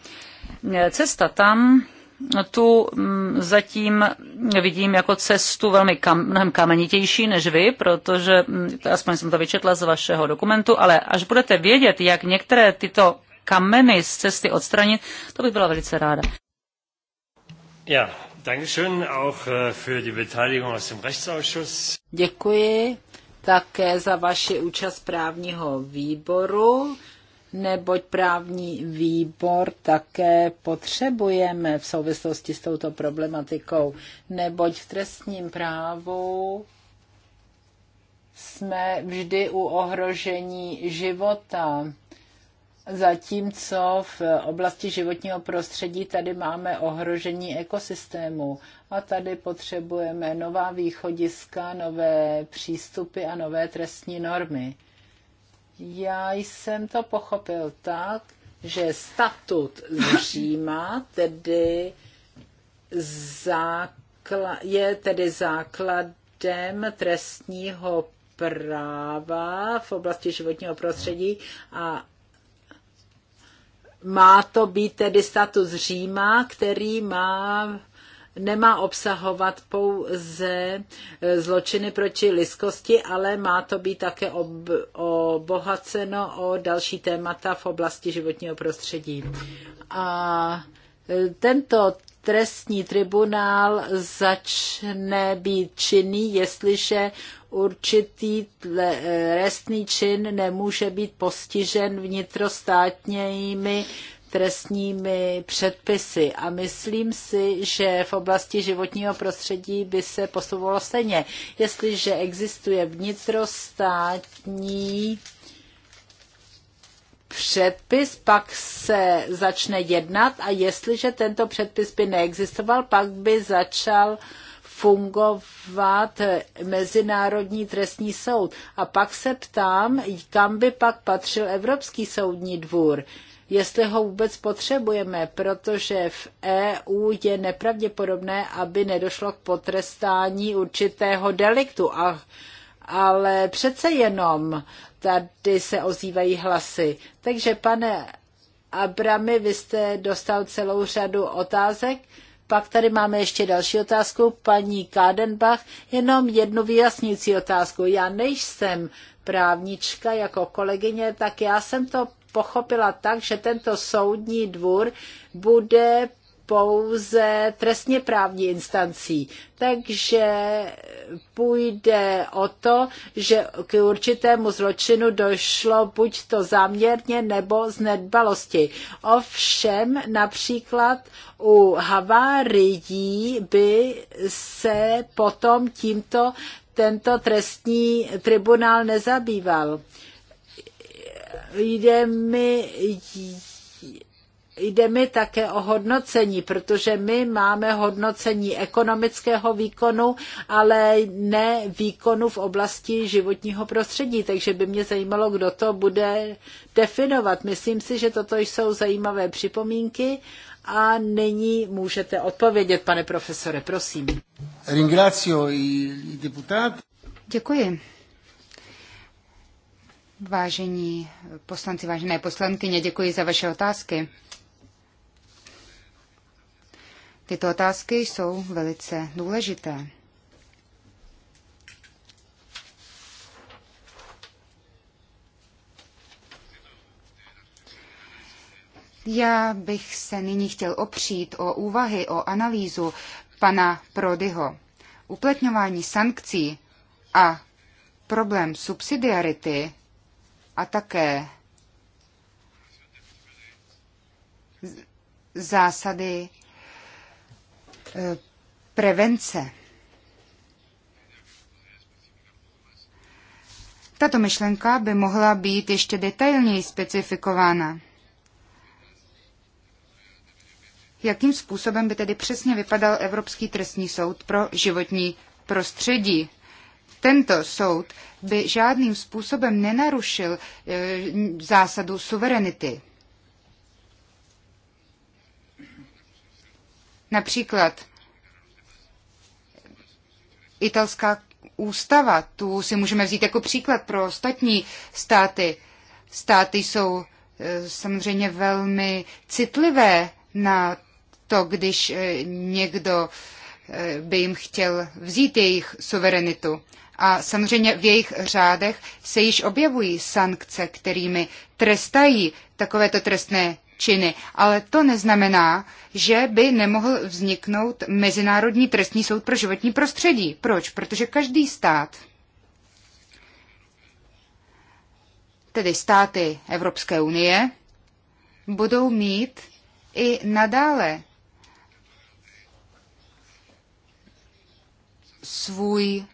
Eh, cesta tam tu mm, zatím vidím jako cestu velmi kam, mnohem kamenitější než vy, protože mm, aspoň jsem to vyčetla z vašeho dokumentu, ale až budete vědět, jak některé tyto kameny z cesty odstranit, to bych byla velice ráda. Ja, schön auch äh, für die Beteiligung aus dem Rechtsausschuss. Děkuji také za vaši účast právního výboru neboť právní výbor také potřebujeme v souvislosti s touto problematikou, neboť v trestním právu jsme vždy u ohrožení života. Zatímco v oblasti životního prostředí tady máme ohrožení ekosystému a tady potřebujeme nová východiska, nové přístupy a nové trestní normy. Já jsem to pochopil tak, že statut z Říma tedy zákla, je tedy základem trestního práva v oblasti životního prostředí a má to být tedy status Říma, který má nemá obsahovat pouze eh, zločiny proti lidskosti, ale má to být také obohaceno o další témata v oblasti životního prostředí. A eh, tento trestní tribunál začne být činný, jestliže určitý eh, trestný čin nemůže být postižen vnitrostátními trestními předpisy a myslím si, že v oblasti životního prostředí by se posouvalo stejně. Jestliže existuje vnitrostátní předpis, pak se začne jednat a jestliže tento předpis by neexistoval, pak by začal fungovat Mezinárodní trestní soud. A pak se ptám, kam by pak patřil Evropský soudní dvůr jestli ho vůbec potřebujeme, protože v EU je nepravděpodobné, aby nedošlo k potrestání určitého deliktu. A, ale přece jenom tady se ozývají hlasy. Takže pane Abrami, vy jste dostal celou řadu otázek. Pak tady máme ještě další otázku, paní Kádenbach. Jenom jednu vyjasňující otázku. Já nejsem právnička jako kolegyně, tak já jsem to pochopila tak, že tento soudní dvůr bude pouze trestně právní instancí. Takže půjde o to, že k určitému zločinu došlo buď to záměrně nebo z nedbalosti. Ovšem například u havárií by se potom tímto tento trestní tribunál nezabýval jde mi jde mi také o hodnocení, protože my máme hodnocení ekonomického výkonu, ale ne výkonu v oblasti životního prostředí, takže by mě zajímalo, kdo to bude definovat. Myslím si, že toto jsou zajímavé připomínky a nyní můžete odpovědět, pane profesore, prosím. Děkuji. Vážení poslanci, vážené poslankyně, děkuji za vaše otázky. Tyto otázky jsou velice důležité. Já bych se nyní chtěl opřít o úvahy o analýzu pana Prodyho. Uplatňování sankcí a problém subsidiarity a také zásady e, prevence. Tato myšlenka by mohla být ještě detailněji specifikována. Jakým způsobem by tedy přesně vypadal Evropský trestní soud pro životní prostředí? Tento soud by žádným způsobem nenarušil e, zásadu suverenity. Například italská ústava, tu si můžeme vzít jako příklad pro ostatní státy. Státy jsou e, samozřejmě velmi citlivé na to, když e, někdo by jim chtěl vzít jejich suverenitu. A samozřejmě v jejich řádech se již objevují sankce, kterými trestají takovéto trestné činy. Ale to neznamená, že by nemohl vzniknout Mezinárodní trestní soud pro životní prostředí. Proč? Protože každý stát, tedy státy Evropské unie, budou mít i nadále svůj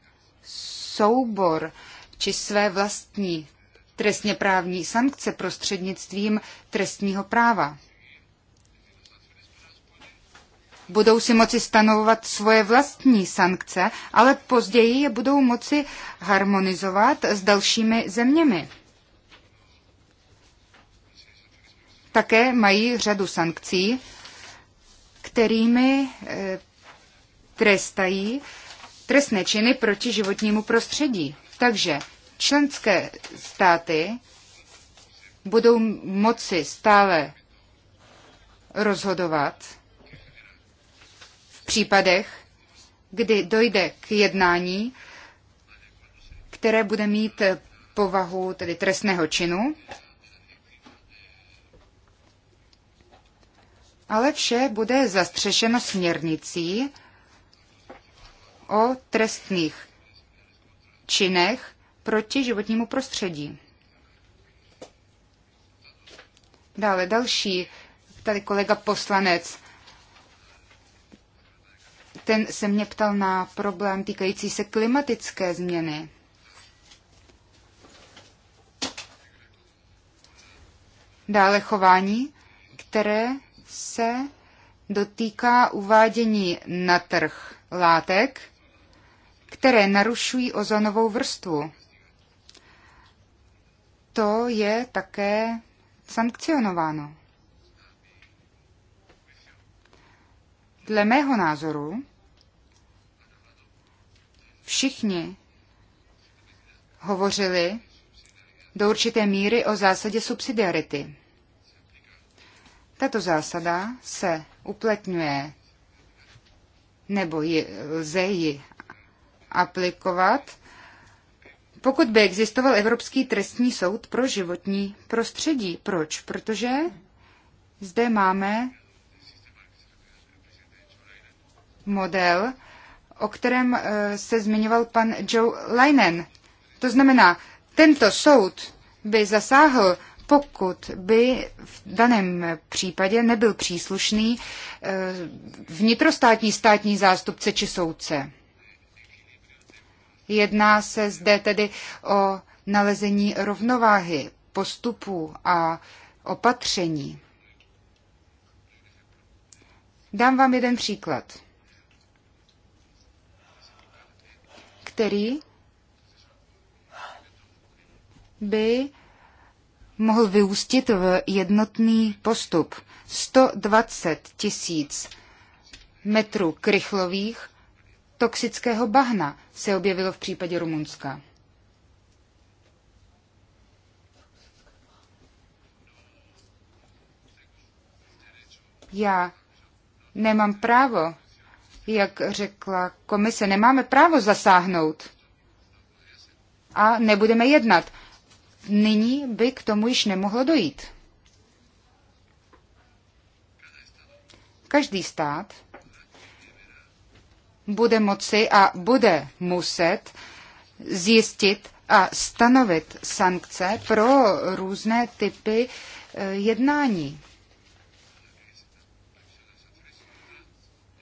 soubor či své vlastní trestně právní sankce prostřednictvím trestního práva. Budou si moci stanovovat svoje vlastní sankce, ale později je budou moci harmonizovat s dalšími zeměmi. Také mají řadu sankcí, kterými eh, trestají trestné činy proti životnímu prostředí. Takže členské státy budou moci stále rozhodovat v případech, kdy dojde k jednání, které bude mít povahu tedy trestného činu, ale vše bude zastřešeno směrnicí, o trestných činech proti životnímu prostředí. Dále další, tady kolega poslanec, ten se mě ptal na problém týkající se klimatické změny. Dále chování, které se dotýká uvádění na trh látek, které narušují ozonovou vrstvu. To je také sankcionováno. Dle mého názoru všichni hovořili do určité míry o zásadě subsidiarity. Tato zásada se uplatňuje nebo ji, lze ji aplikovat, pokud by existoval Evropský trestní soud pro životní prostředí. Proč? Protože zde máme model, o kterém eh, se zmiňoval pan Joe Leinen. To znamená, tento soud by zasáhl, pokud by v daném případě nebyl příslušný eh, vnitrostátní státní zástupce či soudce. Jedná se zde tedy o nalezení rovnováhy postupů a opatření. Dám vám jeden příklad, který by mohl vyústit v jednotný postup. 120 tisíc metrů krychlových toxického bahna se objevilo v případě Rumunska. Já nemám právo, jak řekla komise, nemáme právo zasáhnout a nebudeme jednat. Nyní by k tomu již nemohlo dojít. Každý stát bude moci a bude muset zjistit a stanovit sankce pro různé typy eh, jednání.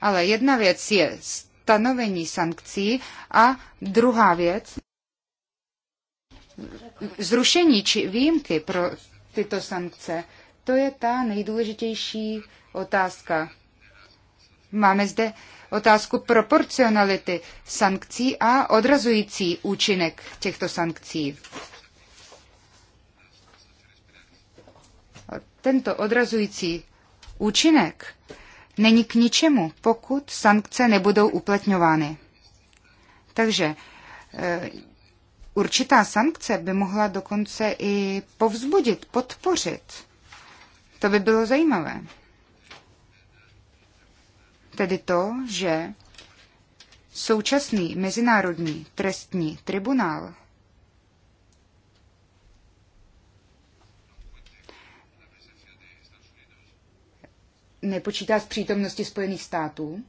Ale jedna věc je stanovení sankcí a druhá věc zrušení či výjimky pro tyto sankce. To je ta nejdůležitější otázka. Máme zde otázku proporcionality sankcí a odrazující účinek těchto sankcí. Tento odrazující účinek není k ničemu, pokud sankce nebudou uplatňovány. Takže e, určitá sankce by mohla dokonce i povzbudit, podpořit. To by bylo zajímavé tedy to, že současný Mezinárodní trestní tribunál nepočítá s přítomností Spojených států.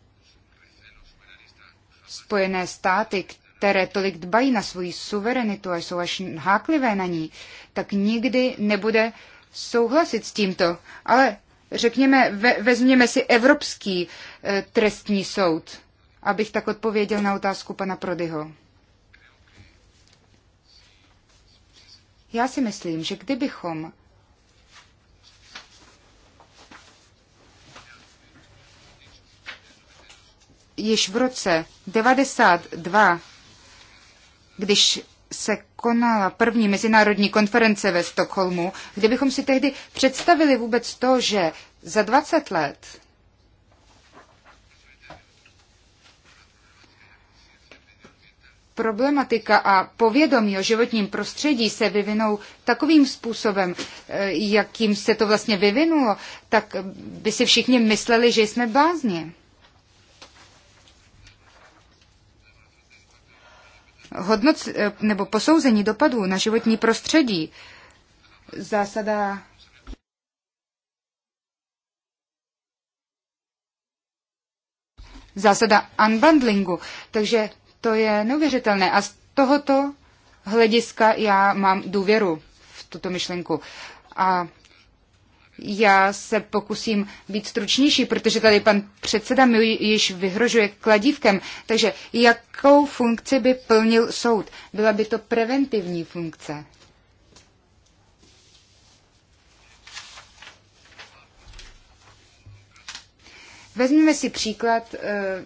Spojené státy, které tolik dbají na svoji suverenitu a jsou až háklivé na ní, tak nikdy nebude souhlasit s tímto. Ale Řekněme, ve, vezměme si Evropský e, trestní soud, abych tak odpověděl na otázku pana Prodyho. Já si myslím, že kdybychom již v roce 92, když se konala první mezinárodní konference ve Stockholmu, kde bychom si tehdy představili vůbec to, že za 20 let problematika a povědomí o životním prostředí se vyvinou takovým způsobem, eh, jakým se to vlastně vyvinulo, tak by si všichni mysleli, že jsme blázni. hodnoc, eh, nebo posouzení dopadů na životní prostředí, zásada zásada unbundlingu. Takže to je neuvěřitelné a z tohoto hlediska já mám důvěru v tuto myšlenku. A já se pokusím být stručnější, protože tady pan předseda mi již vyhrožuje kladívkem. Takže jakou funkci by plnil soud? Byla by to preventivní funkce. Vezmeme si příklad e,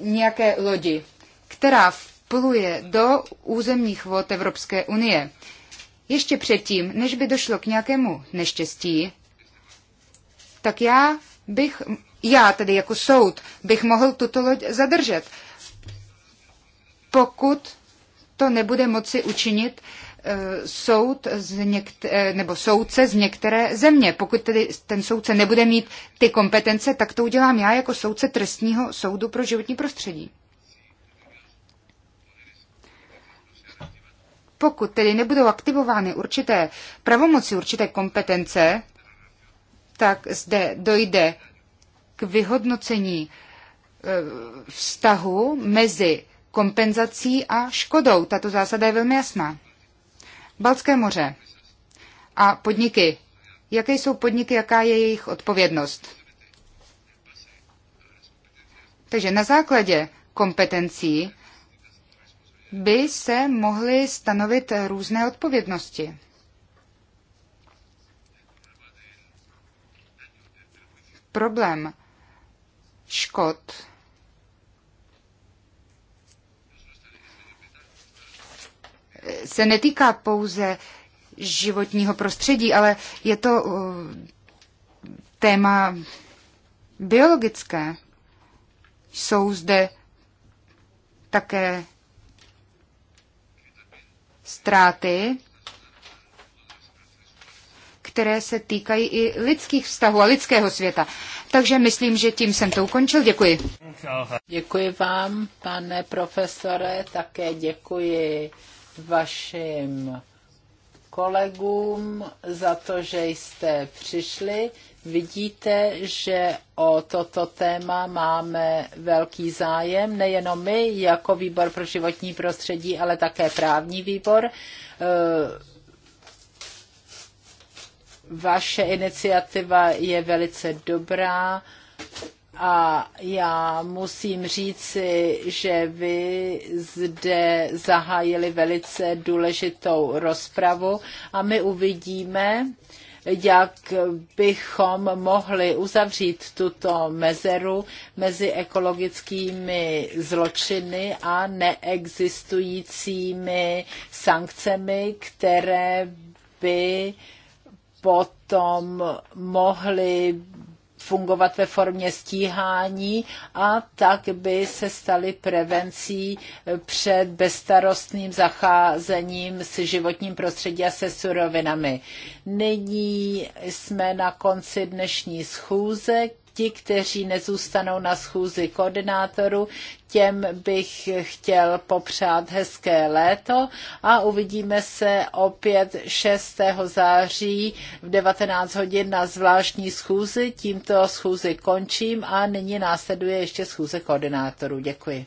nějaké lodi, která vpluje do územních vod Evropské unie. Ještě předtím, než by došlo k nějakému neštěstí, tak já bych, já tedy jako soud, bych mohl tuto loď zadržet, pokud to nebude moci učinit eh, soud z některé, eh, nebo soudce z některé země. Pokud tedy ten soudce nebude mít ty kompetence, tak to udělám já jako soudce trestního soudu pro životní prostředí. Pokud tedy nebudou aktivovány určité pravomoci, určité kompetence, tak zde dojde k vyhodnocení e, vztahu mezi kompenzací a škodou. Tato zásada je velmi jasná. Balské moře a podniky. Jaké jsou podniky, jaká je jejich odpovědnost? Takže na základě kompetencí by se mohly stanovit různé odpovědnosti. problém škod se netýká pouze životního prostředí, ale je to uh, téma biologické. Jsou zde také ztráty které se týkají i lidských vztahů a lidského světa. Takže myslím, že tím jsem to ukončil. Děkuji. Děkuji vám, pane profesore, také děkuji vašim kolegům za to, že jste přišli. Vidíte, že o toto téma máme velký zájem, nejenom my jako výbor pro životní prostředí, ale také právní výbor. Eh, vaše iniciativa je velice dobrá a já musím říci, že vy zde zahájili velice důležitou rozpravu a my uvidíme, jak bychom mohli uzavřít tuto mezeru mezi ekologickými zločiny a neexistujícími sankcemi, které by potom mohly fungovat ve formě stíhání a tak by se staly prevencí před bezstarostným zacházením s životním prostředí a se surovinami. Nyní jsme na konci dnešní schůze, ti, kteří nezůstanou na schůzi koordinátoru, těm bych chtěl popřát hezké léto a uvidíme se opět 6. září v 19 hodin na zvláštní schůzi. Tímto schůzi končím a nyní následuje ještě schůze koordinátorů. Děkuji.